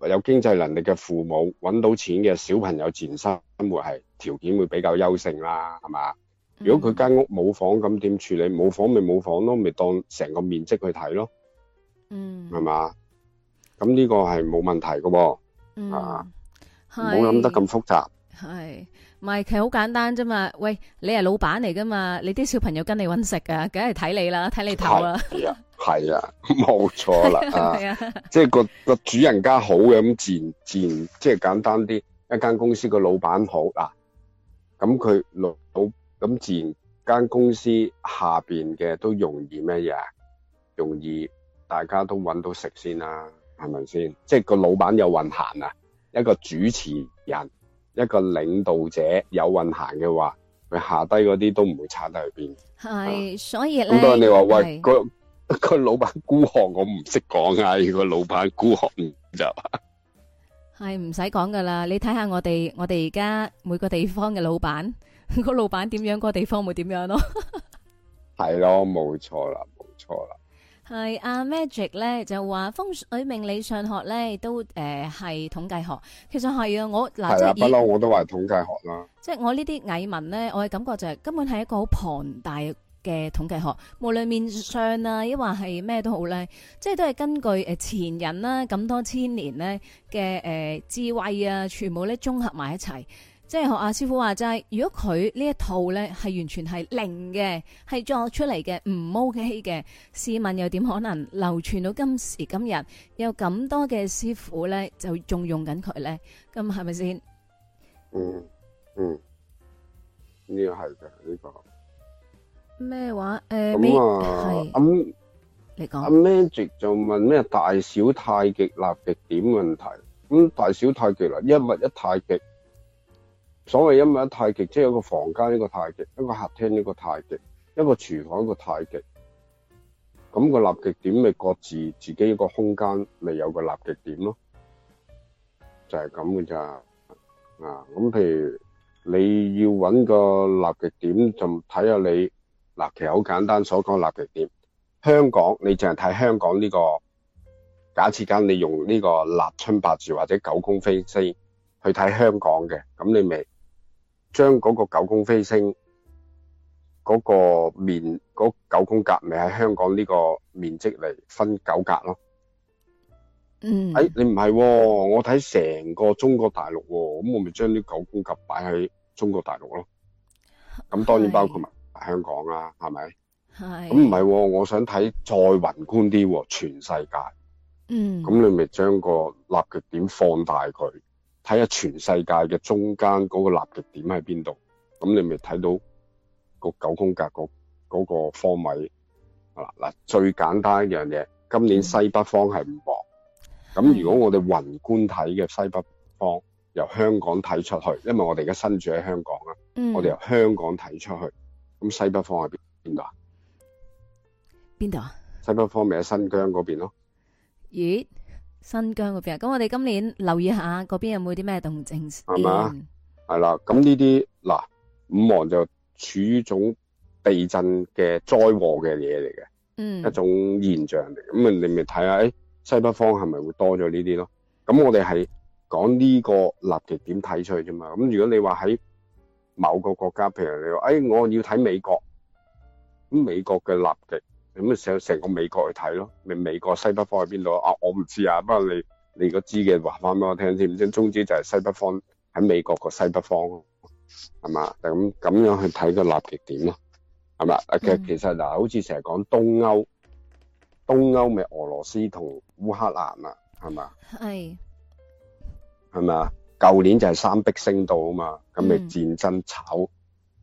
有經濟能力嘅父母揾到錢嘅小朋友，自身生活係條件會比較優勝啦，係嘛？如果佢間屋冇房，咁點處理？冇房咪冇房咯，咪當成個面積去睇咯，嗯，係嘛？咁呢個係冇問題噶，啊，唔好諗得咁複雜，係，唔係其實好簡單啫嘛？喂，你係老闆嚟噶嘛？你啲小朋友跟你揾食啊，梗係睇你啦，睇你頭啦。係啊，冇錯啦啊，即係個個主人家好嘅，咁自然自然，即係簡單啲，一間公司個老闆好啊，咁佢落到咁自然，間公司下邊嘅都容易咩嘢？容易大家都搵到食先啦，係咪先？即係個老闆有運行啊，一個主持人，一個領導者有運行嘅話，佢下低嗰啲都唔會差得去邊。係，所以咧，啊，咁多人你話喂個老闆孤寒，我唔識講啊！如果老闆孤寒就係唔使講噶啦，你睇下我哋我哋而家每個地方嘅老闆，個老闆點樣，個地方會點樣咯？係咯，冇錯啦，冇錯啦。係阿 Magic 咧就話風水命理上學咧都誒係統計學，其實係啊，我嗱即係不嬲我都話統計學啦。即係我呢啲蟻民咧，我嘅感覺就係根本係一個好龐大。嘅統計學，無論面相啊，抑或係咩都好咧，即係都係根據誒前人啦、啊，咁多千年咧嘅誒智慧啊，全部咧綜合埋一齊。即係學阿師傅話齋，如果佢呢一套咧係完全係零嘅，係作出嚟嘅唔 OK 嘅，試問又點可能流傳到今時今日有咁多嘅師傅咧就仲用緊佢咧？咁係咪先？嗯嗯，呢個係嘅呢個。咩話？誒，咁啊，咁你講阿 Magic 就問咩大小太極立極點問題？咁大小太極啦，一物一太極。所謂一物一太極，即係有個房間一個太極，一個客廳一個太極，一個廚房一個太極。咁個立極點咪各自自己一個空間，咪有個立極點咯，就係咁嘅咋？啊，咁譬如你要搵個立極點，就睇下你。嗱，其實好簡單，所講立極點，香港你淨係睇香港呢個，假設間你用呢個立春八字或者九宮飛星去睇香港嘅，咁你咪將嗰個九宮飛星、嗰個面嗰九宮格咪喺香港呢個面積嚟分九格咯。嗯，誒，你唔係、哦，我睇成個中國大陸、哦，咁我咪將啲九宮格擺喺中國大陸咯。咁當然包括埋。香港啊，係咪？係。咁唔係，我想睇再宏觀啲，啊，全世界。嗯。咁，啊，你咪將個立極點放大佢，睇下全世界嘅中間嗰個立極點喺邊度。咁，啊，你咪睇到個九宮格，嗰個嗰，嗰個方位。嗱，啊啊，最簡單一樣嘢，今年西北方係唔薄。咁，嗯啊嗯啊，如果我哋宏觀睇嘅西北方，由香港睇出去，因為我哋而家身處喺香港啊，嗯，我哋由香港睇出去。咁西北方喺邊邊度啊？邊度啊？西北方咪喺新疆嗰邊咯。咦？新疆嗰邊啊？咁我哋今年留意下嗰邊有冇啲咩動靜？係嘛？係啦。咁呢啲嗱，五芒就處於種地震嘅災禍嘅嘢嚟嘅，嗯，一種現象嚟。咁啊，你咪睇下，誒，西北方係咪會多咗呢啲咯？咁我哋係講呢個立極點睇出去啫嘛。咁如果你話喺某個國家，譬如你話，哎，我要睇美國，咁美國嘅立極咁咪成成個美國去睇咯。你美國西北方喺邊度啊？我唔知啊，不過你你如果知嘅話，翻俾我聽先。總之就係西北方喺美國個西北方，係嘛？咁咁樣去睇個立極點咯，係嘛、嗯？其實其實嗱，好似成日講東歐，東歐咪俄羅斯同烏克蘭啊，係嘛？係，係咪啊？舊年就係三壁星到啊嘛，咁咪戰爭炒、嗯、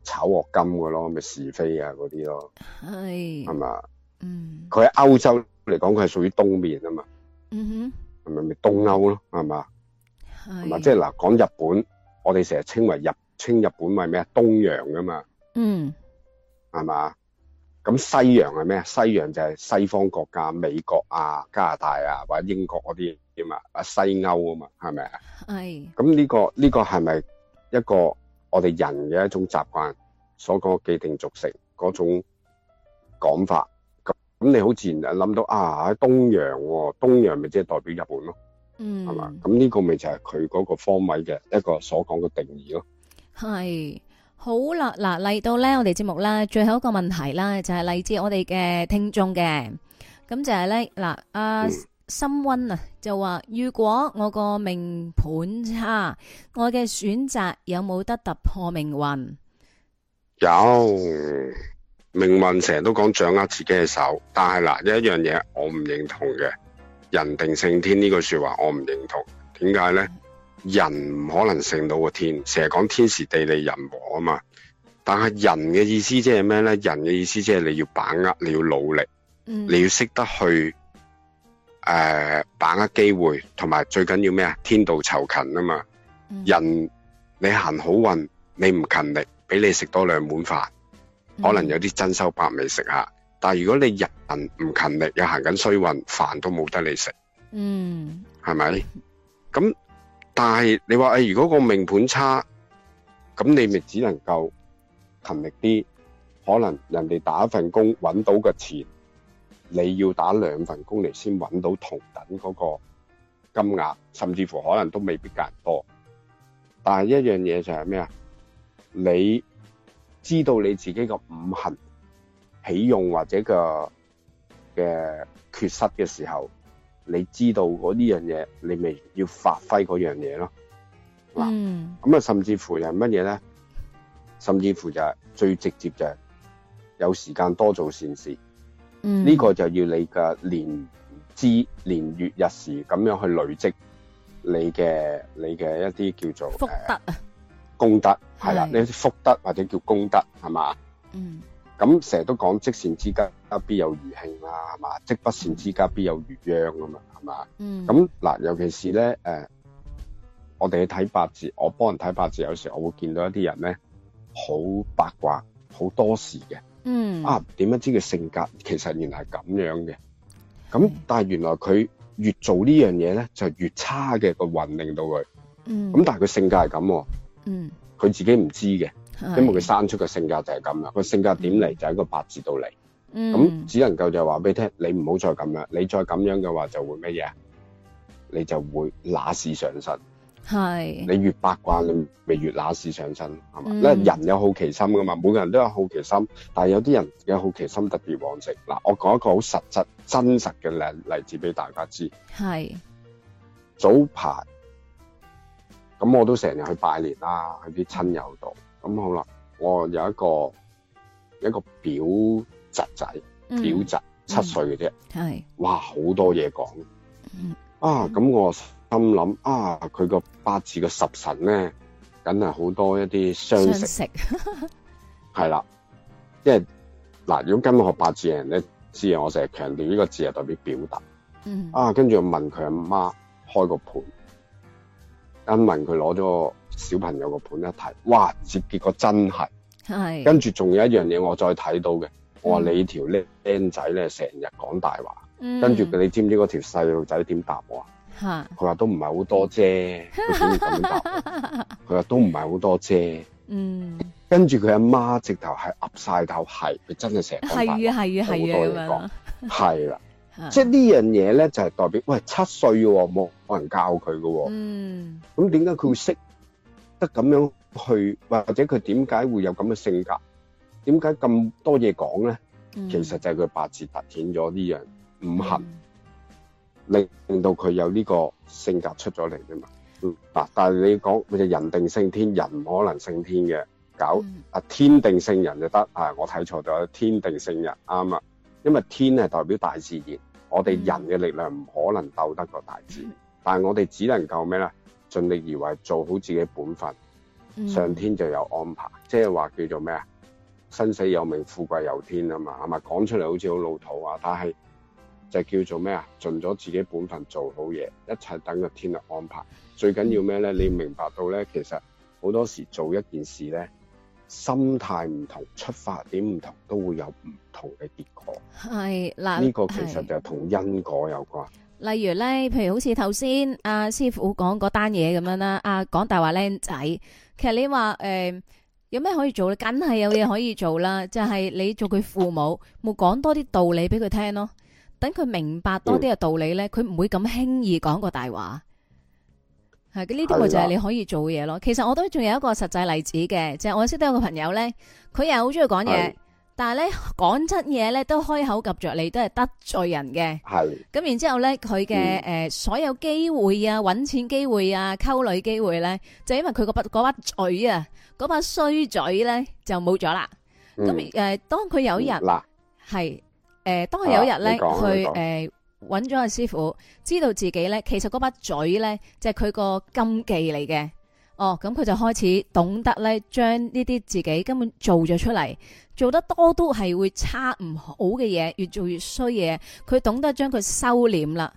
炒鑊金嘅咯，咪是，是，是非啊嗰啲咯，係係嘛，嗯，佢喺歐洲嚟講，佢係屬於東面啊嘛，嗯哼，係咪咪東歐咯，係嘛，係嘛，即係嗱講日本，我哋成日稱為日稱日本為咩啊東洋啊嘛，嗯，係嘛？咁西洋係咩？西洋就係西方國家，美國啊、加拿大啊，或者英國嗰啲點啊？啊西歐啊嘛，係咪啊？係。咁呢個呢個係咪一個我哋人嘅一種習慣？所講嘅既定俗成嗰種講法。咁咁你好自然就諗到啊喺東洋，東洋咪即係代表日本咯。嗯。係嘛？咁呢個咪就係佢嗰個方位嘅一個所講嘅定義咯。係。好啦，嗱，嚟到咧，我哋節目啦，最後一個問題啦，就係、是、嚟自我哋嘅聽眾嘅，咁就係咧，嗱、啊，阿、嗯、心溫啊就話，如果我個命盤差，我嘅選擇有冇得突破命運？有，命運成日都講掌握自己嘅手，但係嗱，有一樣嘢我唔認同嘅，人定勝天呢句說話我唔認同，點解咧？嗯人唔可能勝到個天，成日講天時地利人和啊嘛。但係人嘅意思即係咩咧？人嘅意思即係你要把握，你要努力，嗯、你要識得去誒、呃、把握機會，同埋最緊要咩啊？天道酬勤啊嘛。嗯、人你行好運，你唔勤力，俾你食多兩碗飯，可能有啲珍饈百味食下。但係如果你日人唔勤力，又行緊衰運，飯都冇得你食。嗯，係咪咁？但係你話誒、哎，如果個命盤差，咁你咪只能夠勤力啲，可能人哋打一份工揾到嘅錢，你要打兩份工嚟先揾到同等嗰個金額，甚至乎可能都未必夾人多。但係一樣嘢就係咩啊？你知道你自己個五行喜用或者個嘅缺失嘅時候。你知道嗰呢樣嘢，你咪要發揮嗰樣嘢咯。嗱，咁啊，甚至乎又係乜嘢咧？甚至乎就係最直接就係有時間多做善事。嗯、呢、這個就要你嘅年資、年月、日時咁樣去累積你嘅你嘅一啲叫做福德啊、呃，功德係啦。呢啲福德或者叫功德係嘛？嗯。咁成日都講積善之家必有餘慶啦，係嘛？積不善之家必有餘殃咁啊，係嘛？嗯。咁嗱，尤其是咧，誒、呃，我哋去睇八字，我幫人睇八字，有時候我會見到一啲人咧，好八卦，好多事嘅。嗯。啊，點樣知佢性格，其實原來係咁樣嘅。咁但係原來佢越做呢樣嘢咧，就越差嘅個運令到佢。嗯。咁但係佢性格係咁、哦。嗯。佢自己唔知嘅。因為佢生出嘅性格就係咁啦，個性格點嚟就係、是、一個八字到嚟，咁、嗯、只能夠就話俾你聽，你唔好再咁樣，你再咁樣嘅話就會乜嘢？你就會乸屎上身，係，你越八卦你咪越乸屎上身，係嘛、嗯？人有好奇心噶嘛，每個人都有好奇心，但係有啲人嘅好奇心特別旺盛。嗱，我講一個好實質、真實嘅例例子俾大家知，係，早排咁我都成日去拜年啦，去啲親友度。咁好啦，我有一個一個表侄仔，嗯、表侄七歲嘅啫，係、嗯、哇好多嘢講、嗯，啊咁我心諗啊佢個八字嘅十神咧，梗係好多一啲傷食係啦，即係嗱如果跟學八字嘅人咧，字我成日強調呢個字係代表表達、嗯，啊跟住我問佢阿媽開個盤，跟問佢攞咗。小朋友個盤一睇，哇！接結果真係係，跟住仲有一樣嘢，我再睇到嘅，我話你條僆仔咧，成日講大話，跟住佢，你知唔知嗰條細路仔點答我啊？嚇，佢話都唔係好多啫，佢點咁樣答？佢話都唔係好多啫，嗯，跟住佢阿媽直頭係岌晒頭，係佢真係成日係啊係啊係啊咁講，係啦，即係呢樣嘢咧，就係代表喂七歲喎，冇可能教佢嘅喎，嗯，咁點解佢會識？得咁樣去，或者佢點解會有咁嘅性格？點解咁多嘢講咧？其實就係佢八字凸顯咗呢樣五行，令、嗯、令到佢有呢個性格出咗嚟啊嘛。嗱、嗯，但係你講咪就人定勝天，人唔可能勝天嘅。搞啊、嗯，天定勝人就得啊！我睇錯咗，天定勝人啱啊。因為天係代表大自然，嗯、我哋人嘅力量唔可能鬥得過大自然，嗯、但係我哋只能夠咩咧？盡力而為，做好自己本分，上天就有安排，即係話叫做咩啊？生死有命，富貴有天啊嘛，係咪？講出嚟好似好老土啊，但係就叫做咩啊？盡咗自己本分，做好嘢，一切等個天去安排。最緊要咩咧？你明白到咧，其實好多時做一件事咧，心態唔同，出發點唔同，都會有唔同嘅結果。係，嗱，呢個其實就同因果有關。例如咧，譬如好似頭先阿師傅講嗰單嘢咁樣啦，阿講大話靚仔，其實你話誒、呃，有咩可以做咧？梗係有嘢可以做啦，就係、是、你做佢父母，冇 [LAUGHS] 講多啲道理俾佢聽咯。等佢明白多啲嘅道理咧，佢、嗯、唔會咁輕易講個大話。係，呢啲咪就係你可以做嘢咯。其實我都仲有一個實際例子嘅，就係、是、我識得有個朋友咧，佢又好中意講嘢。但係咧，講真嘢咧都開口及着你，都係得罪人嘅。係咁，然之後咧，佢嘅誒所有機會啊，搵錢機會啊，溝女機會咧，就因為佢個嗰把嘴啊，嗰把衰嘴咧就冇咗啦。咁、嗯、誒，當佢有一日係誒、嗯呃，當佢有一日咧，去誒搵咗阿師傅，知道自己咧，其實嗰把嘴咧就係佢個禁忌嚟嘅。哦，咁佢就開始懂得咧，將呢啲自己根本做咗出嚟，做得多都係會差唔好嘅嘢，越做越衰嘢。佢懂得將佢收斂啦，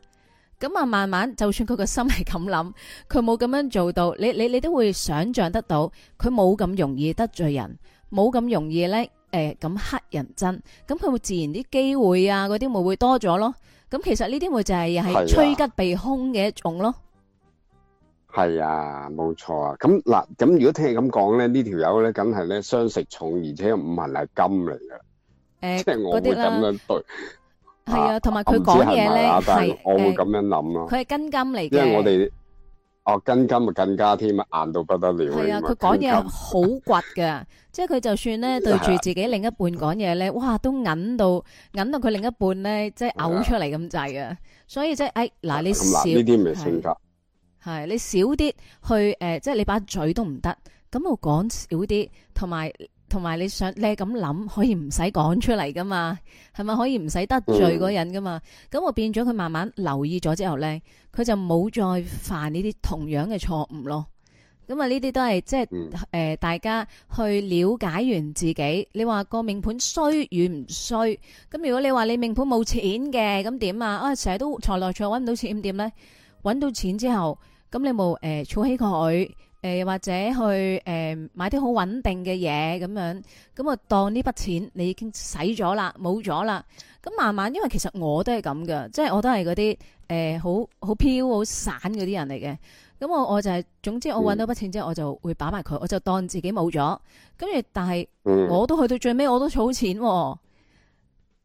咁啊慢慢，就算佢個心係咁諗，佢冇咁樣做到，你你你都會想象得到，佢冇咁容易得罪人，冇咁容易咧誒咁黑人憎，咁佢會自然啲機會啊嗰啲咪會多咗咯。咁其實呢啲咪就係又係趨吉避凶嘅一種咯。係啊，冇錯啊。咁嗱，咁如果聽你咁講咧，這個、呢條友咧，梗係咧傷食重，而且五行係金嚟嘅。誒、欸，即 [LAUGHS] 係我會咁樣對。係啊，同埋佢講嘢咧，呢是是我會咁樣諗咯、啊。佢係、啊、庚金嚟嘅，因為我哋哦庚金咪更加添啊，硬到不得了。係啊，佢講嘢好倔嘅，即係佢就算咧對住自己另一半講嘢咧，哇都硬到硬到佢另一半咧，即係嘔出嚟咁滯啊！所以即係誒嗱，你呢啲咪性格。係你少啲去誒、呃，即係你把嘴都唔得，咁我講少啲，同埋同埋你想你咁諗，可以唔使講出嚟噶嘛？係咪可以唔使得罪嗰人噶嘛？咁我變咗佢慢慢留意咗之後咧，佢就冇再犯呢啲同樣嘅錯誤咯。咁啊呢啲都係即係誒、呃，大家去了解完自己。你話個命盤衰與唔衰？咁如果你話你命盤冇錢嘅，咁點啊？啊成日都財來財去，揾唔到錢點咧？揾到錢之後，咁你冇誒儲起佢、呃，或者去誒、呃、買啲好穩定嘅嘢咁樣，咁啊當呢筆錢你已經使咗啦，冇咗啦。咁慢慢，因為其實我都係咁嘅，即係我都係嗰啲誒好好飄好散嗰啲人嚟嘅。咁我我就係、是、總之我搵到筆錢之後，我就會擺埋佢，嗯、我就當自己冇咗。跟住但係我都去到最尾，我都儲錢喎、哦。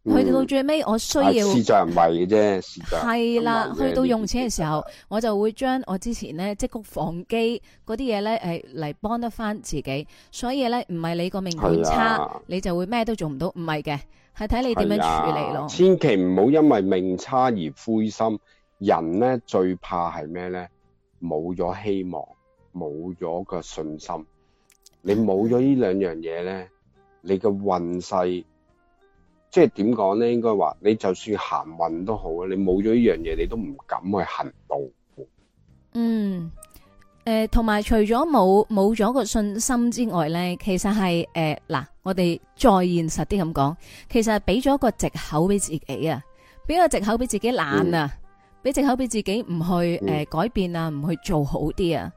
去、嗯、到最尾，我需要時間，唔係嘅啫，時係啦。去到用錢嘅時候，我就會將我之前咧積谷防饑嗰啲嘢咧，誒嚟幫得翻自己。所以咧，唔係你個命差，你就會咩都做唔到。唔係嘅，係睇你點樣處理咯。千祈唔好因為命差而灰心。人咧最怕係咩咧？冇咗希望，冇咗個信心。你冇咗呢兩樣嘢咧，你嘅運勢。即係點講咧？應該話你就算行運都好啊，你冇咗呢樣嘢，你都唔敢去行動。嗯，誒、呃，同埋除咗冇冇咗個信心之外咧，其實係誒嗱，我哋再現實啲咁講，其實係俾咗個藉口俾自己啊，俾個藉口俾自己懶啊，俾、嗯、藉口俾自己唔去誒、嗯呃、改變啊，唔去做好啲啊。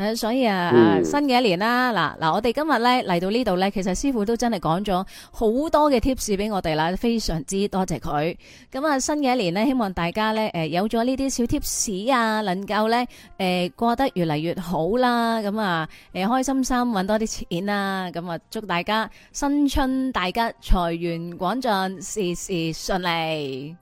啊、所以啊，啊新嘅一年啦、啊，嗱、啊、嗱、啊，我哋今日咧，嚟到呢度咧，其實師傅都真係講咗好多嘅 tips 俾我哋啦，非常之多謝佢。咁啊，新嘅一年咧，希望大家咧，誒、啊，有咗呢啲小 tips 啊，能夠咧，誒、啊，過得越嚟越好啦。咁啊，誒、啊啊啊，開心心，搵多啲錢啦、啊。咁啊，祝大家新春大吉，財源廣進，事事順利。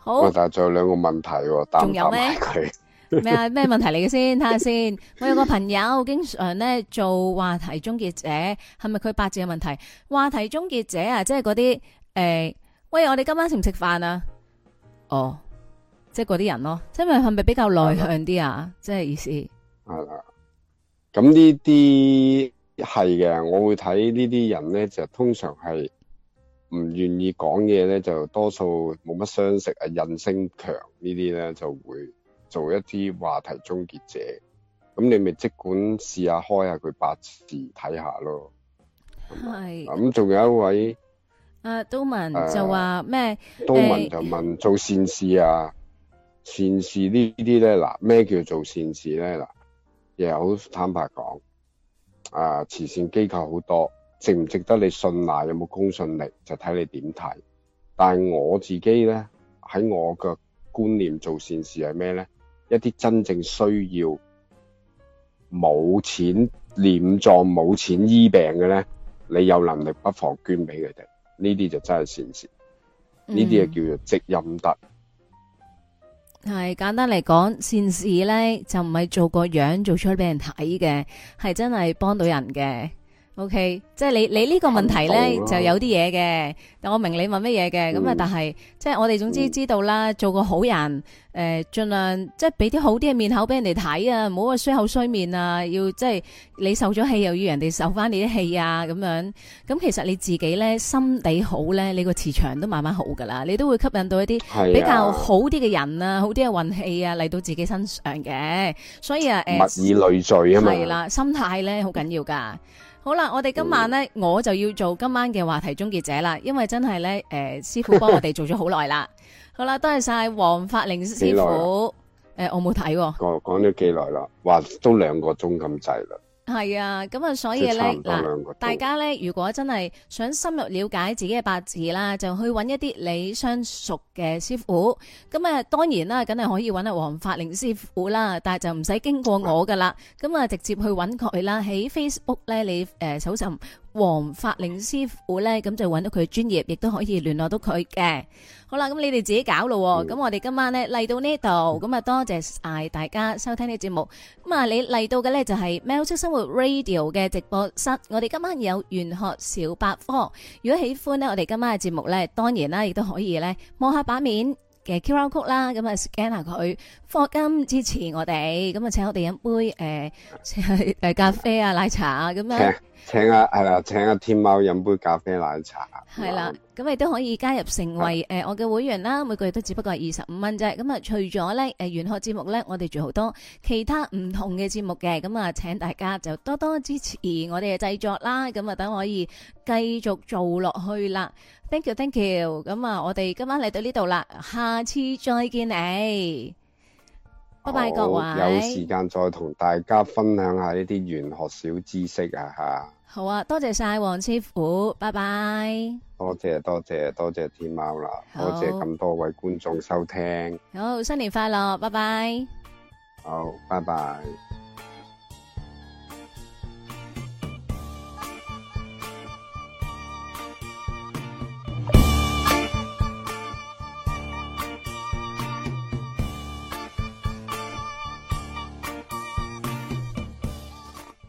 好，但係仲有兩個問題、啊，答唔答埋佢？ [LAUGHS] 咩 [LAUGHS] 啊？咩問題嚟嘅先？睇下先。我有個朋友經常咧做話題終結者，係咪佢八字嘅問題？話題終結者啊，即係嗰啲誒？喂，我哋今晚食唔食飯啊？哦，即係嗰啲人咯，即係係咪比較內向啲啊？即係意思係啦。咁呢啲係嘅，我會睇呢啲人咧，就通常係唔願意講嘢咧，就多數冇乜相識啊，韌性強呢啲咧就會。做一啲話題終結者，咁你咪即管試下開下佢八字睇下咯。係咁，仲、嗯、有一位阿都文就話咩？都文就，、啊、就問、啊、做善事啊，善事呢啲咧嗱咩叫做善事咧嗱？又好坦白講啊，慈善機構好多值唔值得你信賴、啊，有冇公信力就睇你點睇。但係我自己咧喺我嘅觀念，做善事係咩咧？一啲真正需要冇錢殮葬冇錢醫病嘅咧，你有能力不妨捐俾佢哋，呢啲就真係善事，呢啲就叫做積陰德。係、嗯、簡單嚟講，善事咧就唔係做個樣，做出嚟俾人睇嘅，係真係幫到人嘅。O、okay, K，即係你你呢個問題咧、啊、就有啲嘢嘅，但我明你問乜嘢嘅，咁啊，但係即係我哋總之知道啦、嗯，做個好人，誒、呃，盡量即係俾啲好啲嘅面口俾人哋睇啊，唔好話衰口衰面啊，要即係你受咗氣又要人哋受翻你啲氣啊，咁樣，咁其實你自己咧心地好咧，你個磁場都慢慢好噶啦，你都會吸引到一啲比較好啲嘅人啊，啊好啲嘅運氣啊嚟到自己身上嘅，所以啊，呃、物以類聚啊嘛，係啦，心態咧好緊要噶。 [LAUGHS] 好啦，我哋今晚咧我就要做今晚嘅話題終結者啦，因為真係咧誒，師傅幫我哋做咗好耐啦。好啦，多謝晒黃法寧師傅。誒，我冇睇喎。講講咗幾耐啦？哇，都兩個鐘咁滯啦。係啊，咁啊，所以咧，大家咧，如果真係想深入了解自己嘅八字啦，就去揾一啲你相熟嘅師傅。咁啊，當然啦，梗係可以揾阿黃法寧師傅啦，但係就唔使經過我噶啦，咁啊，直接去揾佢啦。喺 Facebook 咧，你誒搜尋。黃法寧師傅咧，咁就揾到佢專業，亦都可以聯絡到佢嘅。好啦，咁你哋自己搞咯，哦。咁，嗯、我哋今晚咧，嚟到呢度，咁啊多謝晒大家收聽呢節目。咁啊，你嚟到嘅咧就係喵式生活 Radio 嘅直播室。我哋今晚有玄學小百科。如果喜歡咧，我哋今晚嘅節目咧，當然啦，亦都可以咧望下版面。嘅 QR code 啦，咁啊 scan 下佢，霍金支持我哋，咁啊請我哋飲杯誒、呃、咖啡啊奶茶啊咁樣，請阿係啦，請阿天貓飲杯咖啡奶茶。係啦，咁亦都可以加入成為誒、呃、我嘅會員啦，每個月都只不過係二十五蚊啫。咁啊除咗咧誒玄學節目咧，我哋仲好多其他唔同嘅節目嘅。咁啊請大家就多多支持我哋嘅製作啦，咁啊等可以繼續做落去啦。Thank you, thank you 咁啊，我哋今晚嚟到呢度啦，下次再見你，拜拜各位。有時間再同大家分享下呢啲玄學小知識啊吓。好啊，多謝晒黃師傅，拜拜。多謝多謝多謝天喵啦，多謝咁多位觀眾收聽。好，新年快樂，拜拜。好，拜拜。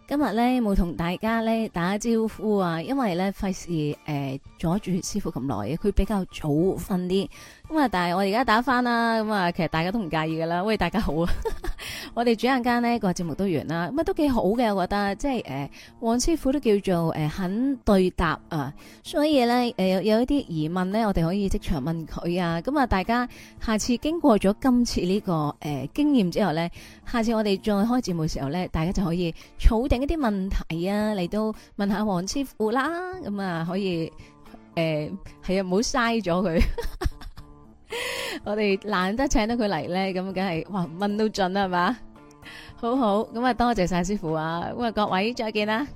今日咧冇同大家咧打招呼啊，因為咧費事誒阻住師傅咁耐，佢比較早瞓啲。咁啊！但係我而家打返啦，咁啊，其實大家都唔介意噶啦。喂，大家好啊！ [LAUGHS] 我哋主人間呢個節目都完啦，咁啊都幾好嘅，我覺得即係誒，黃師傅都叫做誒，肯對答啊。所以咧誒有有一啲疑問咧，我哋可以即場問佢啊。咁啊，大家下次經過咗今次呢，這個誒，呃、經驗之後咧，下次我哋再開節目嘅時候咧，大家就可以儲定一啲問題啊嚟到問下黃師傅啦。咁啊，可以誒係啊，唔好嘥咗佢。 [LAUGHS] [LAUGHS] 我哋難得請到佢嚟咧，咁梗係哇問到盡啦，係嘛，好好，咁啊多謝晒師傅啊，咁啊各位再見啦。